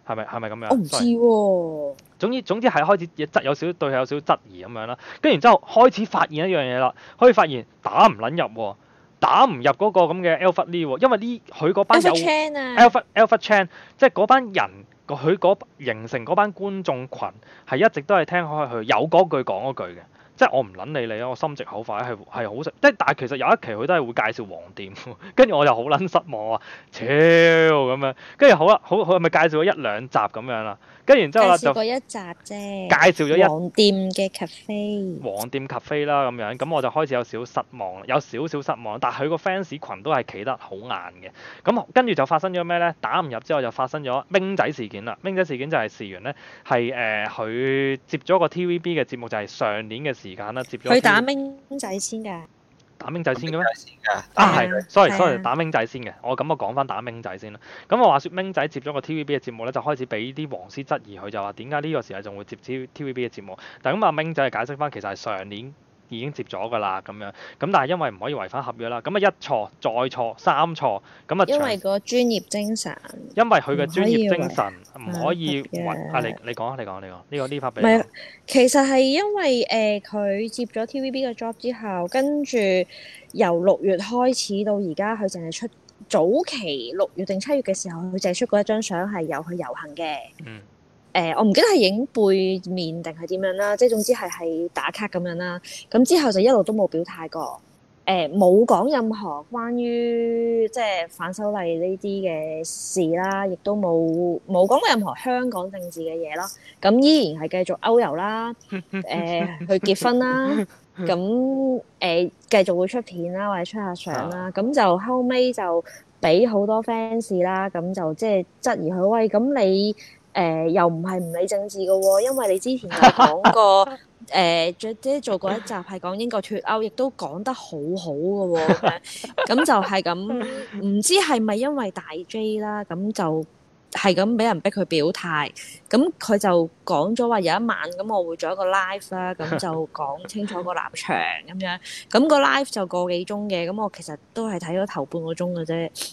係咪係咪咁樣啊？我唔知喎啊。總之總之係開始質有少對佢有少質疑咁樣啦。跟然之後開始發現一樣嘢啦，可以發現打唔撚入喎啊。打唔入嗰個咁嘅 Alpha Lee 喎，因為呢佢嗰班有 Alpha, Alpha Chan，即係嗰班人，佢嗰形成嗰班觀眾群，係一直都係聽開佢有嗰句講嗰句嘅，即係我唔撚理你咯，我心直口快係係好食，即係但係其實有一期佢都係會介紹黃店，跟 住我就好撚失望啊，超咁樣，跟住好啦，好佢係咪介紹咗一兩集咁樣啦。跟住之後就介紹過一集啫，介紹咗一黃店嘅 cafe，黃店 cafe 啦咁樣，咁我就開始有少失望，有少少失望。但係佢個 fans 群都係企得好硬嘅。咁跟住就發生咗咩咧？打唔入之後就發生咗冰仔事件啦。冰仔事件就係事源咧，係誒佢接咗個 TVB 嘅節目，就係、是、上年嘅時間啦，接咗佢打冰仔先㗎。打明仔先嘅咩？啊，係，sorry，sorry，打明仔先嘅。我咁我講翻打明仔先啦。咁我話說明仔接咗個 TVB 嘅節目咧，就開始俾啲黃絲質疑佢，就話點解呢個時候仲會接 TVB 嘅節目？但係咁阿明仔係解釋翻，其實係上年。已經接咗㗎啦，咁樣，咁但係因為唔可以違反合約啦，咁啊一錯再錯三錯，咁啊，因為個專業精神，因為佢嘅專業精神唔可以混。啊，你你講下你講你講呢、呢個呢發俾。其實係因為誒佢、呃、接咗 TVB 嘅 job 之後，跟住由六月開始到而家，佢淨係出早期六月定七月嘅時候，佢淨係出過一張相係有佢遊行嘅。嗯。誒，我唔記得係影背面定係點樣啦，即係總之係係打卡咁樣啦。咁之後就一路都冇表態過，誒冇講任何關於即係反修例呢啲嘅事啦，亦都冇冇講過任何香港政治嘅嘢咯。咁依然係繼續歐遊啦，誒去結婚啦，咁誒繼續會出片啦或者出下相啦。咁就後尾就俾好多 fans 啦，咁就即係質疑佢，喂，咁你。誒、呃，又唔係唔理政治噶、哦，因為你之前又講過，誒、 呃、姐，姐做過一集係講英國脫歐，亦都講得好好噶，咁就係咁，唔知係咪因為大 J 啦，咁就係咁俾人逼佢表態，咁佢就講咗話有一晚咁我會做一個 live 啦，咁就講清楚個立場咁樣，咁、個 live 就個幾鐘嘅，咁我其實都係睇咗頭半個鐘嘅啫，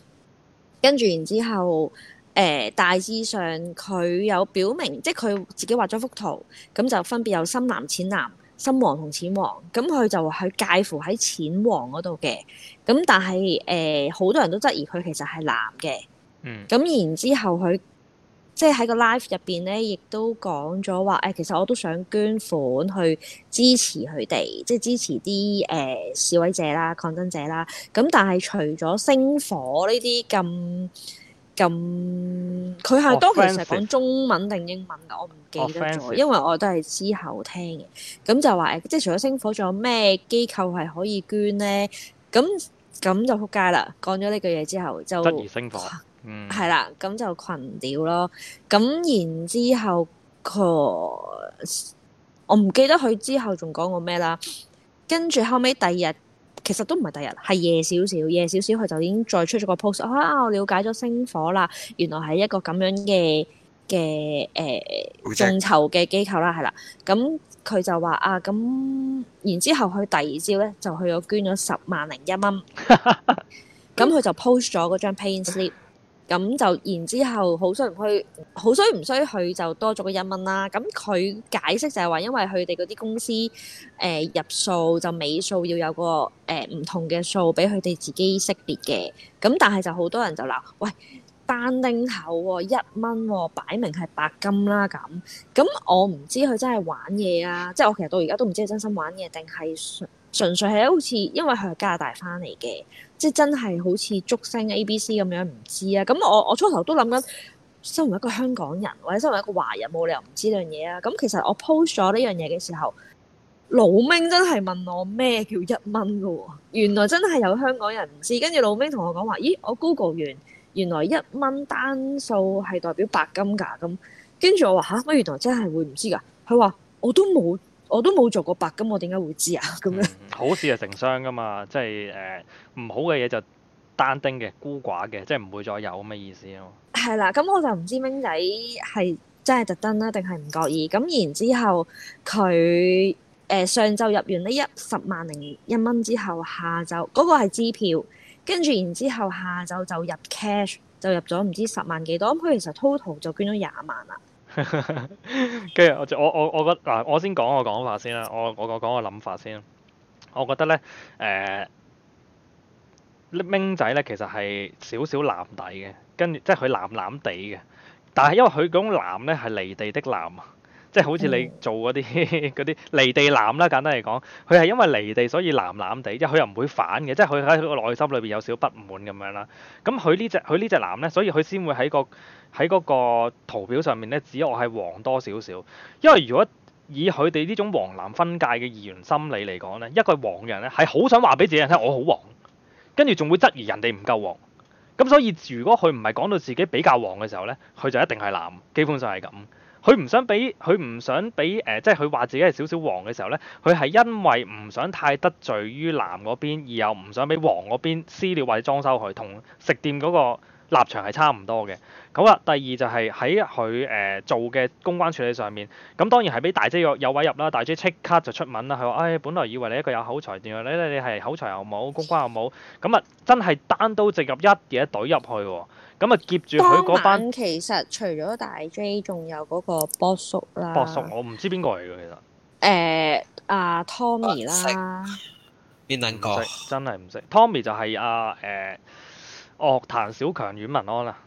跟住然之後。誒、呃、大致上佢有表明，即係佢自己畫咗幅圖，咁就分別有深藍、淺藍、深黃同淺黃，咁佢就話佢介乎喺淺黃嗰度嘅。咁但係誒好多人都質疑佢其實係藍嘅。嗯。咁然之後佢即係喺個 live 入邊咧，亦都講咗話誒，其實我都想捐款去支持佢哋，即係支持啲誒、呃、示威者啦、抗爭者啦。咁但係除咗星火呢啲咁。咁佢係當其實講中文定英文噶，我唔記得咗，因為我都係之後聽嘅。咁就話誒，即係除咗星火，仲有咩機構係可以捐咧？咁咁就仆街啦！講咗呢句嘢之後就，就得意星火，嗯，係啦，咁就群調咯。咁然之後，我唔記得佢之後仲講過咩啦。跟住後尾第二日。其實都唔係第日，係夜少少，夜少少佢就已經再出咗個 post 啊！我了解咗星火啦，原來係一個咁樣嘅嘅誒眾籌嘅機構啦，係啦。咁佢就話啊，咁然之後佢第二朝咧，就去咗捐咗十萬零一蚊，咁佢 就 post 咗嗰張 pay-in slip。咁就然之後衰衰，好衰唔去，好衰唔衰佢就多咗個一蚊啦。咁佢解釋就係話，因為佢哋嗰啲公司誒、呃、入數就尾數要有個誒唔、呃、同嘅數俾佢哋自己識別嘅。咁但係就好多人就鬧，喂，單丁頭、哦、一蚊、哦，擺明係白金啦咁。咁我唔知佢真係玩嘢啊，即係我其實到而家都唔知係真心玩嘢定係純粹係好似因為佢係加拿大翻嚟嘅。即真係好似畜生 A、B、C 咁樣唔知啊！咁我我初頭都諗緊，身為一個香港人或者身為一個華人，冇理由唔知呢樣嘢啊！咁其實我 post 咗呢樣嘢嘅時候，老明真係問我咩叫一蚊噶喎？原來真係有香港人唔知，跟住老明同我講話：咦，我 Google 完，原來一蚊單數係代表白金噶，咁跟住我話吓，乜、啊、原來真係會唔知噶、啊？佢話我都冇。我都冇做過白金，我點解會知啊？咁樣、嗯、好事就成雙噶嘛，即係誒唔好嘅嘢就單丁嘅孤寡嘅，即係唔會再有咁嘅意思咯。係啦，咁我就唔知明仔係真係特登啦，定係唔覺意？咁然之後佢誒、呃、上晝入完呢一十萬零一蚊之後，下晝嗰、那個係支票，跟住然之後下晝就入 cash，就入咗唔知十萬幾多，咁佢其實 total 就捐咗廿萬啦。跟住 我就我我我覺嗱，我先講個講法先啦，我我我講個諗法先。我覺得咧，誒、呃，明仔咧其實係少少藍底嘅，跟住即係佢藍藍地嘅，但係因為佢嗰種藍咧係離地的藍啊。即係好似你做嗰啲啲離地藍啦，簡單嚟講，佢係因為離地所以藍藍地，即係佢又唔會反嘅，即係佢喺個內心裏邊有少少不滿咁樣啦。咁佢呢隻佢呢隻藍咧，所以佢先會喺個喺嗰個圖表上面呢指我係黃多少少。因為如果以佢哋呢種黃藍分界嘅二元心理嚟講呢，一個黃人呢係好想話俾自己人聽我好黃，跟住仲會質疑人哋唔夠黃。咁所以如果佢唔係講到自己比較黃嘅時候呢，佢就一定係藍，基本上係咁。佢唔想俾佢唔想俾誒、呃，即係佢話自己係少少黃嘅時候呢，佢係因為唔想太得罪於藍嗰邊，而又唔想俾黃嗰邊私了或者裝修佢，同食店嗰個立場係差唔多嘅。咁啊，第二就係喺佢誒做嘅公關處理上面，咁當然係俾大隻有位入啦，大隻即刻就出文啦，佢話：唉、哎，本來以為你一個有口才點樣咧，你係口才又冇，公關又冇，咁啊，真係單刀直入一嘢懟入去喎。咁啊，接住佢嗰班。當晚其實除咗大 J，仲有嗰個波叔啦。波叔，我唔知邊個嚟嘅其實。誒、呃，阿、啊、Tommy 啦。唔、啊、識。邊兩個？真係唔識。Tommy 就係阿誒樂壇小強阮文安啦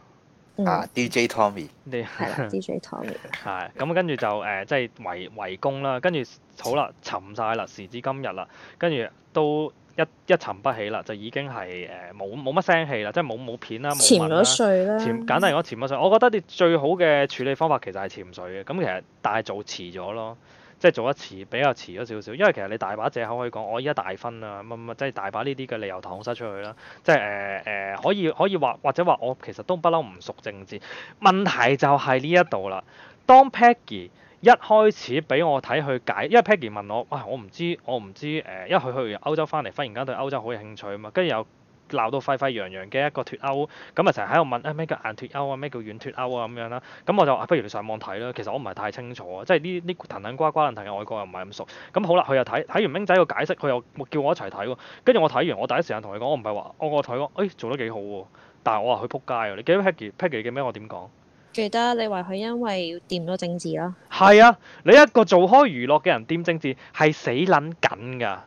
啊。啊，DJ Tommy。你係、嗯、啦 ，DJ Tommy 啦。係、 嗯，咁啊，跟住就誒，即係圍圍攻啦，跟住好啦，沉晒啦，時至今日啦，跟住都。一一沉不起啦，就已經係誒冇冇乜聲氣啦，即係冇冇片啦，冇文咗水啦。簡單嚟講，潛咗水。我覺得啲最好嘅處理方法其實係潛水嘅。咁其實大做遲咗咯，即係做一次比較遲咗少少。因為其實你大把借口可以講，我依家大分啦，乜乜即係大把呢啲嘅理由搪塞出去啦。即係誒誒，可以可以話或者話我其實都不嬲唔熟政治。問題就係呢一度啦，當 Peggy，一開始俾我睇去解，因為 Peggy 問我，哇、哎，我唔知，我唔知、呃、因為佢去完歐洲翻嚟，忽然間對歐洲好有興趣啊嘛，跟住又鬧到沸沸揚揚嘅一個脱歐，咁啊成日喺度問啊咩、哎、叫硬脱歐啊，咩叫軟脱歐啊咁樣啦，咁、嗯、我就啊，不如你上網睇啦，其實我唔係太清楚啊，即係呢呢藤藤瓜瓜問題嘅外國又唔係咁熟，咁、嗯、好啦，佢又睇睇完明仔個解釋，佢又叫我一齊睇喎，跟住我睇完，我第一時間同佢講，我唔係話，我我同佢講，誒、哎、做得幾好喎、啊，但係我話佢撲街啊，你記得 Peggy，Peggy 嘅咩我點講？記得你話佢因為掂到政治啦，係啊，你一個做開娛樂嘅人掂政治係死捻緊噶，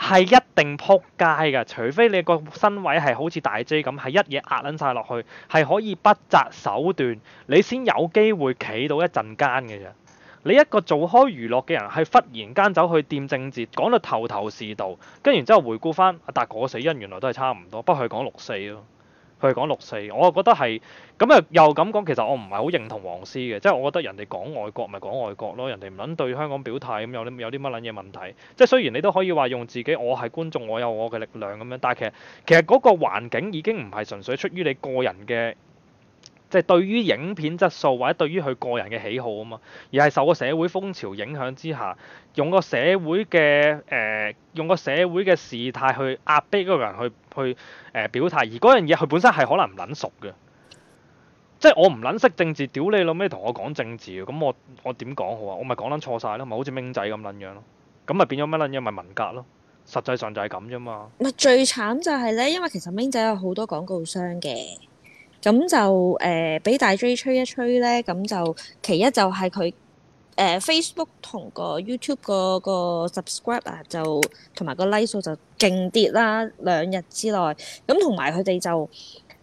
係一定撲街噶，除非你個身位係好似大 J 咁，係一嘢壓捻晒落去，係可以不擇手段，你先有機會企到一陣間嘅啫。你一個做開娛樂嘅人，係忽然間走去掂政治，講到頭頭是道，跟完之後回顧翻，阿達嗰死因原來都係差唔多，不過佢講六四咯。佢講六四，我覺得係咁啊，又咁講，其實我唔係好認同黃絲嘅，即係我覺得人哋講外國咪講外國咯，人哋唔撚對香港表態咁有啲有啲乜撚嘢問題？即係雖然你都可以話用自己，我係觀眾，我有我嘅力量咁樣，但係其實其實嗰個環境已經唔係純粹出於你個人嘅。即係對於影片質素或者對於佢個人嘅喜好啊嘛，而係受個社會風潮影響之下，用個社會嘅誒、呃，用個社會嘅事態去壓迫嗰個人去去誒、呃、表態，而嗰樣嘢佢本身係可能唔撚熟嘅，即係我唔撚識政治，屌你老咩同我講政治啊？咁我我點講好啊？我咪講撚錯晒咯，咪好似僆仔咁撚樣咯，咁咪變咗乜撚樣？咪文革咯，實際上就係咁啫嘛。咪最慘就係咧，因為其實僆仔有好多廣告商嘅。咁就誒俾、呃、大 J 吹一吹咧，咁就其一就係佢誒 Facebook 同、個 YouTube 個個 subscribe 啊，就同埋個 like 數就勁跌啦，兩日之內。咁同埋佢哋就誒、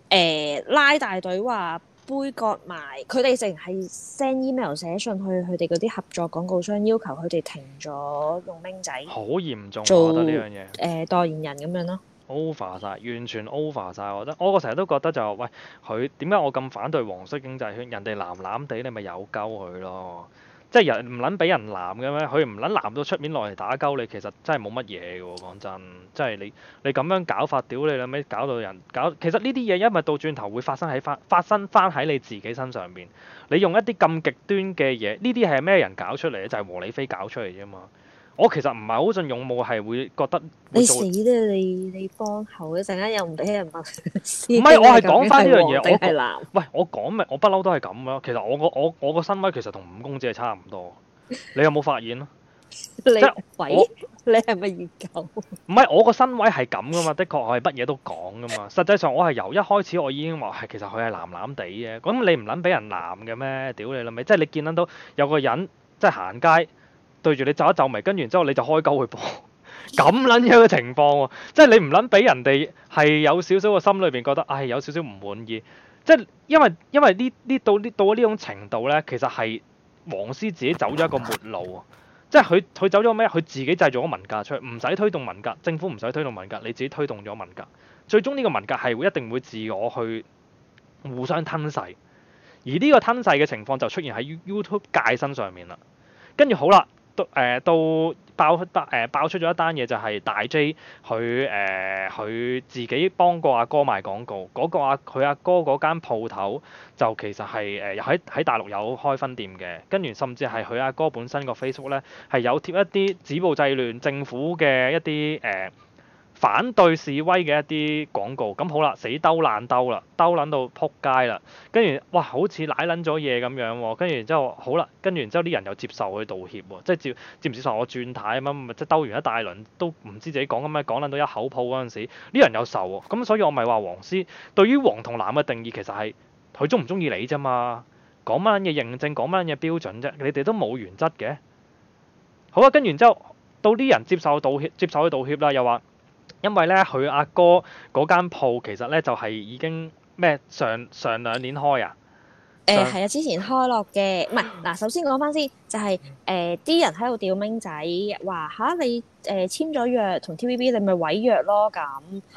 呃、拉大隊話杯葛埋，佢哋成係 send email 寫信去佢哋嗰啲合作廣告商，要求佢哋停咗用明仔，好嚴重得做呢樣嘢誒、呃、代言人咁樣咯。over 曬，完全 over 晒。我覺得，我成日都覺得就喂，佢點解我咁反對黃色經濟圈？人哋藍藍地，你咪有鳩佢咯，即係人唔撚俾人藍嘅咩？佢唔撚藍到出面落嚟打鳩你，其實真係冇乜嘢嘅喎。講真，即係你你咁樣搞法，屌你老味，搞到人搞，其實呢啲嘢因為到轉頭會發生喺發發生翻喺你自己身上邊。你用一啲咁極端嘅嘢，呢啲係咩人搞出嚟咧？就係、是、和理非搞出嚟啫嘛。我其實唔係好盡勇武，係會覺得會你死啦！你你幫後一陣間又唔俾人問，唔係我係講翻呢樣嘢。我，我係男我，喂，我講咩？我不嬲都係咁咯。其實我個我我個身位其實同五公子係差唔多。你有冇發現咧？ 即係你係咪熱狗？唔係我個 身位係咁噶嘛？的確我係乜嘢都講噶嘛。實際上我係由一開始我已經話係其實佢係男男地嘅。咁你唔撚俾人男嘅咩？屌你老味，即係你見得到有個人即係行街。對住你皺一皺眉，跟住之後你就開鳩去播，咁撚樣嘅情況喎、啊，即係你唔撚俾人哋係有少少個心裏邊覺得，唉有少少唔滿意，即係因為因為呢呢到呢到呢種程度呢，其實係黃絲自己走咗一個末路，即係佢佢走咗咩？佢自己製造咗文革出嚟，唔使推動文革，政府唔使推動文革，你自己推動咗文革，最終呢個文革係會一定會自我去互相吞噬，而呢個吞噬嘅情況就出現喺 YouTube 界身上面啦，跟住好啦。都誒都爆爆誒、呃、爆出咗一單嘢，就係大 J 佢誒佢自己幫過阿哥，哥賣廣告，嗰、那個阿佢阿哥嗰間鋪頭就其實係誒喺喺大陸有開分店嘅，跟住甚至係佢阿哥本身個 Facebook 咧係有貼一啲止暴制亂政府嘅一啲誒。呃反對示威嘅一啲廣告咁好啦，死兜爛兜啦，兜撚到撲街啦。跟住哇，好似舐撚咗嘢咁樣喎。跟住然之後好啦，跟住然之後啲人又接受佢道歉喎，即係接接唔接受我轉態咁啊？即係兜完一大輪都唔知自己講緊咩，講撚到一口泡嗰陣時，呢人又仇喎。咁所以我咪話黃絲對於黃同藍嘅定義其實係佢中唔中意你啫嘛，講乜嘢認證，講乜嘢標準啫？你哋都冇原則嘅。好啊，跟完之後到啲人接受道歉，接受佢道歉啦，又話。因為咧，佢阿哥嗰間鋪其實咧就係已經咩上上兩年開啊？誒係啊，之前開落嘅，唔係嗱。首先講翻先，就係誒啲人喺度吊名仔，話嚇你誒、呃、簽咗約同 TVB，你咪毀約咯咁。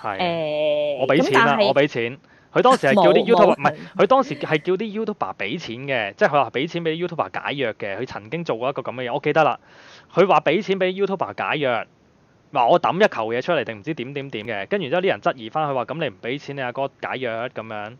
係、呃、誒，我俾錢啦，是我俾錢。佢當時係叫啲 YouTuber，唔係佢當時係叫啲 YouTuber 俾錢嘅，即係佢話俾錢俾 YouTuber 解約嘅。佢曾經做過一個咁嘅嘢，我記得啦。佢話俾錢俾 YouTuber 解約。話我抌一球嘢出嚟定唔知點點點嘅，跟住之後啲人質疑翻佢話：，咁你唔俾錢你阿哥解約咁樣。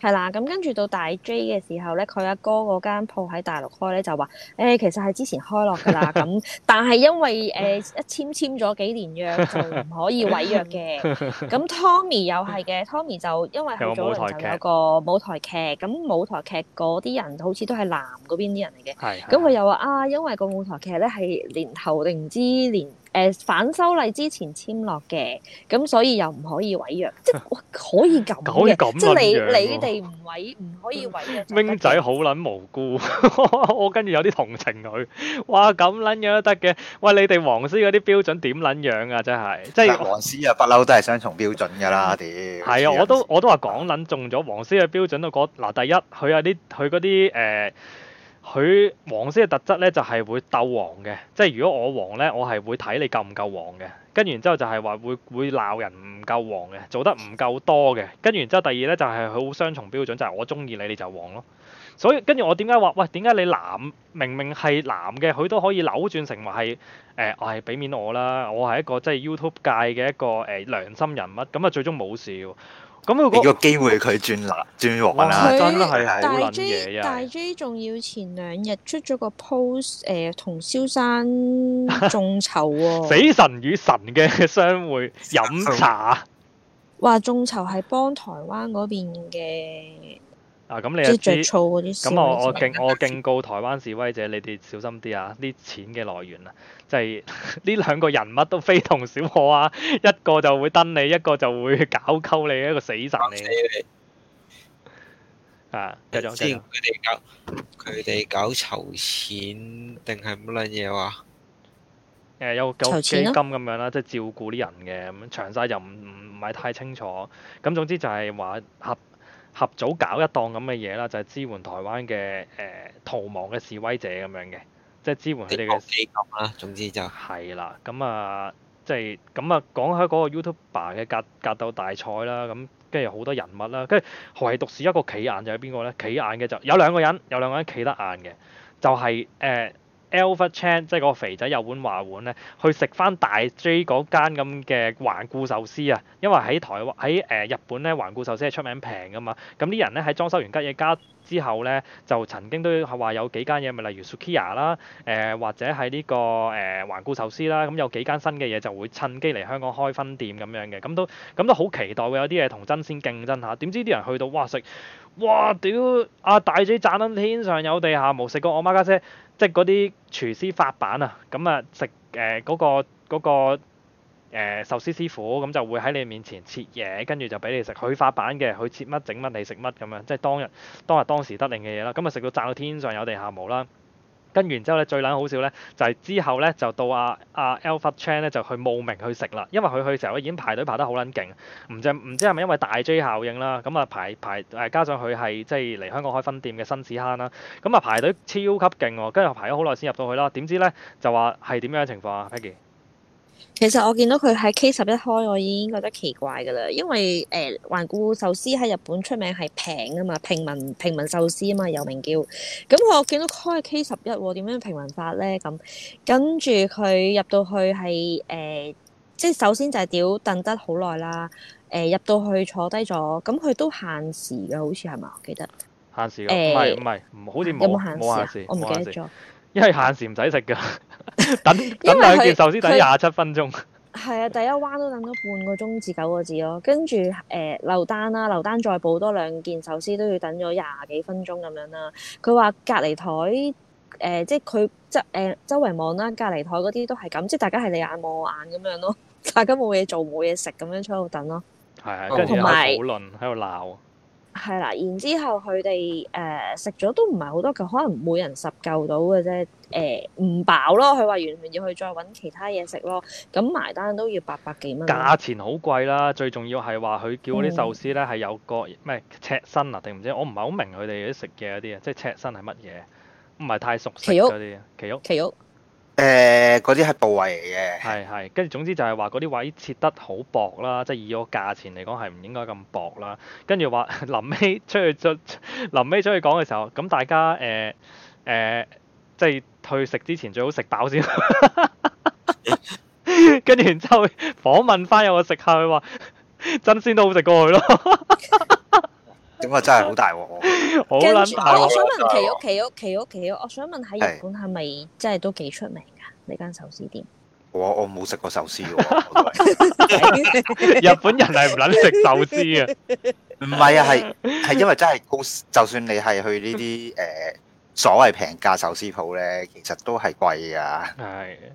係啦，咁跟住到大 J 嘅時候咧，佢阿哥嗰間鋪喺大陸開咧就話：，誒、欸、其實係之前開落㗎啦，咁 但係因為誒一簽簽咗幾年約，就唔可以毀約嘅。咁 Tommy 又係嘅，Tommy 就因為係做就有個,台有個舞台劇，咁舞台劇嗰啲人好似都係南嗰邊啲人嚟嘅。係的。咁佢又話：，啊，因為個舞台劇咧係年頭定唔知年。誒反修例之前簽落嘅，咁所以又唔可以毀約， 即係喂，可以咁嘅，即係你你哋唔毀唔可以毀約、啊。明仔好撚無辜， 我跟住有啲同情佢。哇，咁撚樣都得嘅，喂你哋黃絲嗰啲標準點撚樣啊？真係，即係黃絲啊，不嬲都係雙重標準㗎啦，啲係啊，我都我都話講撚中咗黃絲嘅標準都嗰嗱，第一，佢有啲佢嗰啲誒。佢黃色嘅特質咧，就係、是、會鬥黃嘅，即係如果我黃咧，我係會睇你夠唔夠黃嘅，跟住之後就係話會會鬧人唔夠黃嘅，做得唔夠多嘅，跟住之後第二咧就係、是、佢好雙重標準，就係、是、我中意你你就黃咯，所以跟住我點解話喂點解你藍明明係藍嘅？佢都可以扭轉成為係誒我係俾面我啦，我係一個即係、就是、YouTube 界嘅一個誒、呃、良心人物，咁啊最終冇事。咁又俾個機會佢轉藍轉黃啦，真係係好撚啊！大 J 仲要前兩日出咗個 post，誒、呃、同蕭山眾籌喎、哦， 死神與神嘅商會飲茶，話 眾籌係幫台灣嗰邊嘅。啊！咁你啊，咁我我敬是我警告台灣示威者，你哋小心啲啊！啲錢嘅來源啊，就係、是、呢 兩個人物都非同小可啊！一個就會登你，一個就會搞溝你，一個死神你。你啊！一張紙。佢哋搞佢哋搞籌錢定係乜嘢話？誒有個基金咁樣啦，即係照顧啲人嘅咁，詳細就唔唔唔係太清楚。咁總之就係話合。合組搞一檔咁嘅嘢啦，就係、是、支援台灣嘅誒、呃、逃亡嘅示威者咁樣嘅，即係支援佢哋嘅死國啦。總之就係啦，咁啊，即係咁啊，講開嗰個 YouTuber 嘅格格鬥大賽啦，咁跟住好多人物啦，跟住唯獨是一個企硬就係邊個咧？企硬嘅就有兩個人，有兩個人企得硬嘅，就係、是、誒。呃 Alpha Chan 即係嗰個肥仔有碗話碗咧，去食翻大 J 嗰間咁嘅環顧壽司啊！因為喺台灣喺誒日本咧，環顧壽司係出名平㗎嘛。咁啲人咧喺裝修完吉野家之後咧，就曾經都話有幾間嘢咪，例如 Sukiya 啦，誒、呃、或者係呢、這個誒環、呃、顧壽司啦。咁有幾間新嘅嘢就會趁機嚟香港開分店咁樣嘅。咁都咁都好期待會有啲嘢同真鮮競爭下。點知啲人去到哇食～哇屌！阿、啊、大嘴讚到天上有地下無，食過我媽家姐即係嗰啲廚師發辦啊！咁啊食誒嗰個嗰、嗰個、呃、壽司師傅咁就會喺你面前切嘢，跟住就俾你食。佢發辦嘅，佢切乜整乜，你食乜咁樣，即係當日當日當時得令嘅嘢啦。咁啊食到讚到天上有地下無啦～跟完之後咧，最撚好笑咧，就係之後咧，就到阿阿 Alpha Chan 咧，就去慕名去食啦。因為佢去時候已經排隊排得好撚勁，唔知唔知係咪因為大 J 效應啦？咁啊排排誒，加上佢係即係嚟香港開分店嘅新市坑啦，咁啊排隊超級勁喎，跟住排咗好耐先入到去啦。點知咧就話係點樣嘅情況啊？Peggy 其實我見到佢喺 K 十一開，我已經覺得奇怪噶啦，因為誒，環顧壽司喺日本出名係平啊嘛，平民平民壽司啊嘛，又名叫，咁我見到開 K 十一，點樣平民法咧？咁跟住佢入到去係誒、呃，即係首先就係屌，等得好耐啦，誒、呃、入到去坐低咗，咁佢都限時噶，好似係咪？我記得限時嘅，唔係唔係，好似冇冇限時，啊，有冇限時？我唔記得咗。因為限時唔使食噶，等等兩件壽司等廿七分鐘。係啊，第一彎都等咗半個鐘至九個字咯。跟住誒留單啦，留單再補多兩件壽司都要等咗廿幾分鐘咁樣啦。佢話隔籬台誒，即係佢即誒周圍望啦，隔籬台嗰啲都係咁，即係大家係你眼望我眼咁樣咯。大家冇嘢做冇嘢食咁樣喺度等咯。係係、啊，跟住又喺度討論喺度鬧。係啦，然之後佢哋誒食咗都唔係好多嚿，可能每人十嚿到嘅啫，誒、呃、唔飽咯。佢話完完要去再揾其他嘢食咯，咁埋單都要八百幾蚊。價錢好貴啦，最重要係話佢叫嗰啲壽司咧係有個咩、嗯、赤身啊定唔知？我唔係好明佢哋啲食嘅嗰啲啊，即係赤身係乜嘢？唔係太熟悉嗰啲啊，鰭魚肉。鰭魚肉。誒嗰啲係部位嚟嘅，係係，跟住總之就係話嗰啲位切得好薄啦，即係以個價錢嚟講係唔應該咁薄啦。跟住話臨尾出去出，臨尾出去講嘅時候，咁大家誒誒，即係去食之前最好食飽先，跟住然之後訪問翻有個食客，佢話真鮮都好食過佢咯。點啊，真係好大喎！好捻大喎！我想問奇屋、企屋、企屋、企。我想問喺日本係咪真係都幾出名噶？呢間壽司店？我我冇食過壽司， 日本人係唔捻食壽司啊？唔係啊，係係因為真係高，就算你係去呢啲誒所謂平價壽司鋪咧，其實都係貴啊！係是，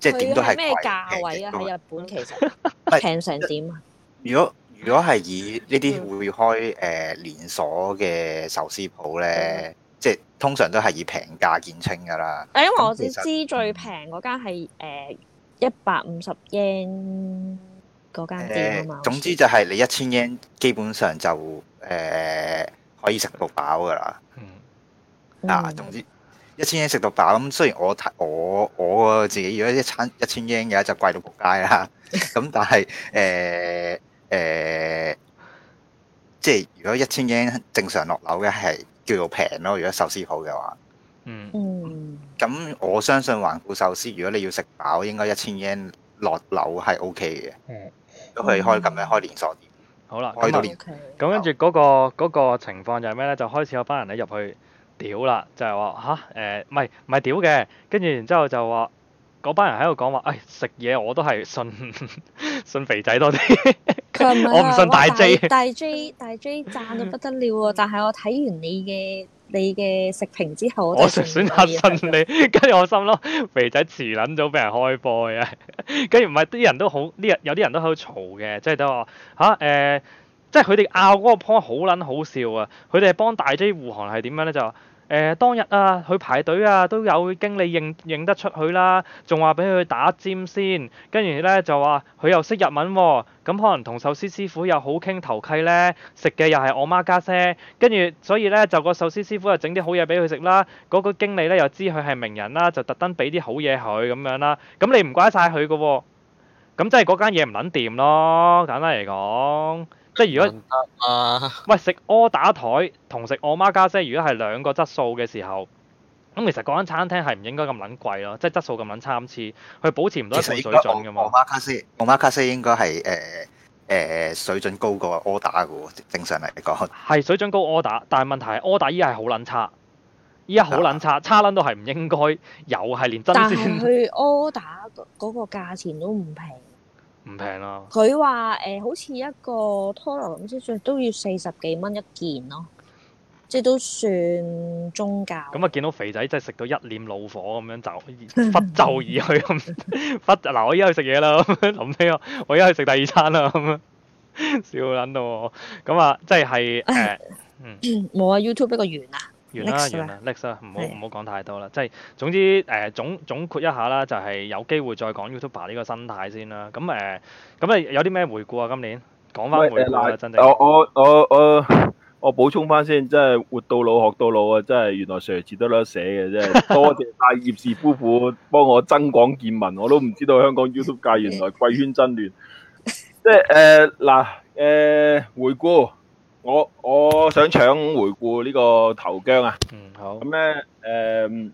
即係點都係貴。價是位啊，喺 日本其實平常點？ 如果如果係以呢啲會開誒連鎖嘅壽司鋪咧，嗯、即係通常都係以平價見稱噶啦。誒，因為實我知最平嗰間係一百五十英，e 嗰間店啊嘛。總之就係你一千英，基本上就誒、呃、可以食到飽噶啦。嗯。嗱、啊，總之一千英食到飽咁，雖然我睇我我自己如果一餐一千英 e n 嘅話就貴到撲街啦。咁 但係誒。呃誒、呃，即係如果一千 yen 正常落樓嘅係叫做平咯。如果壽司鋪嘅話，嗯，咁我相信頑固壽司，如果你要食飽，應該一千 yen 落樓係 O K 嘅。都、嗯、可以開咁樣開連鎖店，好啦，開多啲。咁那好跟住嗰、那個、那個情況就係咩咧？就開始有班人咧入去屌啦，就係話吓誒，唔係唔係屌嘅，跟住然之後就話嗰班人喺度講話，誒食嘢我都係信信，信肥仔多啲。 我唔信大 J，我大，大 J，大 J 大 J 讚到不得了喎！但係我睇完你嘅你嘅食評之後， 我食就唔信你。跟住 我心咯，肥仔遲捻咗俾人開播嘅。跟住唔係啲人都好，呢日有啲人都喺度嘈嘅，即係都話吓誒，即係佢哋拗嗰個 point 好捻好笑啊！佢哋係幫大 J 護航係點樣咧？就。誒當日啊，去排隊啊，都有經理認認得出佢啦，仲話俾佢打尖先，跟住咧就話佢又識日文喎，咁可能同壽司師傅又好傾頭契咧，食嘅又係我媽家姐，跟住所以咧就個壽司師傅又整啲好嘢俾佢食啦，嗰個經理咧又知佢係名人啦，就特登俾啲好嘢佢咁樣啦，咁你唔怪曬佢嘅喎，咁真係嗰間嘢唔撚掂咯，簡單嚟講。即係如果啊，喂食柯打台同食我媽家姐，如果係兩個質素嘅時候，咁其實嗰間餐廳係唔應該咁撚貴咯，即係質素咁撚參差次，佢保持唔到一個水準噶嘛。我媽家姐，我媽家姐應該係誒誒水準高過 order 嘅喎，正常嚟講。係水準高 order，但係問題係 order 依家係好撚差，依家好撚差，差撚都係唔應該有係連真鮮。佢 order 嗰個價錢都唔平。唔平咯！佢話誒，好似一個拖羅咁之類，都要四十幾蚊一件咯，即係都算中價。咁啊，見到肥仔真係食到一臉怒火咁樣就忽就而去咁忽。嗱 我而家去食嘢啦，諗呢我而家去食第二餐啦，咁樣笑撚到我。咁啊，即係誒，冇啊，YouTube 一個完啦。 嗯完啦、啊，完啦 l e，唔好唔好講太多啦。即係總之誒，總總括一下啦，就係、是、有機會再講 YouTuber 呢個生態先啦。咁、嗯、誒，咁、嗯、誒、嗯、有啲咩回顧啊？今年講翻回顧啦、啊，喂真嘅、呃呃。我我我我我補充翻先，即係活到老學到老啊！即係原來誰字都得寫嘅，即係多謝曬葉氏夫婦幫我增廣見聞， 我都唔知道香港 YouTube 界原來貴圈真亂。即係誒嗱誒回顧。呃我我想搶回顧呢個頭姜啊。嗯，好。咁咧，誒，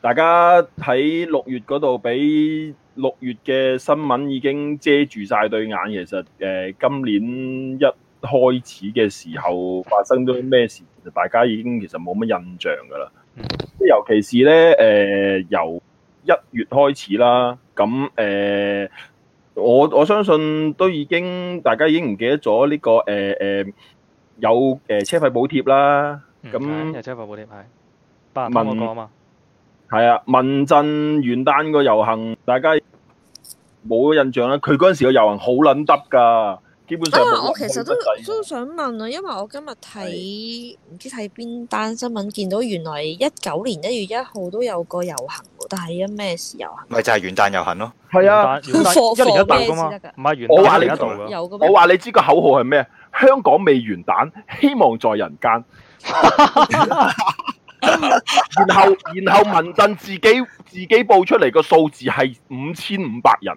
大家喺六月嗰度俾六月嘅新聞已經遮住晒對眼。其實，誒，今年一開始嘅時候發生咗啲咩事，其實大家已經其實冇乜印象㗎啦。即尤其是咧，誒、呃，由一月開始啦，咁、嗯、誒。呃我我相信都已經，大家已經唔記得咗呢個誒誒、呃呃、有誒、呃、車費補貼啦。咁、嗯、那車費補貼係民啊嘛，係啊文，民鎮陣元旦個遊行，大家冇印象啦。佢嗰陣時個遊行好撚得㗎。啊！我其實都都想問啊，因為我今日睇唔知睇邊單新聞，見到原來一九年一月一號都有個遊行，但係因咩事遊行？咪就係元旦遊行咯，係、啊、元旦。一年一度噶嘛？唔係元我話你年一度有嘅咩？我話你知個口號係咩？香港未完蛋，希望在人間。 然後，然後民陣自己自己報出嚟個數字係五千五百人。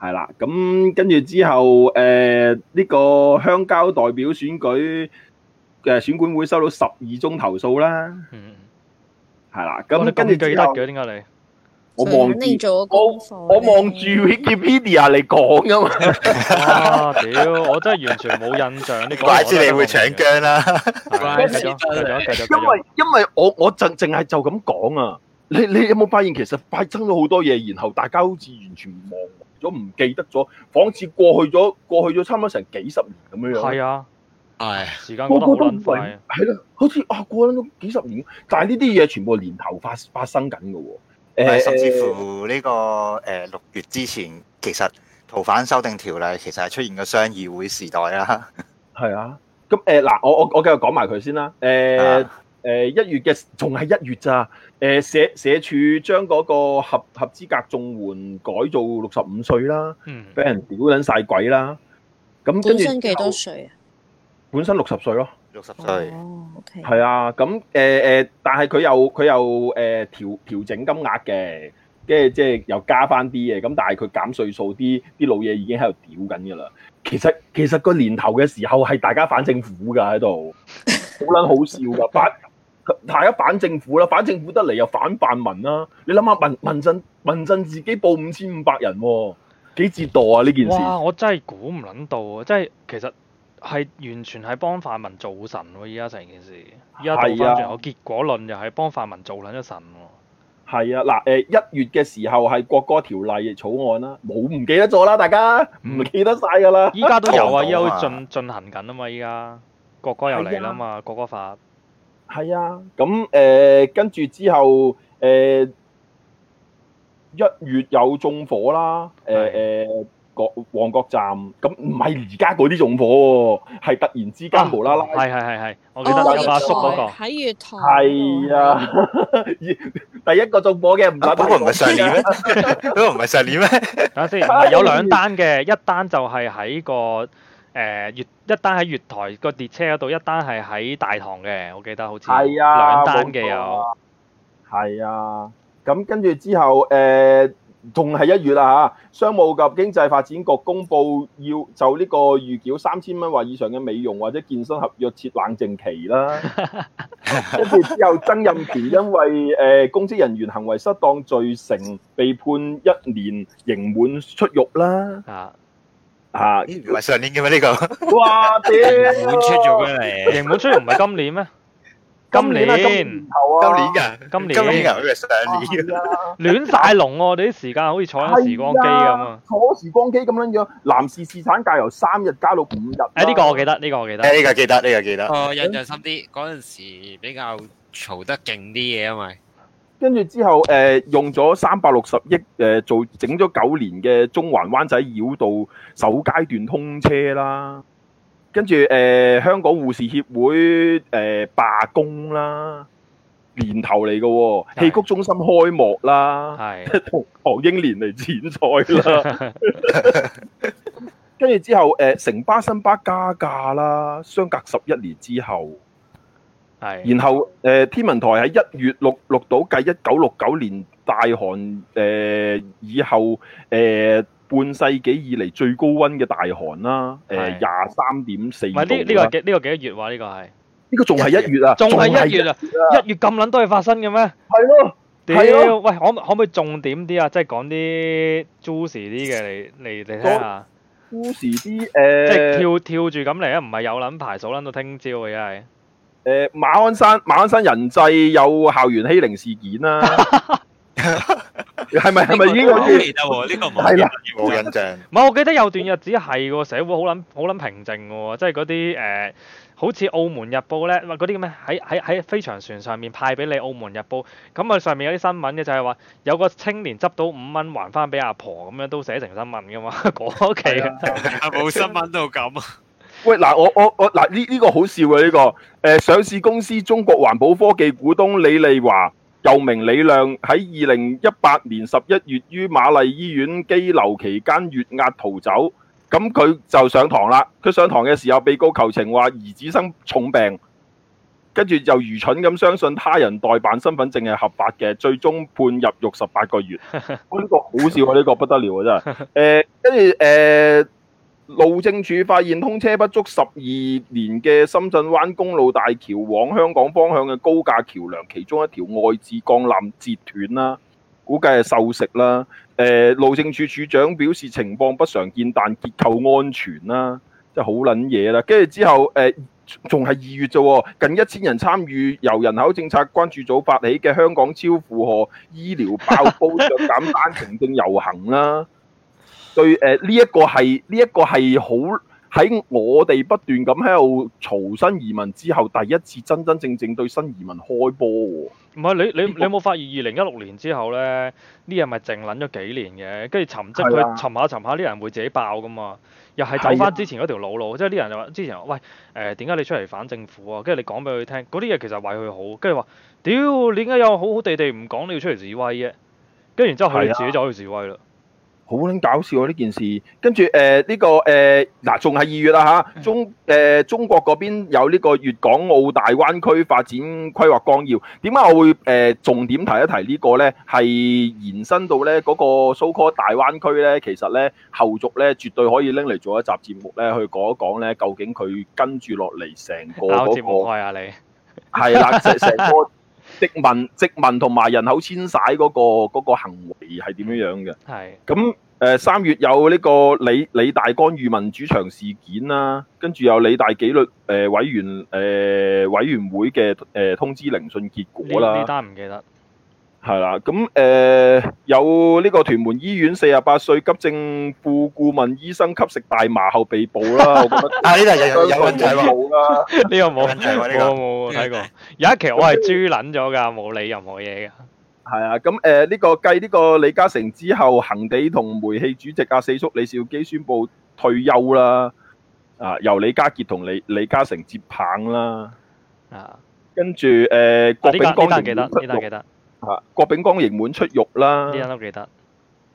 係啦，咁跟住之後，誒呢個鄉郊代表選舉嘅選管會收到十二宗投訴啦。嗯，係啦，咁你跟住記得嘅點解你？我望住做功，我望住 Wikipedia 嚟講噶嘛。啊屌！我真係完全冇印象呢個。怪知你會請姜啦。怪知，繼續繼續繼續。因為因為我我就淨係就咁講啊！你你有冇發現其實發生咗好多嘢，然後大家好似完全唔望。咗唔記得咗，仿似過去咗，過去咗差唔多成幾十年咁樣樣。係啊，係時間過得好卵快。係啦，好似啊過咗幾十年，但係呢啲嘢全部年頭發發生緊嘅喎。甚至乎呢、呢個誒、呃呃呃、六月之前，其實逃犯修訂條例其實係出現個商議會時代啦。係啊，咁誒嗱，我我我繼續講埋佢先啦。誒誒一月嘅仲係一月咋。誒、呃、社社署將嗰個合合資格綜援改做六十五歲啦，俾、嗯、人屌緊晒鬼啦！咁跟住本身幾多歲啊？本身六十歲咯，六十歲。哦 o、okay、係啊，咁誒誒，但係佢又佢又誒調調整金額嘅，即係即係又加翻啲嘢。咁但係佢減歲數啲啲老嘢已經喺度屌緊㗎啦。其實其實個年頭嘅時候係大家反政府㗎喺度，好撚好笑㗎，反。第一反政府啦，反政府得嚟又反泛民啦、啊。你諗下，民民陣民陣自己報五千五百人，幾折墮啊？呢、啊、件事哇，我真係估唔捻到啊！即係其實係完全係幫泛民做神喎、啊。依家成件事，依家倒翻轉，我結果論、啊、又係幫泛民做捻咗神喎。係啊，嗱誒、啊，一月嘅時候係國歌條例草案啦，冇唔記得咗啦，大家唔記得晒噶啦。依家都有啊，依家、啊、進進行緊啊嘛，依家國歌又嚟啦嘛，啊、國歌法。係啊，咁誒跟住之後誒一月有縱火啦，誒誒旺角站，咁唔係而家嗰啲縱火喎，係突然之間無啦啦。係係係係，我記得有阿叔嗰個喺月台。係啊，第一個縱火嘅唔係。嗰個唔係上年咩？嗰個唔係上年咩？等下先，有兩單嘅，一單就係喺個誒月。一單喺月台個列車嗰度，一單係喺大堂嘅，我記得好似係啊，兩單嘅有。係啊，咁跟住之後，誒，仲係一月啦嚇。商務及經濟發展局公佈要就呢個預繳三千蚊或以上嘅美容或者健身合約設冷靜期啦。跟住之後曾蔭權因為誒公職人員行為失當罪成，被判一年，刑滿出獄啦。啊！唔係上年嘅咩呢個？哇！掂盈滿出咗嘅你盈滿出又唔係今年咩？今年頭啊！今年噶，今年人佢係上年噶啦，亂晒龍我哋啲時間好似坐緊時光機咁啊！坐時光機咁樣樣，男士侍產假由三日加到五日。誒，呢個我記得，呢個我記得。誒，呢個記得，呢個記得。誒，印象深啲嗰陣時比較嘈得勁啲嘢，因為。跟住之後，誒、呃、用咗三百六十億誒、呃、做整咗九年嘅中環灣仔繞道首階段通車啦。跟住誒香港護士協會誒、呃、罷工啦，年頭嚟嘅喎。戲曲中心開幕啦，係的同唐英年嚟剪彩啦。跟住 之後，誒、呃、城巴新巴加價啦，相隔十一年之後。係，然後誒，天文台喺一月六六到計一九六九年大寒誒以後誒半世紀以嚟最高溫嘅大寒啦，誒廿三點四度啦。唔係呢呢個幾呢個幾多月話呢個係？呢個仲係一月啊，仲係一月啊，一月咁捻多嘢發生嘅咩？係咯，係咯，喂，可可唔可以重點啲啊？即係講啲 juicy 啲嘅你你你聽下。juicy 啲誒，即係跳跳住咁嚟啊？唔係有捻排數捻到聽朝嘅真係。誒，馬鞍山馬鞍山人際有校園欺凌事件啦，啊，係咪係咪呢個好？個好認呢個唔係啦，冇印象。唔係， 我記得有段日子係個社會好諗好諗平靜嘅，即係嗰啲誒，好似澳門日報咧，嗰啲咁嘅喺喺喺飛翔船上面派俾你澳門日報，咁佢上面有啲新聞嘅就係話有個青年執到五蚊還翻俾阿婆咁樣，都寫成新聞噶嘛？嗰 期冇新聞都咁啊！喂，嗱我我我嗱呢呢個好笑啊呢個。誒、呃、上市公司中國環保科技股東李麗華又名李亮喺二零一八年十一月於瑪麗醫院羈留期間越押逃走，咁佢就上堂啦。佢上堂嘅時候，被告求情話兒子生重病，跟住就愚蠢咁相信他人代辦身份證係合法嘅，最終判入獄十八個月。呢個好笑啊！呢個不得了啊！真、呃、係，誒跟住誒。呃路政署發現通車不足十二年嘅深圳灣公路大橋往香港方向嘅高架橋梁，其中一條外置鋼纜截斷啦，估計係鏽蝕啦。誒、呃，路政署署長表示情況不常見，但結構安全啦，即係好撚嘢啦。跟住之後，誒、呃，仲係二月啫，近一千人參與由人口政策關注組發起嘅香港超負荷醫療爆煲著減單程證遊行啦。 對，誒，呢一個係呢一個係好喺我哋不斷咁喺度嘈新移民之後，第一次真真正正對新移民開波喎、哦。唔係，你你這個 你有冇發現二零一六年之後咧，呢日咪靜撚咗幾年嘅，跟住沉積佢沉下沉下，啲人會自己爆噶嘛，又係走翻是、啊、之前嗰條老路，即係啲人就話之前喂，誒點解你出嚟反政府啊？跟住你講俾佢聽，嗰啲嘢其實為佢好，跟住話屌你點解又好好地地唔講你要出嚟示威啫？跟住然之後佢自己走去示威啦。好撚搞笑喎呢件事，跟住誒呢個誒嗱仲係二月啦嚇，中誒中國嗰邊有呢個粵港澳大灣區發展規劃綱要，點解我會誒重點提一提呢個咧？係延伸到咧嗰個蘇科大灣區咧，其實咧後續咧絕對可以拎嚟做一集節目咧去講一講咧，究竟佢跟住落嚟成個節目。開啊你係啦，即係成個。殖民殖民同埋人口遷徙嗰個嗰個行為係點樣樣嘅？係咁，誒三月有呢個李李大干預民主牆事件啦，跟住有李大紀律誒委員誒、呃、委員會嘅誒、呃、通知聆訊結果啦。呢單唔記得。係啦，咁誒，有呢個屯門醫院四十八歲急症副顧問醫生吸食大麻後被捕啦。我覺得呢就有有問題啦。呢個冇，冇冇睇過。有一期我係豬捻咗噶，冇理任何嘢噶。係啊，咁誒，呢個繼呢個李嘉誠之後，恒地同煤氣主席阿四叔李兆基宣布退休啦。啊，由李家傑同李李嘉誠接棒啦。啊，跟住誒，郭炳江，記得，記得。郭炳江刑滿出獄啦，呢啲人都記得。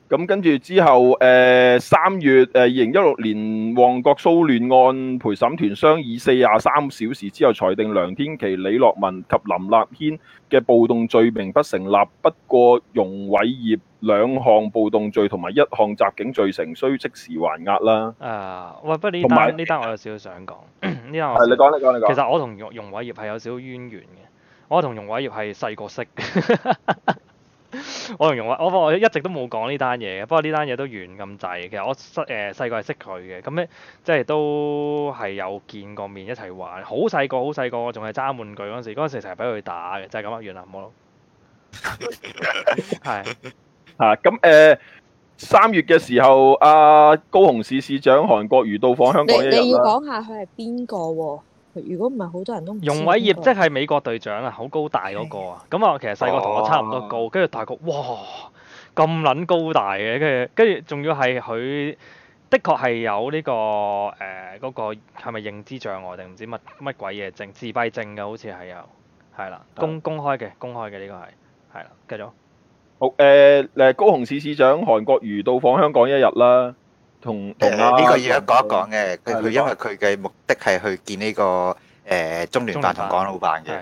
咁跟住之後，誒、呃、三月誒二零一六年旺角騷亂案陪審團商議四廿三小時之後，裁定梁天琦、李樂文及林立軒嘅暴動罪名不成立，不過容偉業兩項暴動罪同埋一項襲警罪成，需即時還押啦。啊，喂，不過呢單呢單我有少少想講，呢單係你講，你講，你講。其實我同容容偉業係有少少淵源嘅。我同容偉業係細個識， 我同容偉，我一直都冇講呢單嘢嘅，不過呢單嘢都完咁滯。嘅。其實我細誒細個係識佢嘅，咁咧即係都係有見過面一齊玩，好細個好細個，我仲係揸玩具嗰陣時，嗰陣時成日俾佢打嘅，就係咁咯，完啦冇咯。係，嚇咁誒三月嘅時候，阿、就是呃啊、高雄市市長韓國瑜到訪香港一日啦。你，你要講下佢係邊個喎？如果唔係好多人都，容偉業即係美國隊長啊，好、欸、高大嗰、那個啊，咁啊，其實細個同我差唔多高，跟住、啊、大個，哇，咁撚高大嘅，跟住跟住，仲要係佢的確係有呢、這個誒嗰、呃那個係咪認知障礙定唔知乜乜鬼嘢症自閉症嘅，好似係有，係啦，公對 公開嘅，公開嘅呢個係，係啦，繼續好。好、呃、誒高雄市市長韓國瑜到訪香港一日啦。同誒呢個要一講一講嘅，佢佢因為佢嘅目的係去見呢個誒中聯辦同港老闆嘅，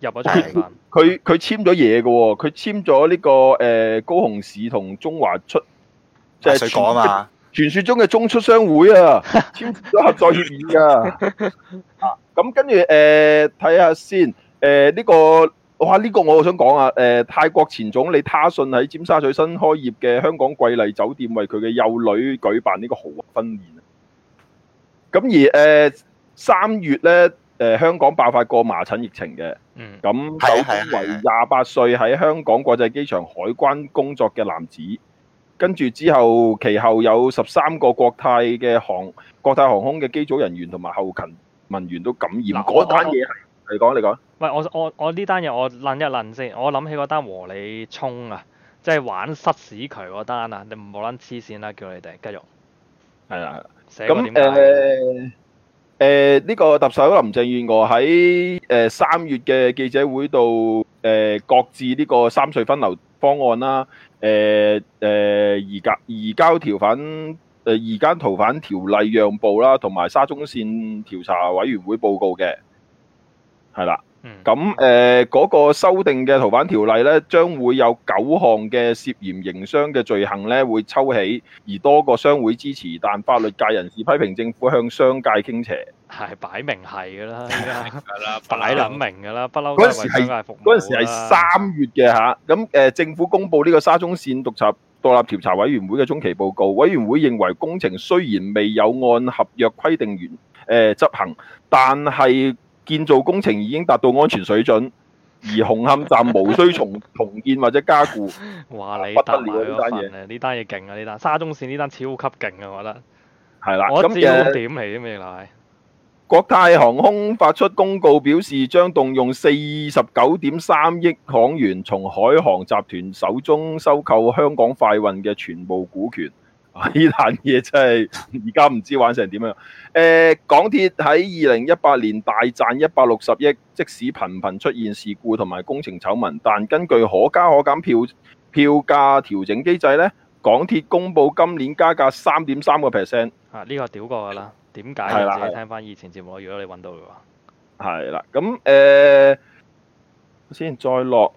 入咗中聯辦，佢佢簽咗嘢嘅，佢簽咗呢個誒高雄市同中華出即係佢講嘛，傳說中嘅中出商會啊，簽咗合作協議噶，啊咁跟住誒睇下先，誒呢個。哇！呢，這個我想講啊，誒、呃、泰國前總理他信喺尖沙咀新開業嘅香港瑰麗酒店為佢嘅幼女舉辦呢個豪華婚宴。咁而誒三、呃、月咧，誒、呃、香港爆發過麻疹疫情嘅，咁首宗為廿八歲喺香港國際機場海關工作嘅男子。跟住之後，其後有十三個國泰嘅航國泰航空嘅機組人員同埋後勤文員都感染。嗰單嘢你講，你講。喂，我我我呢單嘢我諗一諗先，我諗起嗰單和你沖啊，即係玩塞屎渠嗰單啊，你唔好諗，黐線啦，叫你哋繼續。係啦、啊，咁誒誒呢個特首、嗯呃呃呃這個、林鄭月娥喺誒三月嘅記者會度誒，擱置呢個三隧分流方案啦，誒誒移交移交逃犯誒移交逃犯條例讓步啦，同埋沙中線調查委員會報告嘅。係啦，咁誒嗰個修訂嘅逃犯條例咧，將會有九項嘅涉嫌營商嘅罪行咧，會抽起，而多個商會支持，但法律界人士批評政府向商界傾斜，係擺明係噶啦，係啦， 擺撚明噶啦，不嬲。 嗰陣時係嗰陣時係三月嘅吓，咁誒、呃、政府公布呢個沙中線獨立獨立調查委員會嘅中期報告，委員會認為工程雖然未有按合約規定完誒執行，但係。建造工程已經達到安全水準，而紅磡站無需重重建或者加固。 哇！你不得了，呢單嘢，呢單嘢勁啊！呢單沙中線呢單超級勁啊！我覺得係啦，咁知的點嚟嘅咩啦？國泰航空發出公告表示，將動用四十九點三億港元，從海航集團手中收購香港快運嘅全部股權。呢壇嘢真係而家唔知玩成點樣。誒、呃，港鐵喺二零一八年大賺一百六十億，即使頻頻出現事故同埋工程醜聞，但根據可加可減票票價調整機制咧，港鐵公布今年加價三點三個 percent。啊，呢、這個屌過噶啦。點解嘅？自己聽翻以前節目，如果你揾到嘅話。係啦，咁誒，呃、我先再落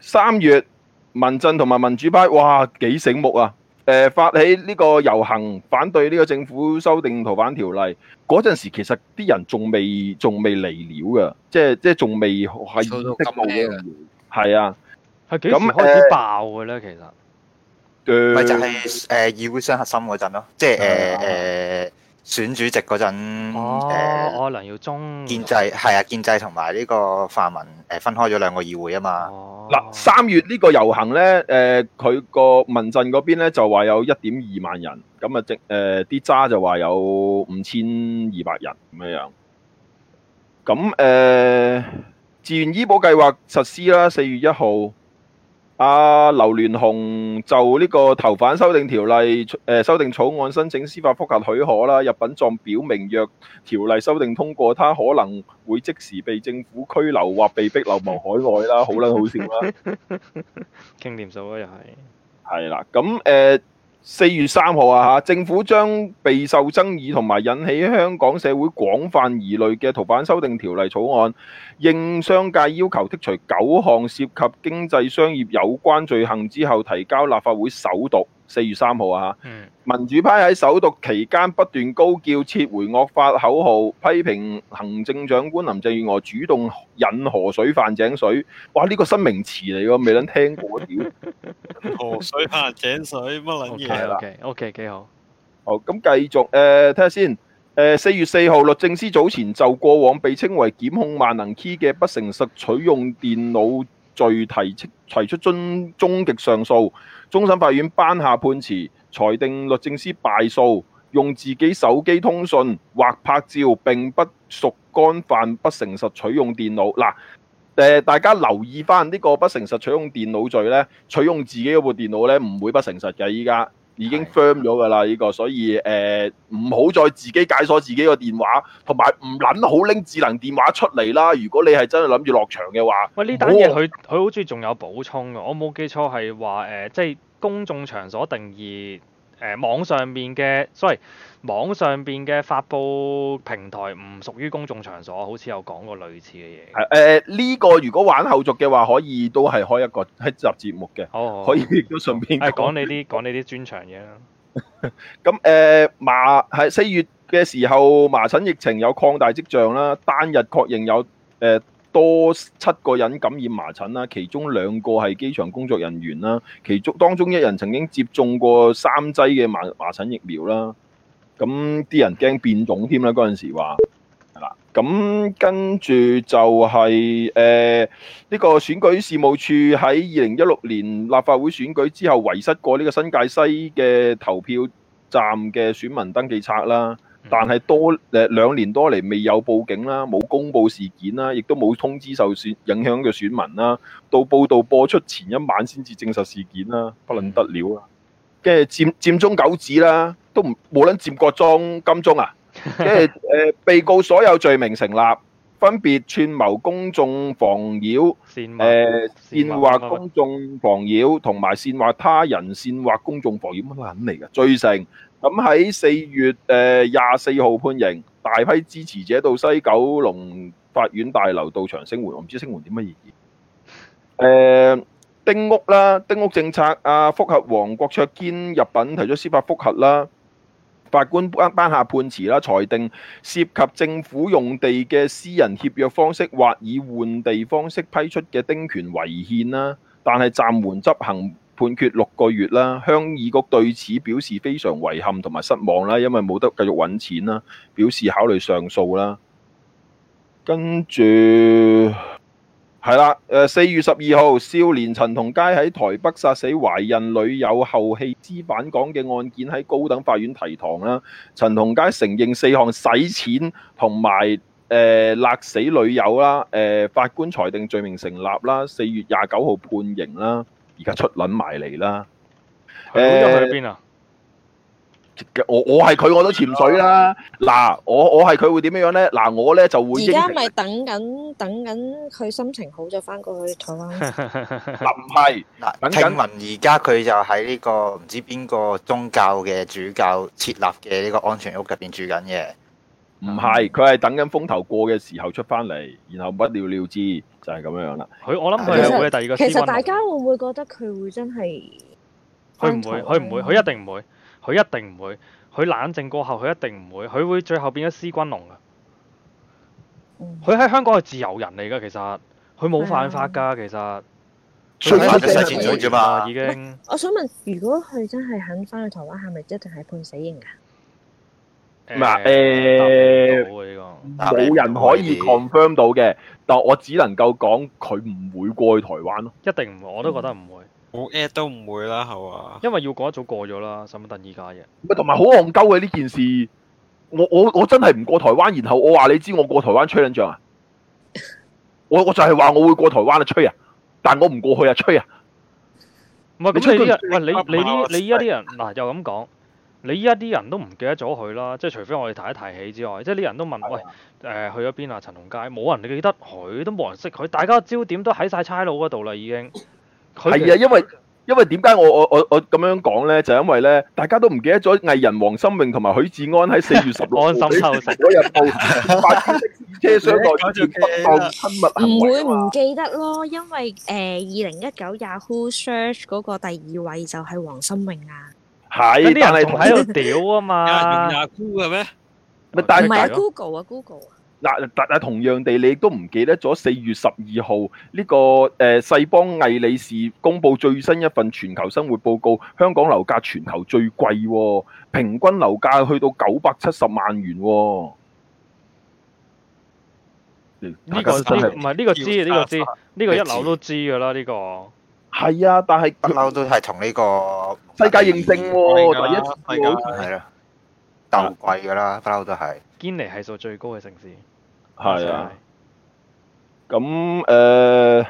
三月民陣同埋民主派，哇，幾醒目啊！誒、呃，發起呢個遊行反對呢個政府修訂逃犯條例嗰陣時，其實啲人仲未仲未嚟料噶，即係即係仲未係熱身係啊，係幾時開始爆嘅咧？嗯、其實咪、嗯、就係、是、誒、呃、議會上核心嗰陣咯，即係誒誒。呃嗯嗯選主席嗰陣，梁耀忠建制係啊，建制同埋呢個泛民誒、呃、分開咗兩個議會啊嘛。嗱、哦，三、啊、月呢個遊行咧，誒、呃，佢個民陣嗰邊咧就話有一點二萬人，咁啊，即誒啲渣就話有五千二百人咁樣。咁誒，自、呃、願醫保計劃實施啦，四月一號。阿劉鑾雄就呢、這個逃犯修訂條例誒、呃、修訂草案申請司法覆核許可啦，入品狀表明若條例修訂通過，他可能會即時被政府拘留或被逼流亡海外啦，好啦，好笑啦！傾掂數啦又係係啦，咁誒。四月三號啊，嚇政府將備受爭議同埋引起香港社會廣泛疑慮嘅逃犯修訂條例草案，應商界要求剔除九項涉及經濟商業有關罪行之後，提交立法會首讀。四月三號啊，嗯、民主派喺首讀期間不斷高叫撤回惡法口號，批評行政長官林鄭月娥主動引河水泛井水。哇！呢、這個新名詞嚟㗎，未能聽過屌。 河水泛井水，乜撚嘢？啦，OK 幾、okay, okay, okay，好。好，咁繼續誒，睇、呃、下先。誒、呃，四月四號，律政司早前就過往被稱為檢控萬能 key 嘅不誠實取用電腦。續提出提出終終極上訴，終審法院頒下判詞，裁定律政司敗訴，用自己手機通訊或拍照，並不屬干犯不誠實取用電腦。嗱，誒、呃，大家留意翻呢、這個不誠實取用電腦罪呢，取用自己嗰部電腦呢，唔會不誠實嘅，依家。已經 firm 咗㗎啦，呢個，所以誒唔好再自己解鎖自己個電話，同埋唔撚好拎智能電話出嚟啦。如果你係真係諗住落場嘅話，喂，呢單嘢佢佢好似仲有補充㗎。我冇記錯係話誒，即係公眾場所定義誒、呃、網上面嘅，sorry。網上邊嘅發布平台唔屬於公眾場所，好似有講過類似嘅嘢。係呢、呃呢個如果玩後續嘅話，可以都係開一個一集節目嘅。好好可以都順便、哎、講你啲講你啲專長嘢啦。咁誒、 呃、麻喺四月嘅時候麻疹疫情有擴大跡象啦，單日確認有誒、呃、多七個人感染麻疹啦，其中兩個係機場工作人員啦，其中當中一人曾經接種過三劑嘅麻麻疹疫苗啦。咁啲人驚變種添啦，嗰陣時話係，咁跟住就係誒呢個選舉事務處喺二零一六年立法會選舉之後遺失過呢個新界西嘅投票站嘅選民登記冊啦。但係多誒、呃、兩年多嚟未有報警啦，冇公佈事件啦，亦都冇通知受選影響嘅選民啦。到報道播出前一晚先至證實事件啦，不能得了啊！即係佔佔中九子啦，都唔無論佔國莊、金鐘啊，即係誒被告所有罪名成立，分別串謀公眾妨擾、誒煽文、呃、惑公眾妨擾同埋煽惑他人、煽惑公眾妨擾乜嘢嚟嘅罪成。咁喺四月誒廿四號判刑，大批支持者到西九龍法院大樓到場聲援，我唔知聲援點乜意義。誒、呃。丁屋啦，丁屋政策，啊，阿覆核王郭卓堅入稟提出司法覆核啦，法官班下判詞啦，裁定涉及政府用地嘅私人協約方式或以換地方式批出嘅丁權違憲啦，但係暫緩執行判決六個月啦。鄉議局對此表示非常遺憾同埋失望啦，因為冇得繼續揾錢啦，表示考慮上訴啦。跟住。係啦，誒，四月十二號，少年陳同佳喺台北殺死懷孕女友後棄屍返港嘅案件喺高等法院提堂啦。陳同佳承認四項洗錢同埋誒勒死女友啦，誒、呃，法官裁定罪名成立啦，四月廿九號判刑啦，而家出撚埋嚟啦。咁又去邊啊？我我係佢我都潛水啦，嗱我我係佢會點樣樣咧？嗱我咧就會而家咪等緊等緊佢心情好咗翻過去台灣，嗱唔係，嗱聽聞而家佢就喺呢個唔知邊個宗教嘅主教設立嘅呢個安全屋入邊住緊嘅，唔係佢係等緊風頭過嘅時候出翻嚟，然後不了了之就係咁樣樣啦。佢、嗯、我諗佢真係第二個文文其實，其實大家會唔會覺得佢會真係佢唔會佢唔會佢一定唔會。佢一定唔會，佢冷靜過後，佢一定唔會，佢會最後變咗施君龍噶。佢喺、嗯、香港係自由人嚟噶，其實佢冇犯法噶，哎、呀其實。追翻啲細錢佬啫嘛，已經，已經。我想問，如果佢真係肯翻去台灣，係咪一定係判死刑㗎？唔係誒，冇、欸、人可以 confirm 到嘅，但，但我只能夠講佢唔會過去台灣咯。嗯、一定唔會，我都覺得唔會。嗯我 at 都唔會啦，係嘛？因為要過，一早過咗啦，使乜等而家嘅？唔同埋好戇鳩嘅呢件事，我我我真係唔過台灣，然後我話你知我過台灣吹緊象啊？我我就係話我會過台灣啊，吹啊！但我唔過去啊，吹啊！唔呢啲？喂，你你呢？你依家啲人嗱又咁講，你依家啲人都唔記得咗佢啦，即係除非我哋提一提起之外，即係啲人都問喂誒的、哎呃、去咗邊啊？陳同佳冇人記得佢，都冇人識佢，大家焦點都喺晒差佬嗰度啦，已經。 係啊，因為因為點解我我我我咁樣講咧，就因為咧，大家都唔記得咗藝人黃心穎同埋許志安喺四月十六號安心日報發生車箱內互動親密行為。唔會唔記得咯，因為誒二零一九 Yahoo Search 嗰個第二位就係黃心穎啊，係啲人仲喺度屌啊嘛，係 Yahoo 嘅咩？咪但係唔係啊 Google 啊 Google 啊。嗱，但係同樣地，你都唔記得咗四月十二號呢個誒世邦魏理仕公布最新一份全球生活報告，香港樓價全球最貴喎，平均樓價去到九百七十萬元喎。嗯，呢個呢唔係呢個知，呢個知，呢個一樓都知㗎啦，呢個。係啊，但係不嬲都係同呢個世界認證喎，第一次係啊。豆貴噶啦，不嬲都係堅尼系數最高嘅城市，係啊。咁誒，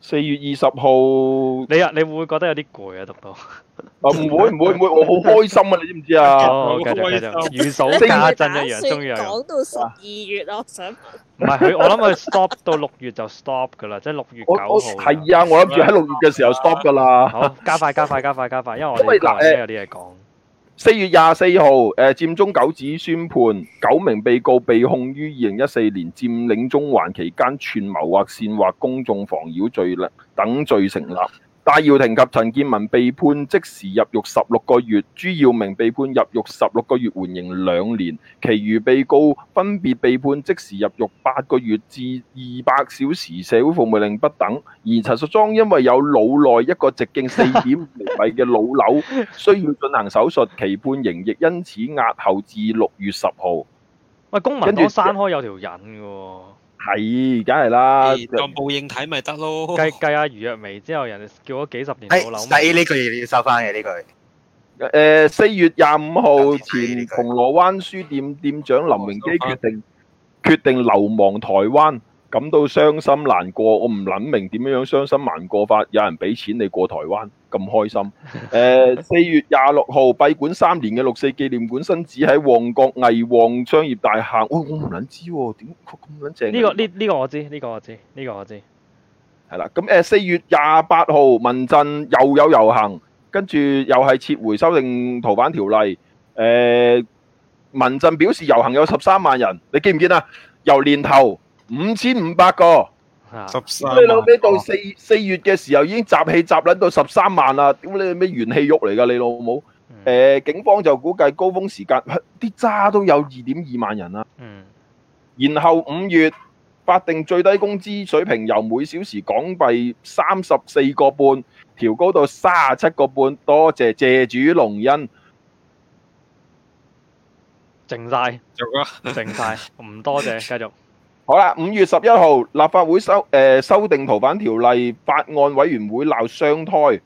四月二十號，你啊，你會唔會覺得有啲攰啊？讀到？啊唔會唔會唔會，我好開心啊！你知唔知啊？哦，繼續繼續，雨手加震一樣，終於有人啦。講到十二月咯，想唔係佢？我諗佢 stop 到六月就 stop 噶啦，即係六月九號。係啊，我諗住喺六月嘅時候 stop 噶啦。好，加快加快加快加快，因為我哋隔籬有啲嘢講。四月廿四號，誒、呃，佔中九子宣判，九名被告被控於二零一四年佔領中環期間串謀或煽惑公眾妨擾罪等罪成立。戴耀廷及陳建文被判即時入獄十六個月，朱耀明被判入獄十六個月緩刑兩年，其餘被告分別被判即時入獄八個月至二百小時社會服務令不等。而陳淑莊因為有腦內一個直徑四點五釐米嘅腦瘤需要進行手術，其判刑亦因此押後至六月十號。喂， 公民黨生開有條癮嘅喎。係，梗係啦，當報應睇咪得咯。計計下余若薇之後，人哋叫咗幾十年冇諗計。哎，呢句你要收翻嘅呢句。誒，四月廿五號前，銅鑼灣書店店長林榮基決定決定流亡台灣。感到傷心難過，我唔諗明點樣樣傷心難過法。有人俾錢你過台灣，咁開心。誒，四月廿六號閉館三年嘅六四紀念館新址喺旺角皆旺商業大廈。哦，我唔撚知喎，點解咁撚正？呢個呢，呢個我知，呢個我知，呢個我知。係啦，咁誒四月廿八號民陣又有遊行，跟住又係撤回修訂逃犯條例。誒，民陣表示遊行有十三萬人，你記唔記得啊？由年頭。五千五百個，十三。你老尾到四四月嘅時候已經集氣集捻到十三萬啦，點解你咩元氣玉嚟噶？你老母，誒，警方就估計高峰時間，啲渣都有二點二萬人啦。嗯。然後五月法定最低工資水平由每小時港幣三十四個半調高到三十七個半，多謝謝主隆恩，淨晒，繼續，淨晒，唔多謝，繼續。好啦，五月十一號，立法會、呃、修誒修訂逃犯條例法案委員會鬧雙胎，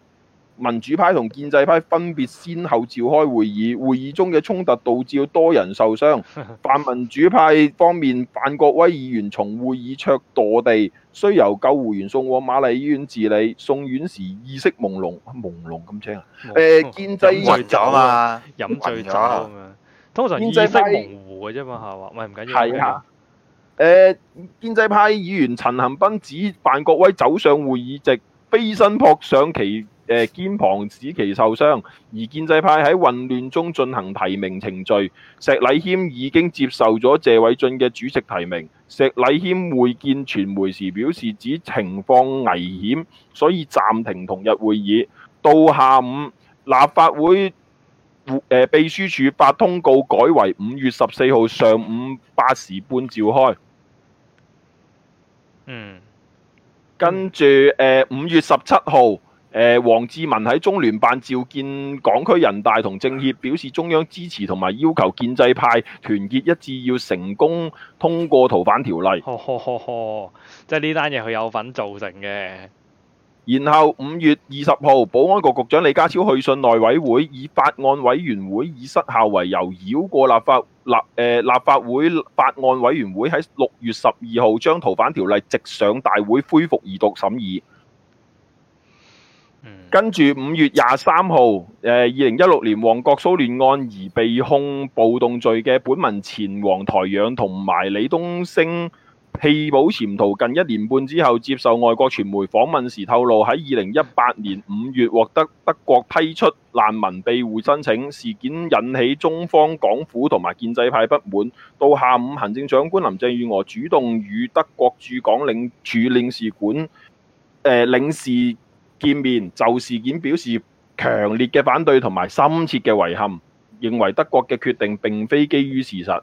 民主派同建制派分別先後召開會議，會議中嘅衝突導致多人受傷。泛民主派方面，范國威議員從會議桌墮，墮地，須由救護員送往瑪麗醫院治理，送院時意識朦朧，朦朧咁清啊！誒、呃，哦、建制飲醉酒啊，飲醉酒通常意識模糊嘅啫嘛，下話唔係唔緊要。誒、呃、建制派議員陳恒斌指范國威走上會議席，飛身撲上其誒、呃、肩膀，使其受傷。而建制派喺混亂中進行提名程序。石禮謙已經接受咗謝偉俊嘅主席提名。石禮謙會見傳媒時表示，指情況危險，所以暫停同日會議。到下午，立法會誒秘書處發通告改為五月十四號上午八時半召開。嗯，跟住誒五月十七號，誒、呃、王志民喺中聯辦召見港區人大同政協，表示中央支持同埋要求建制派團結一致，要成功通過逃犯條例。呵呵呵，即係呢單嘢佢有份造成嘅。然後五月二十號，保安局局長李家超去信內委會，以法案委員會已失效為由繞過立法立誒、呃、立法會法案委員會喺六月十二號將逃犯條例直上大會恢復二讀審議。嗯、跟住五月廿三號，誒二零一六年旺角騷亂案而被控暴動罪嘅本民前黃台仰同埋李東昇，棄保潛逃近一年半之後，接受外國傳媒訪問時透露，喺二零一八年五月獲得德國批出難民庇護申請。事件引起中方港府同埋建制派不滿。到下午，行政長官林鄭月娥主動與德國駐港領處領事館誒、呃、領事見面，就事件表示強烈嘅反對同埋深切嘅遺憾，認為德國嘅決定並非基於事實。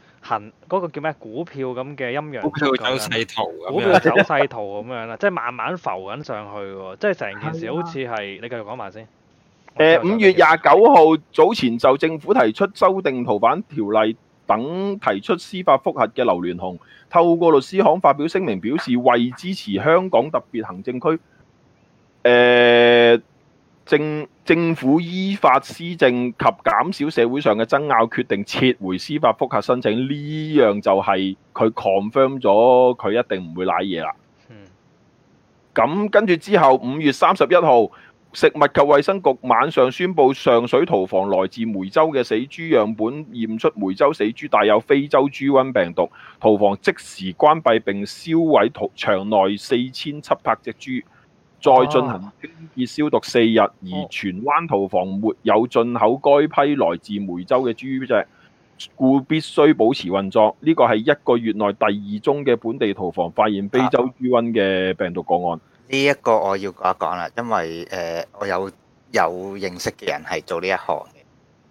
行嗰個叫咩股票咁嘅陰陽，股票走勢圖咁樣，股票走勢圖咁樣啦，即係慢慢浮緊上去喎，即係成件事好似係，你繼續講埋先。誒五月廿九號早前就政府提出修訂逃犯條例等提出司法覆核嘅劉連雄，透過律師行發表聲明表示，為支持香港特別行政區，誒。政政府依法施政及減少社會上嘅爭拗，決定撤回司法覆核申請，呢樣就係佢 confirm 咗佢一定唔會瀨嘢啦。嗯，咁跟住之後，五月三十一號，食物及衛生局晚上宣布，上水屠房來自梅州嘅死豬樣本驗出梅州死豬帶有非洲豬瘟病毒，屠房即時關閉並銷毀屠場內四千七百隻豬。再進行清潔消毒四日，而荃灣屠房沒有進口該批來自梅州嘅豬隻，故必須保持運作。呢個係一個月內第二宗嘅本地屠房發現非洲豬瘟嘅病毒個案。呢一、啊啊、個我要講一講啦，因為誒、呃、我有有認識嘅人係做呢一行嘅。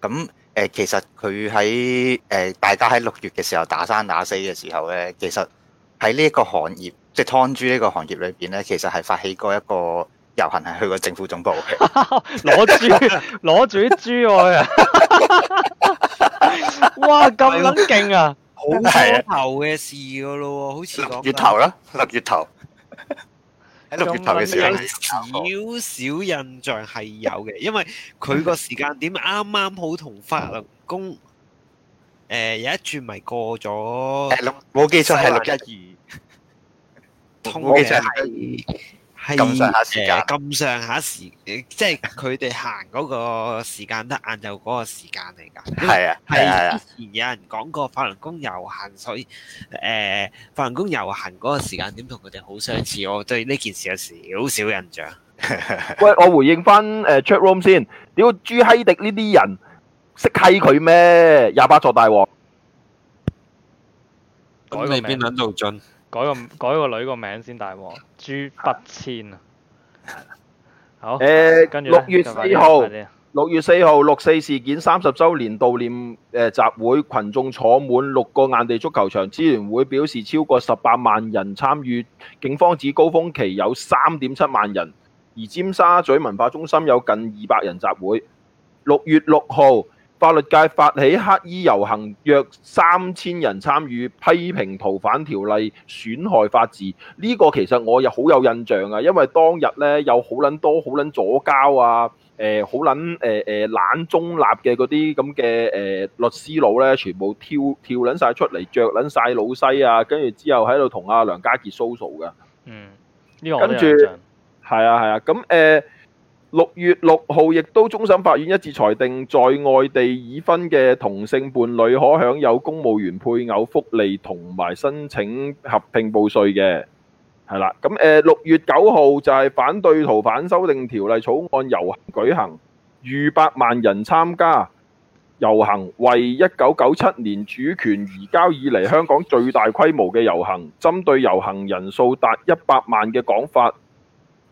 咁誒其實佢喺誒大家喺六月嘅時候打三打四嘅時候咧，其實喺、呃、呢一個行業。即係劏豬呢個行業裏邊咧，其實係發起過一個遊行，係去過政府總部攞 豬，攞住啲豬我啊！哇是，咁撚勁啊！好頭嘅事噶咯喎，好似講六月頭啦，六月頭，喺六月頭嘅時候，有少少印象係有嘅，因為佢個時間點啱啱好同法輪功誒有一轉，咪過咗誒冇記錯係六一二。通常係咁上下時間，咁上下時間，即係佢哋行嗰個時間，得晏晝嗰個時間嚟噶。係啊，係啊。之前有人講過法輪功遊行，所以誒、呃，法輪功遊行嗰個時間點同佢哋好相似，我對呢件事有少少印象。 喂，我回應翻誒 chat room 先。屌朱希迪呢啲人識契佢咩？廿八座大王，咁你邊捻度進？改個改個女個名先大鑊，豬八千啊！好，誒，跟住六月四號，六月四號，六四事件三十周年悼念誒、呃、集會，群眾坐滿六個硬地足球場，支援會表示超過十八萬人參與，警方指高峰期有三點七萬人，而尖沙咀文化中心有近二百人集會。六月六號。法律界發起黑衣遊行，約三千人參與，批評逃犯條例損害法治。呢、這個其實我又好有印象啊，因為當日呢，有好撚多好撚左膠啊，誒好撚誒誒懶中立嘅嗰啲咁嘅誒律師佬呢，全部跳跳撚晒出嚟，着撚晒老西、嗯這個、啊，跟住之後喺度同阿梁家傑騷騷嘅。嗯，呢個跟住係啊係啊，咁誒。6月6號亦都終審法院一致裁定在外地已婚嘅同性伴侶可享有公務員配偶福利同埋申請合併報稅嘅。係啦，咁6月9號就係反對逃犯修訂條例草案遊行舉行，逾百萬人參加遊行為1997年主權移交以嚟香港最大規模嘅遊行，針對遊行人數達一百萬嘅講法，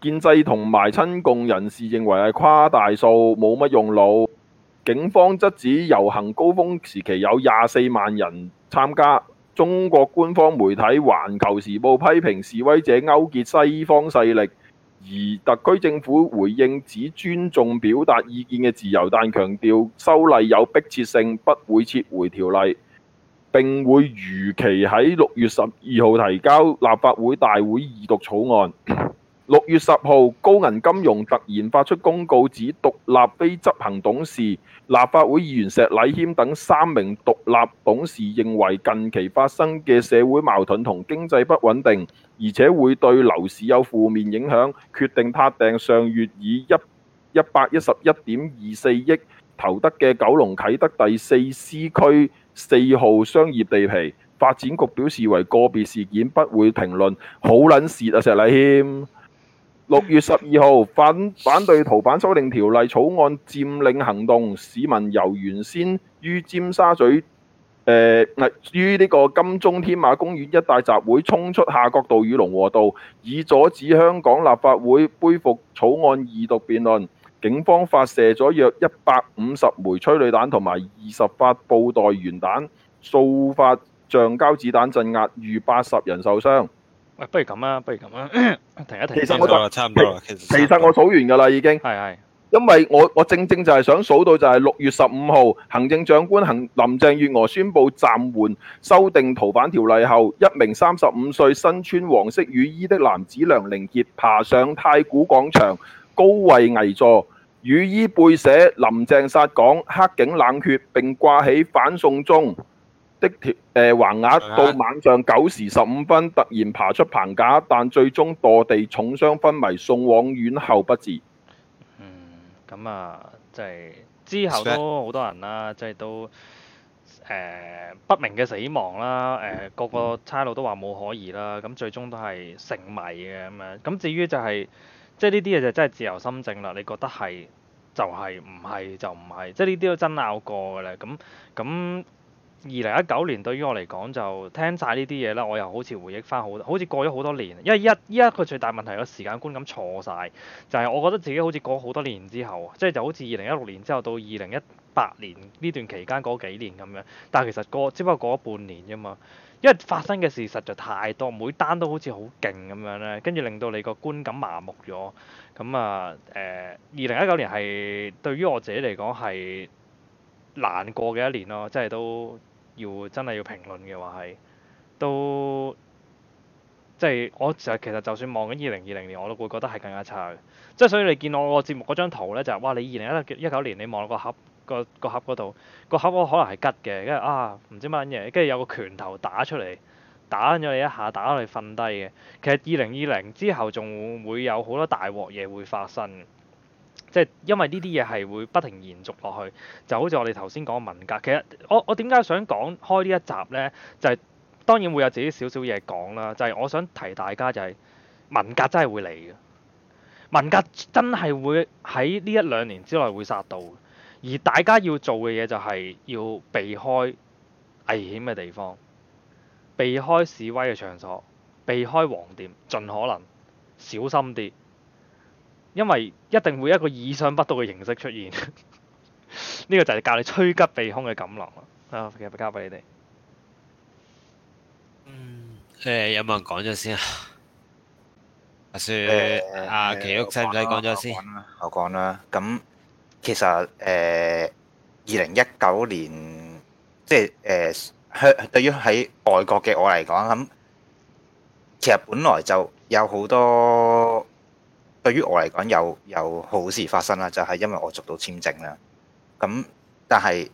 建制同埋親共人士認為係誇大數，冇乜用腦。警方則指遊行高峰時期有廿四萬人參加。中國官方媒體《環球時報》批評示威者勾結西方勢力，而特區政府回應只尊重表達意見嘅自由，但強調修例有迫切性，不會撤回條例，並會如期喺六月十二號提交立法會大會二讀草案。六月十號，高銀金融突然發出公告，指獨立非執行董事、立法會議員石禮謙等三名獨立董事認為近期發生嘅社會矛盾同經濟不穩定，而且會對樓市有負面影響，決定撻訂上月以一一百一十一點二四億投得嘅九龍啟德第四 C 區四號商業地皮。發展局表示為個別事件，不會評論。好撚事啊，石禮謙！六月十二號，反反對逃犯修訂條例草案佔領行動，市民由原先於尖沙咀誒，唔係於呢個金鐘天馬公園一帶集會，衝出夏慤道與龍和道，以阻止香港立法會恢復草案二讀辯論。警方發射咗約一百五十枚催淚彈同埋二十發布袋圓彈、數發橡膠子彈鎮壓，逾八十人受傷。不如咁啦，不如咁啦，停一停。其實我數完噶啦，已經。係係，因為我我正正就係想數到就係六月十五號，行政長官林鄭月娥宣布暫緩修訂逃犯條例後，一名三十五歲身穿黃色雨衣的男子梁凌傑爬上太古廣場高位危坐，雨衣背寫“林鄭殺港，黑警冷血”，並掛起反送中的條誒、呃、橫額。到晚上九時十五分突然爬出棚架，但最終墮地重傷昏迷，送往院後不治。嗯，咁啊，即、就、係、是、之後都好多人啦，即、就、係、是、都誒、呃、不明嘅死亡啦。誒、呃，個個差佬都話冇可疑啦，咁最終都係成謎嘅咁樣。咁至於就係即係呢啲嘢就真、是、係自由心證啦。你覺得係就係、是，唔係就唔係。即係呢啲都爭拗過嘅咧。咁咁。二零一九年對於我嚟講就聽晒呢啲嘢啦，我又好似回憶翻好，好似過咗好多年，因為一一個最大問題個時間觀感錯晒。就係我覺得自己好似過咗好多年之後，即係就好似二零一六年之後到二零一八年呢段期間嗰幾年咁樣，但係其實過只不過過咗半年啫嘛，因為發生嘅事實在太多，每單都好似好勁咁樣咧，跟住令到你個觀感麻木咗，咁啊誒二零一九年係對於我自己嚟講係難過嘅一年咯，即係都。要真係要評論嘅話係，都即係我就其實就算望緊二零二零年，我都會覺得係更加差嘅。即係所以你見我個節目嗰張圖咧，就係哇！你二零一九年你望個盒個個盒嗰度，個盒可能係吉嘅，跟住啊唔知乜嘢，跟住有個拳頭打出嚟，打咗你一下，打到你瞓低嘅。其實二零二零之後仲會有好多大鑊嘢會發生。即係因為呢啲嘢係會不停延續落去，就好似我哋頭先講文革。其實我我點解想講開呢一集咧？就係當然會有自己少少嘢講啦。就係我想提大家，就係文革真係會嚟嘅，文革真係會喺呢一兩年之內會殺到。而大家要做嘅嘢就係要避開危險嘅地方，避開示威嘅場所，避開黃店，盡可能小心啲。因為一定會一個意想不到嘅形式出現，呢個就係教你趨吉避凶嘅錦囊啦。啊，其實交俾你哋。嗯。誒，有冇人講咗先啊？阿雪，阿奇屋使唔使講咗先？我講啦。咁其實誒，二零一九年，即係誒，對於喺外國嘅我嚟講，咁其實本來就有好多。對於我嚟講，有有好事發生啦，就係、是、因為我續到簽證啦。咁但係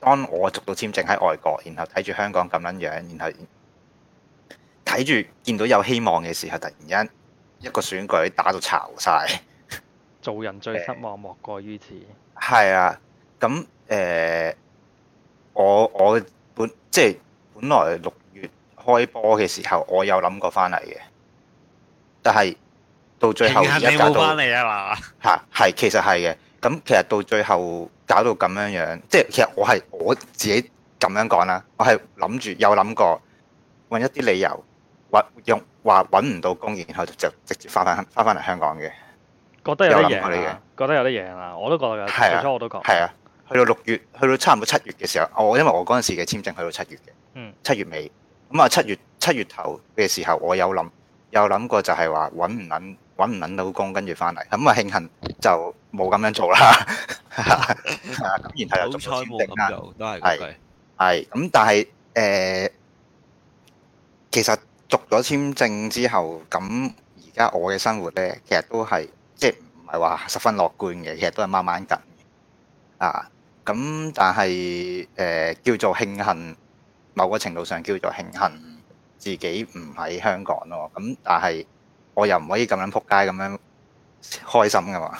當我續到簽證喺外國，然後睇住香港咁樣樣，然後睇住見到有希望嘅時候，突然間一個選舉打到巢晒。 做人最失望莫過於此。係、欸、啊，咁誒、欸，我我本即係本來六月開波嘅時候，我有諗過翻嚟嘅，但係。到最後搞翻嚟啊嘛，吓？係，其實係嘅。咁其實到最後搞到咁樣樣，即係其實我係我自己咁樣講啦。我係諗住有諗過揾一啲理由揾用話揾唔到工，然後就直接翻翻翻翻嚟香港嘅。覺得有得贏啊！覺得有得贏啦，我都覺得有得贏覺得啊。最初我都覺係啊。去、啊、到六月，去到差唔多七月嘅時候，我因為我嗰陣時嘅簽證去到七月、嗯、七月嘅、嗯，七月尾咁啊。七月七月，七月頭嘅時候，我有諗有諗過，就係話揾唔揾。搵唔搵到工，跟住翻嚟，咁啊慶幸就冇咁樣做啦。咁 然後又續咗簽證啦，都係， 係，係。咁但係，誒、呃，其實續咗簽證之後，咁而家我嘅生活咧，其實都係，即係唔係話十分樂觀嘅，其實都係慢慢緊。啊，咁但係，誒、呃，叫做慶幸，某個程度上叫做慶幸，自己唔喺香港咯。咁但係。我又唔可以咁樣撲街咁樣開心噶嘛，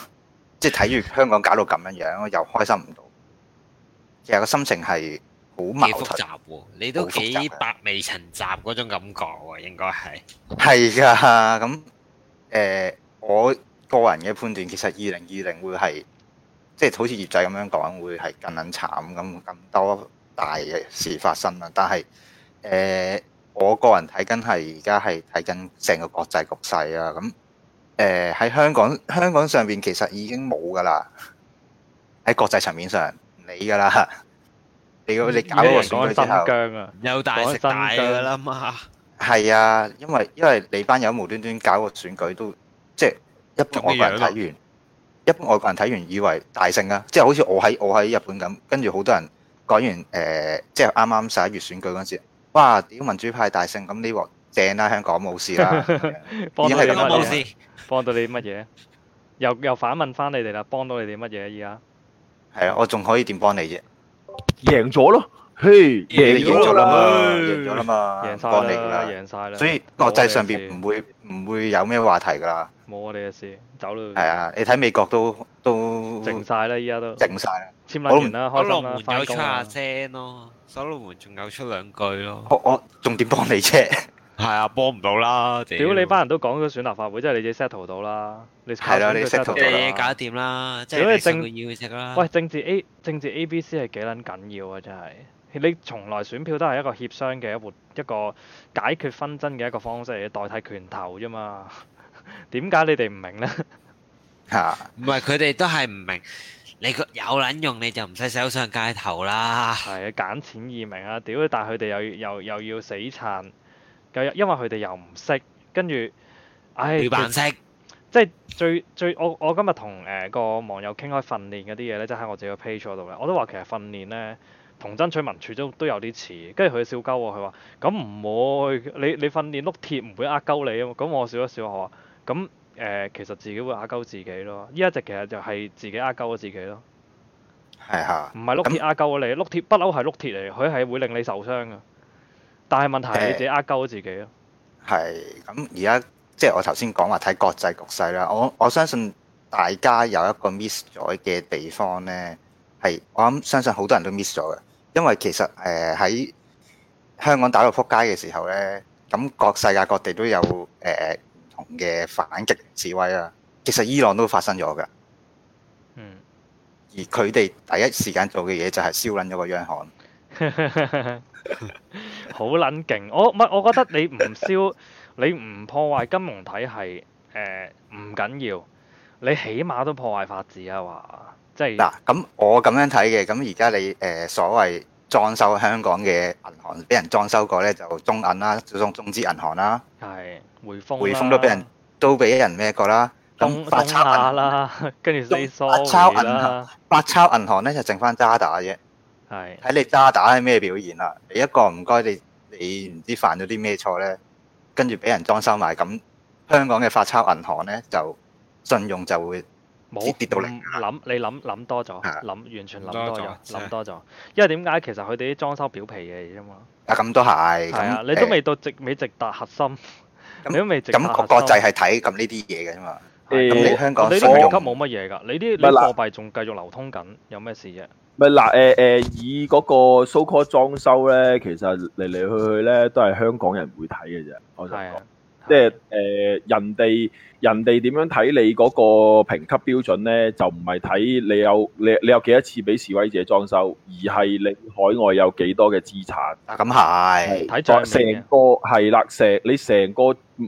即係睇住香港搞到咁樣樣，又開心唔到。其實個心情係好複雜，複雜你都幾百味陳雜嗰種感覺喎，應該係係㗎。咁誒、呃，我個人嘅判斷，其實二零二零會係即係好似葉仔咁樣講，會係更撚慘咁，咁多大嘅事發生啦。但係誒、呃我個人睇緊係而家係睇緊成個國際局勢啊！咁誒喺香港，香港上邊其實已經冇㗎啦。喺國際層面上，你㗎啦，你要你搞個選舉之後，講新疆啊，又大勝噶啦嘛。係啊，因為因為你班友無端端搞個選舉都即係一般外國人睇完，一般外國人睇完以為大勝啊！即係好似我喺我喺日本咁，跟住好多人講完誒、呃，即係啱啱十一月選舉嗰陣時。哇！屌、這個、民主派大勝咁呢鑊正啦，香港冇事啦，而係幫到你乜嘢？幫到你乜嘢？ 又又反問翻你哋啦，幫到你哋乜嘢？而家係啊，我仲可以點幫你啫？贏咗咯！嘿，贏咗啦嘛，贏咗啦嘛，贏晒啦，贏晒啦，所以國際上邊唔會唔會有咩話題噶啦，冇我哋嘅事，走啦。係啊，你睇美國都都靜晒啦，依家都靜晒啦，簽埋名啦，開心啦，翻去出下聲咯，收樓門仲有出兩句咯。我我仲點幫你啫？係啊，幫唔到啦。屌你班人都講咗選立法會，即係你自己 settle 到啦，你係啦，你 settle 到啦，嘢嘢搞得掂啦，即係政治要職啦。喂，政治 A 政治 A B C 係幾捻緊要啊？真係。.你從來選票都係一個協商嘅一活一個解決紛爭嘅一個方式嚟，代替拳頭啫嘛。點解你哋唔明呢？嚇！唔係佢哋都係唔明，你有撚用你就唔使走上街頭啦，哎。係啊，揀錢易明啊，屌！但係佢哋又又又要死撐，又因為佢哋又唔識跟住。唉，你扮識即係最最我我今日同誒個網友傾開訓練嗰啲嘢咧，即係喺我自己個 page 度咧，我都話其實訓練咧。童真取民處都都有啲似，跟住佢笑鳩我，佢話：咁唔會，你你訓練碌鐵唔會壓鳩你啊？咁我笑一笑，我話：咁誒、呃，其實自己會壓鳩自己咯。依家隻其實就係自己壓鳩咗自己咯。係嚇的。唔係碌鐵壓鳩咗你，那碌鐵不嬲係碌鐵嚟，佢係會令你受傷嘅。但係問題係你自己壓鳩咗自己咯。係，咁而家即係我頭先講話睇國際局勢啦。我我相信大家有一個 miss 咗嘅地方咧，係我諗相信好多人都 miss 咗嘅。因為其實誒喺、呃、香港打到撲街嘅時候呢，咁各世界各地都有誒、呃、唔同嘅反擊示威啊。其實伊朗都發生咗噶，嗯。而佢哋第一時間做嘅嘢就係燒撚咗個央行，好撚勁。我唔，我覺得你唔燒 你唔破壞金融體系誒唔、呃、緊要，你起碼都破壞法治啊話。嗱，咁我咁樣睇嘅，咁而家你誒所謂裝修香港嘅銀行，俾人裝修過咧，就中銀啦，仲中資銀行啦，係匯豐，匯豐都俾人都俾人咩過啦，咁發鈔銀行啦，跟住發鈔啦，發鈔銀行咧就剩翻渣打啫，係睇你渣打係咩表現啦，你一個唔該你你唔知犯咗啲咩錯咧，跟住俾人裝修埋，咁香港嘅發鈔銀行咧就信用就會。冇跌到嚟，諗你諗諗多咗，諗完全諗多咗，諗多咗。因為點解其實佢哋啲裝修表皮嘅嘢啫嘛。啊，咁都係。係啊，你都未到直美直達核心。你都未直達核心。咁國國際係睇咁呢啲嘢嘅啫嘛。咁你香港，你啲黃金冇乜嘢㗎，你啲貨幣仲繼續流通緊，有咩事啫？咪嗱，誒誒，以嗰個 so call 裝修咧，其實嚟嚟去去咧都係香港人會睇嘅啫，我就講。即係誒人哋人哋點樣睇你嗰個評級標準咧？就唔係睇你有你你有幾多次俾示威者裝修，而係你海外有幾多嘅資產啊？咁係睇成個係啦，成你成個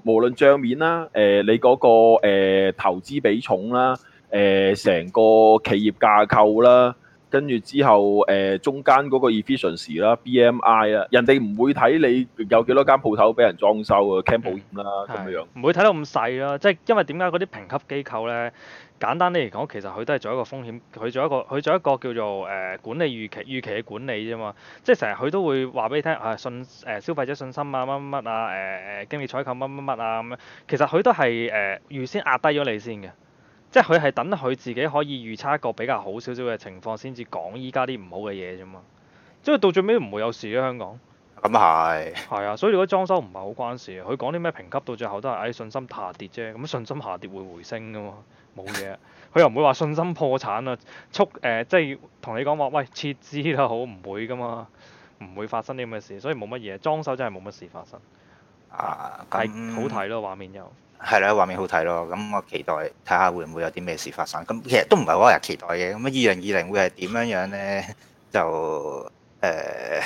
無論帳面啦，誒、呃、你嗰、嗰個、呃、投資比重啦，誒、呃、成個企業架構啦。跟住之後，誒、呃、中間嗰個 Efficiency 啦、BMI 啊，人哋唔會睇你有幾多間鋪頭俾人裝修啊，can 保險啦咁樣是，唔會睇到咁細啦。即、就、係、是、因為點解嗰啲評級機構咧？簡單啲嚟講，其實佢都係做一個風險，佢做一個，佢做一個叫做誒、呃、管理預期預期嘅管理啫嘛。即係成日佢都會話俾你聽，誒、啊、信誒、啊、消費者信心啊，乜乜乜啊，誒、啊、經理採購乜乜乜啊咁樣。其實佢都係誒、啊、預先壓低咗你先嘅。即係佢係等佢自己可以預測一個比較好少少嘅情況先至講依家啲唔好嘅嘢啫嘛，即係到最尾唔會有事喺、啊、香港。咁係。係啊，所以如果裝修唔係好關事佢講啲咩評級到最後都係誒、哎、信心下跌啫。咁信心下跌會回升噶嘛，冇嘢。佢又唔會話信心破產啊，促誒、呃、即係同你講話喂，撤資都好，唔會噶嘛，唔會發生啲咁嘅事，所以冇乜嘢裝修真係冇乜事發生。啊，嗯、是那好睇咯畫面又。係啦，畫面好睇咯，咁、嗯、我期待睇下會唔會有啲咩事發生。咁、嗯、其實都唔係我有期待嘅。咁二零二零會係點樣樣咧？就誒、呃，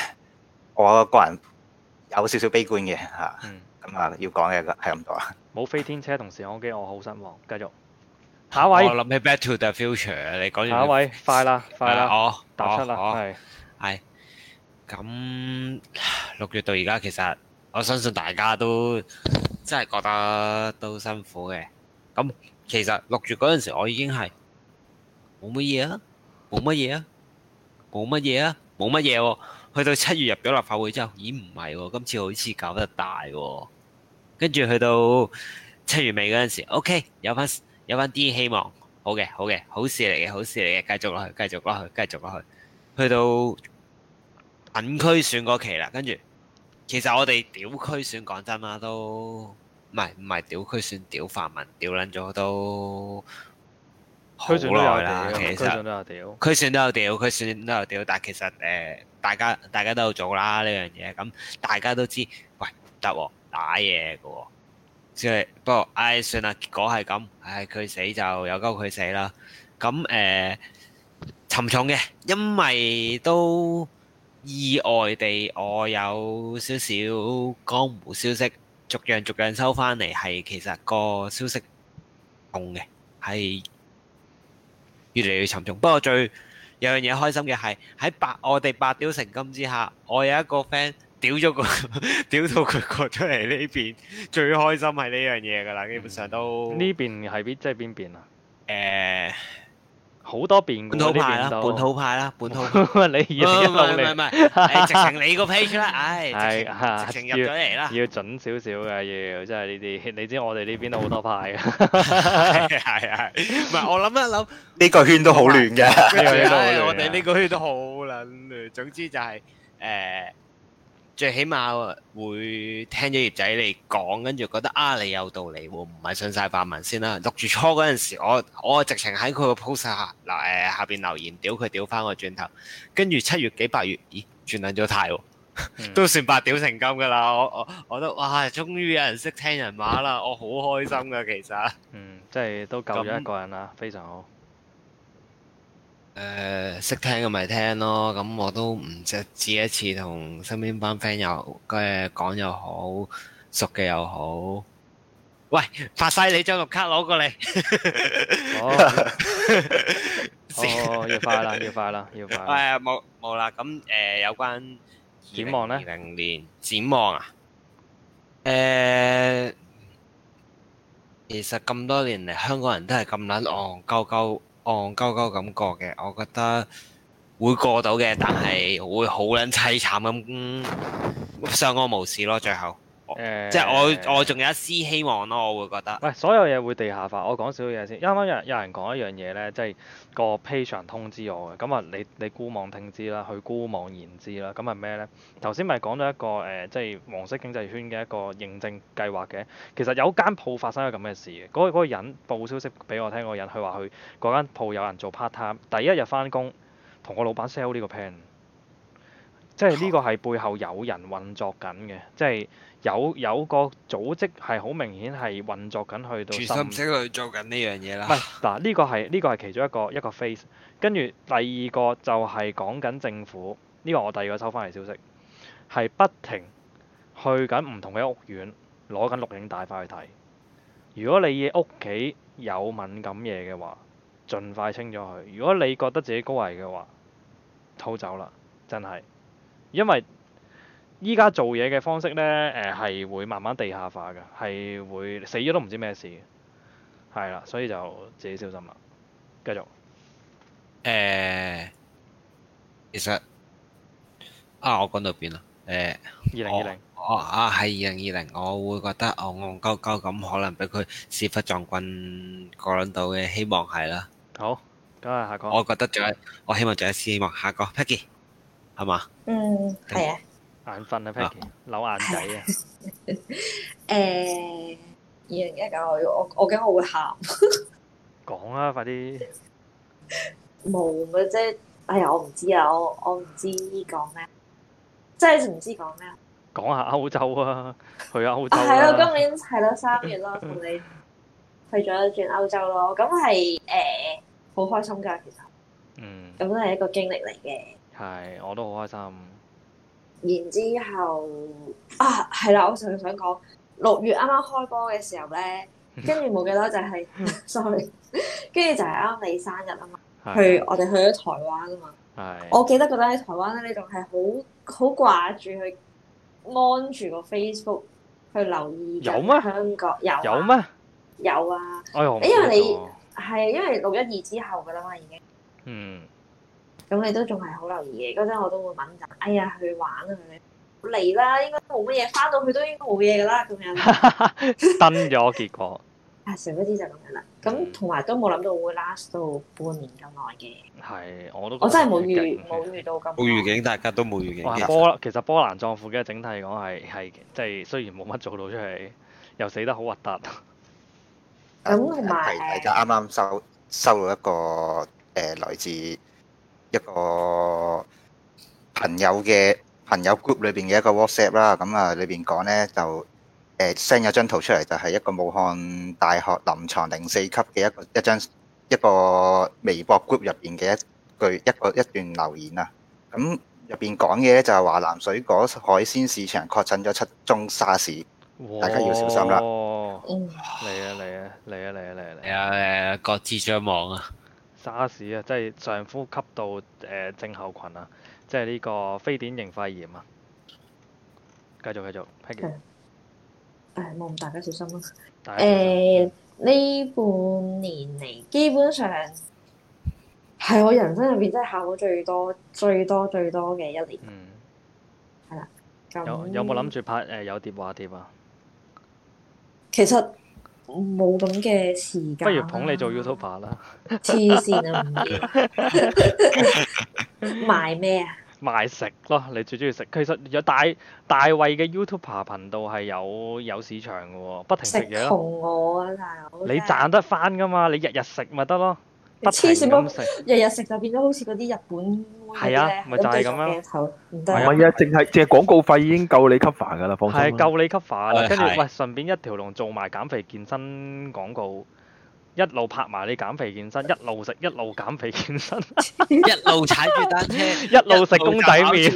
我個人有少少悲觀嘅吓。咁、嗯、啊、嗯、要講嘅係咁多啊。冇飛天車，同時我驚我好失望。繼續，下一位。我諗起 Back to the Future，你講。下一位，快啦，快啦，哦，答出啦，係係。咁六是、哎、月到而家，其實我相信大家都。真係覺得都辛苦嘅，咁其實六月嗰陣時我已經係冇乜嘢啊，冇乜嘢啊，冇乜嘢啊，冇乜嘢喎。去到七月入咗立法會之後，咦，唔係喎，今次好似搞得大喎。跟住去到七月尾嗰陣時，OK，有返有返啲希望，好嘅好嘅，好事嚟嘅好事嚟嘅，繼續落去繼續落去繼續落去，去到銀區選嗰期啦，跟住。其實我哋屌區選，講真啦，都唔係唔係屌區選，屌泛民，屌捻咗都好耐啦，其實區選都有屌，區選都有屌，區選都有屌。但係其實誒、呃，大家大家都有做啦呢樣嘢，咁、嗯、大家都知，喂得喎，打嘢嘅喎，即係不過，唉、哎、算啦，結果係咁，唉、哎、佢死就有鳩佢死啦。咁、嗯、誒、呃、沉重嘅，因為都。意外地，我有少少江湖消息，逐樣逐樣收翻嚟，係其實個消息重嘅，係越嚟越沉重。不過最有樣嘢開心嘅係喺百我哋百屌成金之下，我有一個 friend 屌咗個屌 到佢過出嚟呢邊，最開心係呢樣嘢㗎啦，基本上都呢、嗯、邊係邊即係邊邊啊？誒、呃、～好多變本土派啦，本土派啦，本土，你而家一路嚟，唔係直情你個 page 啦，唉，直情入咗嚟啦，要準少少嘅，要，即係呢啲，你知我哋呢邊都好多派嘅，係係係，唔係我諗一諗，呢個圈都好亂嘅，我哋呢個圈都好撚亂，總之就係誒。最起碼會聽咗葉仔你講，跟住覺得啊，你有道理喎，唔係信晒法文先啦。六月初嗰陣時，我我直情喺佢個 post 下嗱誒、呃、下邊留言，屌佢屌翻我轉頭，跟住七月幾八月，咦轉兩咗軚喎，態哦 嗯、都算百屌成金噶啦！我我覺得哇，終於有人識聽人話啦，我好開心噶其實。嗯，即係都救咗一個人啦，樣非常好。誒，識聽嘅咪聽咯，咁我都唔只止一次同身邊班 friend 又嘅講又好熟嘅又好。喂，發晒你張綠卡攞過嚟。哦，哦，要快啦，要快啦，要快。係啊，冇冇啦，咁誒有關展望咧，二零年展望啊？誒，其實咁多年嚟，香港人都係咁撚戇鳩鳩。戇鳩鳩咁過嘅，我覺得會過到嘅，但係會好撚凄慘咁，相、嗯、安無事咯，最後。誒，即係我、欸、我仲有一絲希望咯，我會覺得喂，唔係所有嘢會地下化。我講少少嘢先。啱啱有有人講一樣嘢咧，即係個 Patreon 通知我嘅。咁啊，你你姑妄聽之啦，去姑妄言之啦。咁係咩咧？頭先咪講咗一個誒、呃，即係黃色經濟圈嘅一個認證計劃嘅。其實有間鋪發生咗個咁嘅事嘅。嗰嗰個人報消息俾我聽，嗰個人佢話佢嗰間鋪有人做 part time，第一日翻工同個老闆 sell 呢個 plan。即係呢個係背後有人運作緊嘅，即係有有個組織係好明顯係運作緊去到深。唔識去做緊呢樣嘢啦。嗱，呢個係呢個係其中一個一個 face，跟住第二個就係講緊政府呢個。我第二個收翻嚟消息係不停去緊唔同嘅屋苑攞緊錄影帶翻去睇。如果你嘅屋企有敏感嘢嘅話，盡快清咗佢。如果你覺得自己高危嘅話，偷走啦，真係。因為依家做嘢嘅方式咧，誒、呃、係會慢慢地下化噶係會死咗都唔知咩事，係啦，所以就自己小心啦。繼續。誒、欸，其實啊，我講到邊啦？誒、欸，二零二零。哦啊，係二零二零，我會覺得我戇戇鳩鳩咁，可能俾佢屎忽撞棍過輪到嘅希望係啦。好，咁啊，下個。我覺得仲有，我希望仲有希望，下個 Peggy。Peki 係嘛？嗯，係啊。眼瞓啊 Patrick 扭眼仔啊。誒 、呃，二零一九，我我我驚我會喊。講 啊，快啲。冇嘅，即係，哎呀，我唔知啊，我我唔知講咩，即係唔知講咩。講下歐洲啊，去歐洲，啊。係 咯，啊啊，今年係咯，三月咯，同你去咗一轉歐洲咯，咁係誒好開心噶，其實。嗯。咁都係一個經歷嚟嘅。係，我都好開心。然之後啊，係啦，我仲想講六月啱啱開波嘅時候咧，跟住冇記得就係，sorry，跟住就係啱你生日啊嘛，去係我哋去咗台灣啊嘛，係我記得覺得喺台灣咧，你仲係好好掛住去安住個 Facebook 去留意有咩。有咩？香港有咩？有啊，因為你係因為六一二之後嘅啦嘛，已經。嗯。咁你都仲係好留意嘅，嗰陣我都會問緊，哎呀去玩啊，佢嚟啦，應該都冇乜嘢，翻到去都應該冇嘢㗎啦，咁樣。出新咗結果，啊，誰不知就咁樣啦。咁同埋都冇諗到會 last 到半年咁耐嘅。係，我都我真係冇預冇預到咁。冇預警，大家都冇預警。哇，波，其實波蘭政府嘅整體嚟講係係，即係雖然冇乜做到出去，又死得好核突。咁同埋，係大家啱啱收收到一個誒來自，一個朋友嘅朋友 group 裏邊嘅一個 WhatsApp 啦，咁、嗯、啊，裏邊講呢就誒 send 咗張圖出嚟，就係、係、一個武漢大學臨床零四級嘅一個一張一個微博 group 入邊嘅一句一個一段留言啊。咁入邊講嘅咧就係華南水果海鮮市場確診咗七宗沙士哇，大家要小心啦。嚟啊嚟啊嚟啊嚟啊嚟啊！嚟啊，啊，啊，啊，啊各自張網啊！沙士啊，即係上呼吸道誒症候群啊，即係呢個非典型肺炎啊。繼續繼續，誒，望、哎、大，大家小心啦。誒，呢、呃、半年嚟基本上係我人生入邊真係考最多、最多、最多嘅一年。嗯。係啦，咁有有冇諗住拍誒、呃、有碟話碟啊？其實。冇咁嘅時間。不如捧你做 YouTuber 啦。黐 線啊！賣咩 啊？賣食咯，你最中意食。其實有大大衞嘅 YouTuber 頻道係有有市場㗎喎，不停食嘢。食窮我啊！大佬，你賺得翻㗎嘛？你日日食咪得咯。黐線咯，日日食就變咗好似嗰啲日本，係啊，咪就係咁啦。唔係啊，淨係淨係廣告費已經夠你 cover 㗎啦，放心。係夠你 cover 啦，跟住喂，順便一條龍做埋減肥健身廣告。一路拍埋你減肥健身，一路食一路減肥健身，一路踩住單車，一路食公仔麵，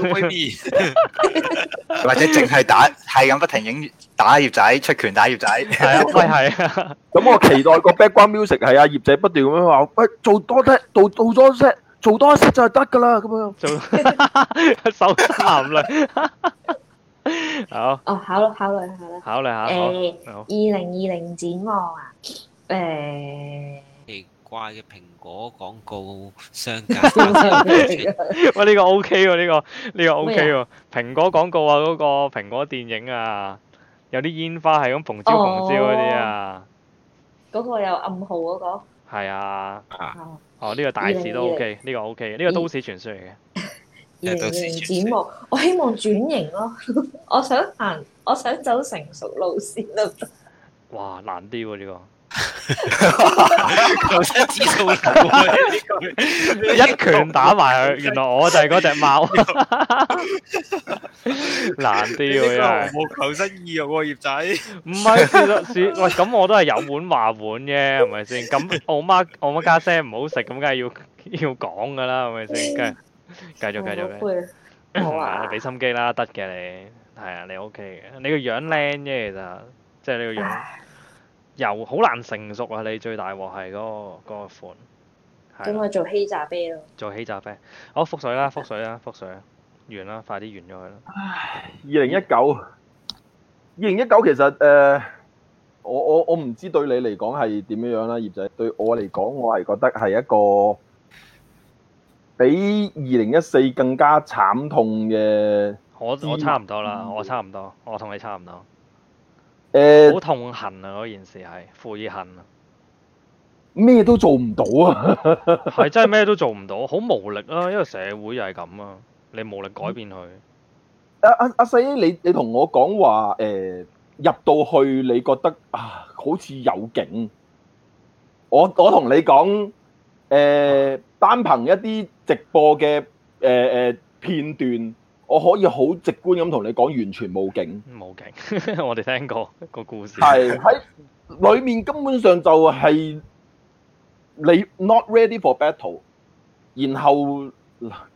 或者淨係打係咁不停影打葉仔出拳打葉仔，係啊，係啊。咁我期待個 background music 係啊，葉仔不斷咁樣話，喂，做多啲，做做多啲，做多啲就係得噶啦，咁樣。做，收斂啦。好。哦，考考慮考慮。考慮考慮。誒，二零二零展望啊！誒，奇怪嘅蘋果廣告相架，哇！呢個 O K 喎，呢個呢個 O K 喎，蘋果廣告啊，嗰個蘋果電影啊，有啲煙花係咁紅燒紅燒嗰啲啊，嗰個有暗號嗰個，係啊，哦，呢個大字都 O K，呢個 O K，呢個都市傳説嚟嘅，都市傳說，我希望轉型咯，我想行，我想走成熟路線都得，哇，難啲喎呢個。求生指數，一拳打埋佢。原來我就係嗰隻貓，難啲喎又。冇求生意喎葉仔。唔係，喂咁我都係有碗話碗啫，係咪先？咁我媽我媽家聲唔好食，咁梗係要要講噶啦，係咪先？梗係繼續繼續，俾心機啦，得嘅你，係啊，你 OK 嘅，你個樣靚啫，其實即係你個樣。又好難成熟啊！你最大鑊係嗰嗰款，咁我做欺詐啤咯。做欺詐啤，好覆水啦，覆水啦，覆水，覆水，覆水完啦，快啲完咗佢啦。唉，二零一九，二零一九其實誒、呃，我我我唔知對你嚟講係點樣樣、啊、啦，葉仔。對我嚟講，我係覺得係一個比二零一四更加慘痛嘅。我我差唔多啦，我差唔多、嗯、多，我同你差唔多。好、呃、痛恨啊！嗰件事係悔恨啊，咩都做唔到啊，係 真係咩都做唔到，好無力啊！因為社會又係咁啊，你無力改變佢、嗯啊。阿阿阿細，你你同我講話，誒、呃，入到去你覺得啊，好似有景。我我同你講，誒、呃，單憑一啲直播嘅誒誒片段。我可以好直觀咁同你講，完全冇警，冇無警， 我哋聽過個故事。係喺裏面根本上就係你 not ready for battle，然後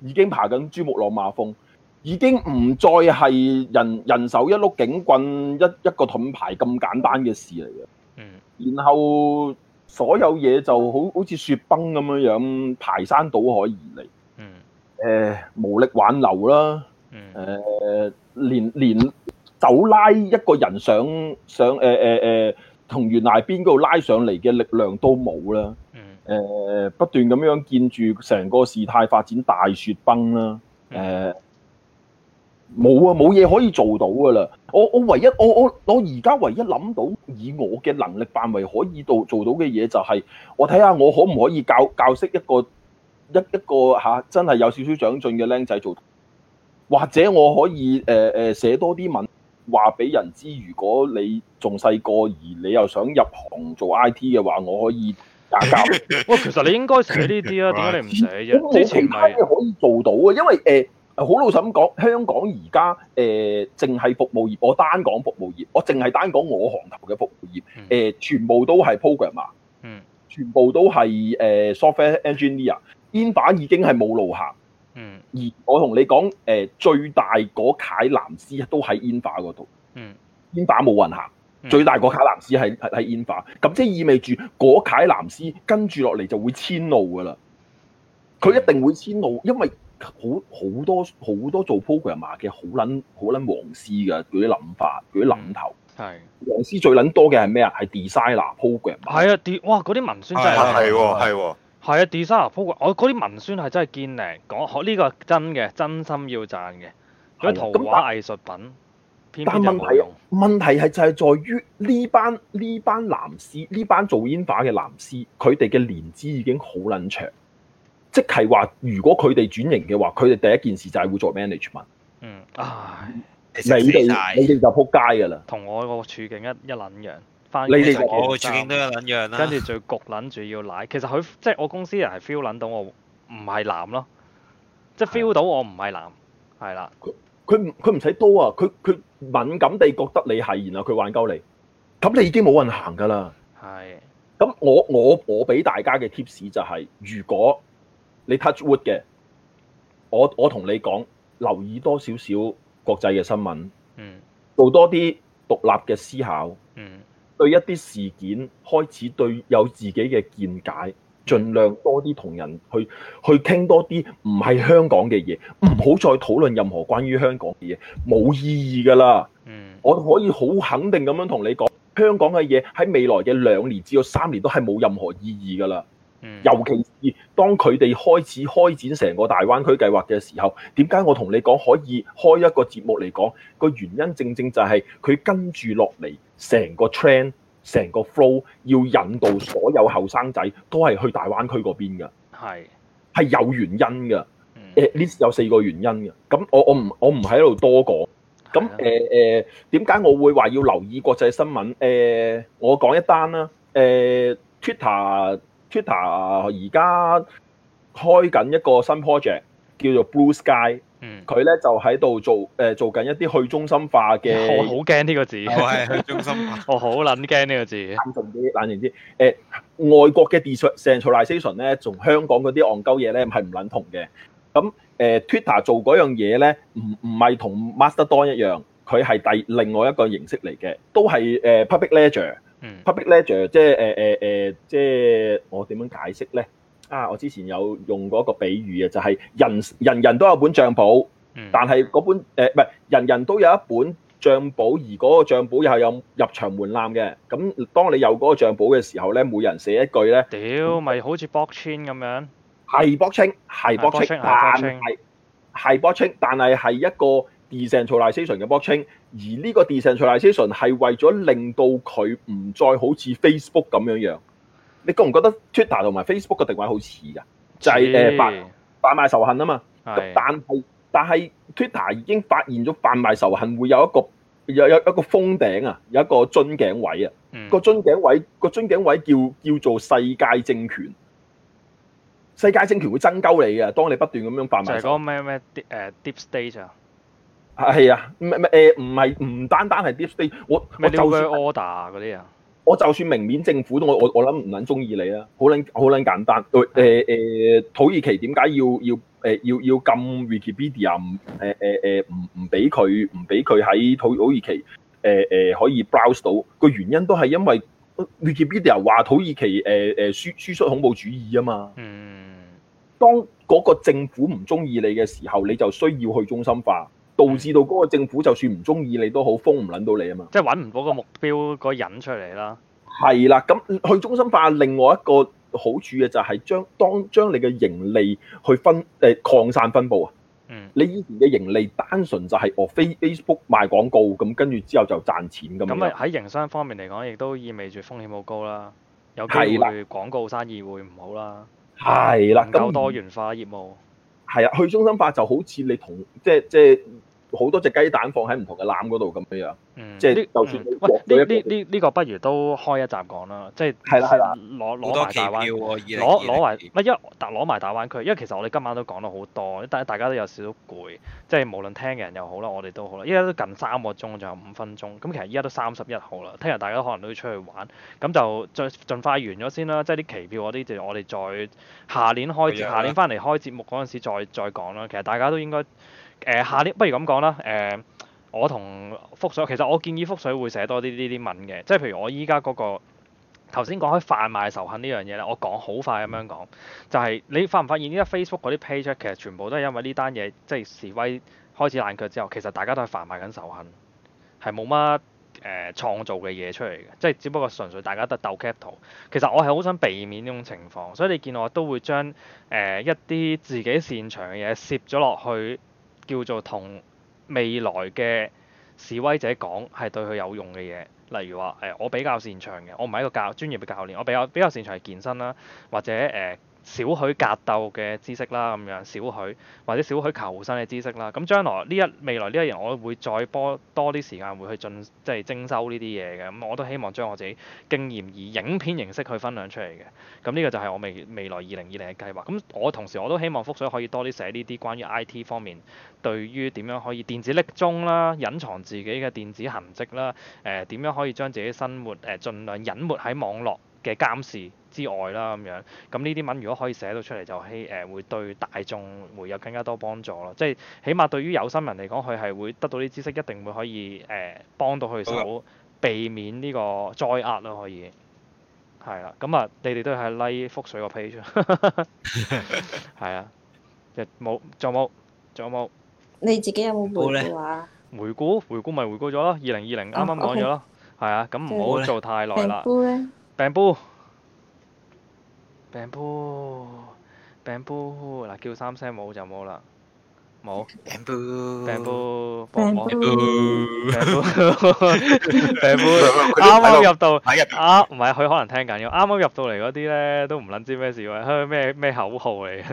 已經爬緊珠穆朗瑪峰，已經唔再係人人手一碌警棍一一個盾牌咁簡單嘅事嚟嘅。嗯，然後所有嘢就好好似雪崩咁樣樣排山倒海而嚟。嗯，誒、呃、無力挽留啦。誒、呃，連連走拉一個人上上誒誒誒，同、呃呃、懸崖邊嗰度拉上嚟嘅力量都冇啦。誒、嗯呃，不斷咁樣見住成個事態發展大雪崩啦。誒、呃，冇啊、嗯，冇嘢可以做到噶啦。我我唯一我我我而家唯一諗到以我嘅能力範圍可以做做到嘅嘢，就係我睇下我可唔可以教教識一個一一個吓真係有少少長進嘅僆仔做。或者我可以誒誒、呃、寫多啲文話俾人知，如果你仲細個而你又想入行做 IT 嘅話，我可以教。喂， 其實你應該寫呢啲啊，點解你唔寫？之前唔係可以做到啊！因為誒好、呃、老實咁講，香港而家誒淨係服務業，我單講服務業，我淨係單講我行頭嘅服務業，誒、呃、全部都係 programmer，全部都係誒 software engineer，編版已經係冇路行。嗯，而我同你講，誒，最大嗰啲藍絲都喺煙化嗰度。嗯，煙化冇運行，最大嗰啲藍絲係係係煙化，咁即係意味住嗰啲藍絲跟住落嚟，就會遷怒噶啦。佢一定會遷怒，因為好好多好多做 programmer 嘅好捻好捻黃絲嘅嗰啲諗法，嗰啲諗頭係黃絲最捻多嘅係咩啊？係 designer program 係啊，哇！嗰啲文宣真係係係啊，designer 我嗰啲文宣係真係堅靚，講學呢個真嘅，真心要讚嘅。如果圖畫但藝術品，偏偏冇用。問，問題係就係在於呢班呢班男士，呢班做煙花嘅男士，佢哋嘅年資已經好撚長，即係話如果佢哋轉型嘅話，佢哋第一件事就係會做 management。嗯，唉，你哋你哋就撲街㗎啦。同我個處境一一撚樣。你哋我嘅處境都有兩樣啦，跟住再焗撚住要奶。其實佢即係我公司人係 feel 撚到我唔係男咯，是的 即係 feel 到我唔係男係啦。佢佢佢唔使多啊，佢佢敏感地覺得你係，然後佢玩鳩你。咁你已經冇運行噶啦。係咁是的，我我我俾大家嘅 tips 就係、是，如果你 touch wood 嘅，我我同你講，留意多少少國際嘅新聞，嗯，做多啲獨立嘅思考，嗯。對一啲事件開始對有自己嘅見解，盡量多啲同人去去傾多啲，唔係香港嘅嘢，唔好再討論任何關於香港嘅嘢，冇意義㗎啦。嗯，我可以好肯定咁樣同你講，香港嘅嘢喺未來嘅兩年至到三年都係冇任何意義㗎啦。尤其是當佢哋開始開展成個大灣區計劃嘅時候，點解我同你講可以開一個節目嚟講個原因？正正就係佢跟住落嚟成個 train 成個 flow 要引導所有後生仔都係去大灣區嗰邊嘅，係係是有原因嘅。誒 l、嗯、有四個原因嘅。咁我我唔我唔喺度多講。咁誒誒，呃、點解我會話要留意國際新聞？誒、呃，我講一單啦。誒、呃，Twitter。Twitter 而家開緊一個新 project，叫做 Blue Sky、嗯。佢咧就喺度做誒、呃、做緊一啲去中心化嘅。好驚呢個字。係 去中心化。 我好撚驚呢個字。撚順啲，冷靜啲。誒、呃，外國嘅 decentralization 咧，同香港嗰啲戇鳩嘢咧，係唔撚同嘅。咁、嗯、誒、呃、Twitter 做嗰樣嘢咧，唔唔係同 Mastodon 一樣，佢係第另外一個形式嚟嘅，都係誒、呃、public ledger。public ledger，即係誒誒誒，即係我點樣解釋咧？啊，我之前有用過一個比喻嘅，就係人人人都有本帳簿，但係嗰本誒唔係人人都有一本帳簿，而嗰個帳簿又係有入場門檻嘅。咁當你有嗰個帳簿嘅時候咧，每人寫一句咧，屌咪好似 Blockchain 咁樣，係 Blockchain，係 Blockchain，但係係 Blockchain，但係係一個。Decentralisation 嘅 boxing 而呢個 decentralisation 係為咗令到佢唔再好似 Facebook 咁樣樣。你覺唔覺得 Twitter 同埋 Facebook 嘅定位好似㗎？就係、是、誒，販販嘿、呃、賣仇恨啊嘛。是但係但係 Twitter 已經發現咗販賣仇恨會有一個有有，有，有一個封頂啊，有一個樽頸位啊。嗯、個樽頸位、個樽頸位叫叫做世界政權，世界政權會爭鳩你嘅。當你不斷咁樣販賣仇恨，就係咩咩啲 deep state 啊。係啊，唔唔誒，唔係唔單單係 deep state 我我就算 order 嗰啲啊，我就算明面政府都我我我諗唔捻中意你啊，好捻好捻簡單。誒誒誒，土耳其點解要、欸、要誒要要禁 Wikipedia？唔、欸、誒誒誒，唔唔俾佢唔俾佢喺土土耳其誒誒、欸呃、可以 browse 到個原因都係因為 Wikipedia 話土耳其誒誒輸輸出恐怖主義啊嘛。嗯，當嗰個政府唔中意你嘅時候，你就需要去中心化。導致到嗰個政府就算唔中意你都好，封唔撚到你啊嘛！即係揾唔到個目標個人出嚟啦。係啦，咁去中心化另外一個好處嘅就係將當將你嘅盈利去分誒、呃、擴散分佈啊。嗯。你以前嘅盈利單純就係哦，Facebook 賣廣告咁，跟住之後就賺錢咁咁啊，喺營商方面嚟講，亦都意味住風險好高啦，有機會廣告生意會唔好啦。係啦的，咁的多元化業務。係啊，去中心化就好似你同即係即係。好多隻雞蛋放喺唔同嘅籃嗰度咁樣樣，即係就算呢呢呢呢個不如都開一集講啦，即係係啦係啦，攞攞埋大灣，攞攞埋唔一攞埋大灣區，因為其實我哋今晚都講咗好多，但大大家都有少少攰，即係無論聽嘅人又好啦，我哋都好啦，依家都近三個鐘，仲有五分鐘，咁其實依家都三十一號啦，聽日大家可能都要出去玩，咁就盡盡快完咗先啦，即係啲期票嗰啲，就我哋再下年開下年翻嚟開節目嗰陣時再再講啦，其實大家都應該。誒、呃，下啲不如咁講啦。誒、呃，我同福水，其實我建議福水會寫多啲呢啲文嘅，即係譬如我依家嗰個頭先講開販賣仇恨呢樣嘢咧，我講好快咁樣講，就係、是、你發唔發現依家 Facebook 嗰啲 page 其實全部都係因為呢單嘢，即係示威開始爛腳之後，其實大家都係販賣緊仇恨，係冇乜誒創造嘅嘢出嚟嘅，即係只不過純粹大家得鬥 cap 圖。其實我係好想避免呢種情況，所以你見我都會將誒、呃、一啲自己擅長嘅嘢攝咗落去。叫做同未來嘅示威者講係對佢有用嘅嘢，例如話誒、呃，我比較擅長嘅，我唔係一個教專業嘅教練，我比較比較擅長係健身啦、啊，或者誒、呃少許格鬥嘅知識啦，咁樣少許，或者少許求生嘅知識啦。咁將來呢一未來呢一樣，我會再播多啲時間，會去進即係徵收呢啲嘢嘅。咁我都希望將我自己經驗以影片形式去分享出嚟嘅。咁呢個就係我未未來二零二零嘅計劃。咁我同時我都希望福水可以多啲寫呢啲關於 IT 方面，對於點樣可以電子匿蹤啦、隱藏自己嘅電子痕跡啦，誒、呃、點樣可以將自己生活誒儘、呃、量隱沒喺網絡嘅監視之外啦，咁樣咁呢啲文如果可以寫到出嚟，就係會對大眾會有更加多幫助咯。即係起碼對於有心人嚟講，佢係會得到啲知識，一定會可以誒、欸、幫到佢手避免呢個災壓咯。可以係啦。咁啊，你哋都係拉、like、覆水個 page。係 啊，仲有冇？仲有冇。有有你自己有冇回顧啊？回顧回顧咪回顧咗咯。二零二零啱啱講咗咯。係啊、哦，咁唔好做太耐啦。病煲，病煲，病煲，嗱叫三聲冇就冇啦，冇。病煲，病煲，病煲，病煲，啱啱入到，啱唔係佢可能聽緊要，啱啱入到嚟嗰啲咧都唔撚知咩事喂，咩咩口號嚟嘅？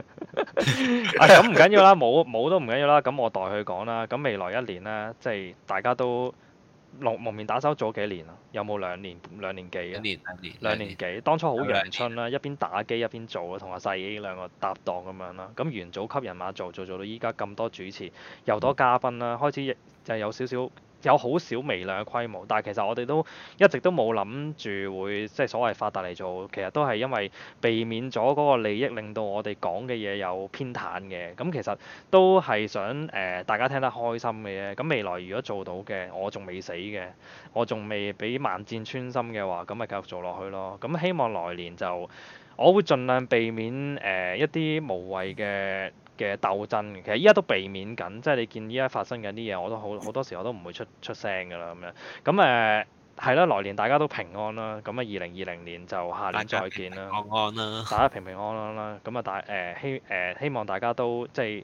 咁唔緊要啦，冇冇都唔緊要啦，咁我代佢講啦。咁未來一年咧，即係大家都。蒙面打手早幾年啊，有冇兩年兩年幾啊？一年兩年，兩年，兩年幾？當初好陽春啦，年一邊打機一邊做，啊，同阿細兩個搭檔咁樣啦。咁元祖級人馬做做做到依家咁多主持，又多嘉賓啦，嗯、開始就有少少。有好少微量嘅規模，但係其實我哋都一直都冇諗住會即係所謂發達嚟做，其實都係因為避免咗嗰個利益，令到我哋講嘅嘢有偏袒嘅。咁其實都係想誒、呃、大家聽得開心嘅啫。咁未來如果做到嘅，我仲未死嘅，我仲未畀萬箭穿心嘅話，咁咪繼續做落去咯。咁希望來年就我會盡量避免誒、呃、一啲無謂嘅嘅鬥爭，其實依家都避免緊，即係你見依家發生緊啲嘢，我都好好多時候我都唔會出出聲噶啦咁樣。咁誒係啦，來年大家都平安啦。咁啊，二零二零年就下年再見啦，平安啦，大家平平安安啦。咁啊，大誒希誒希望大家都即係。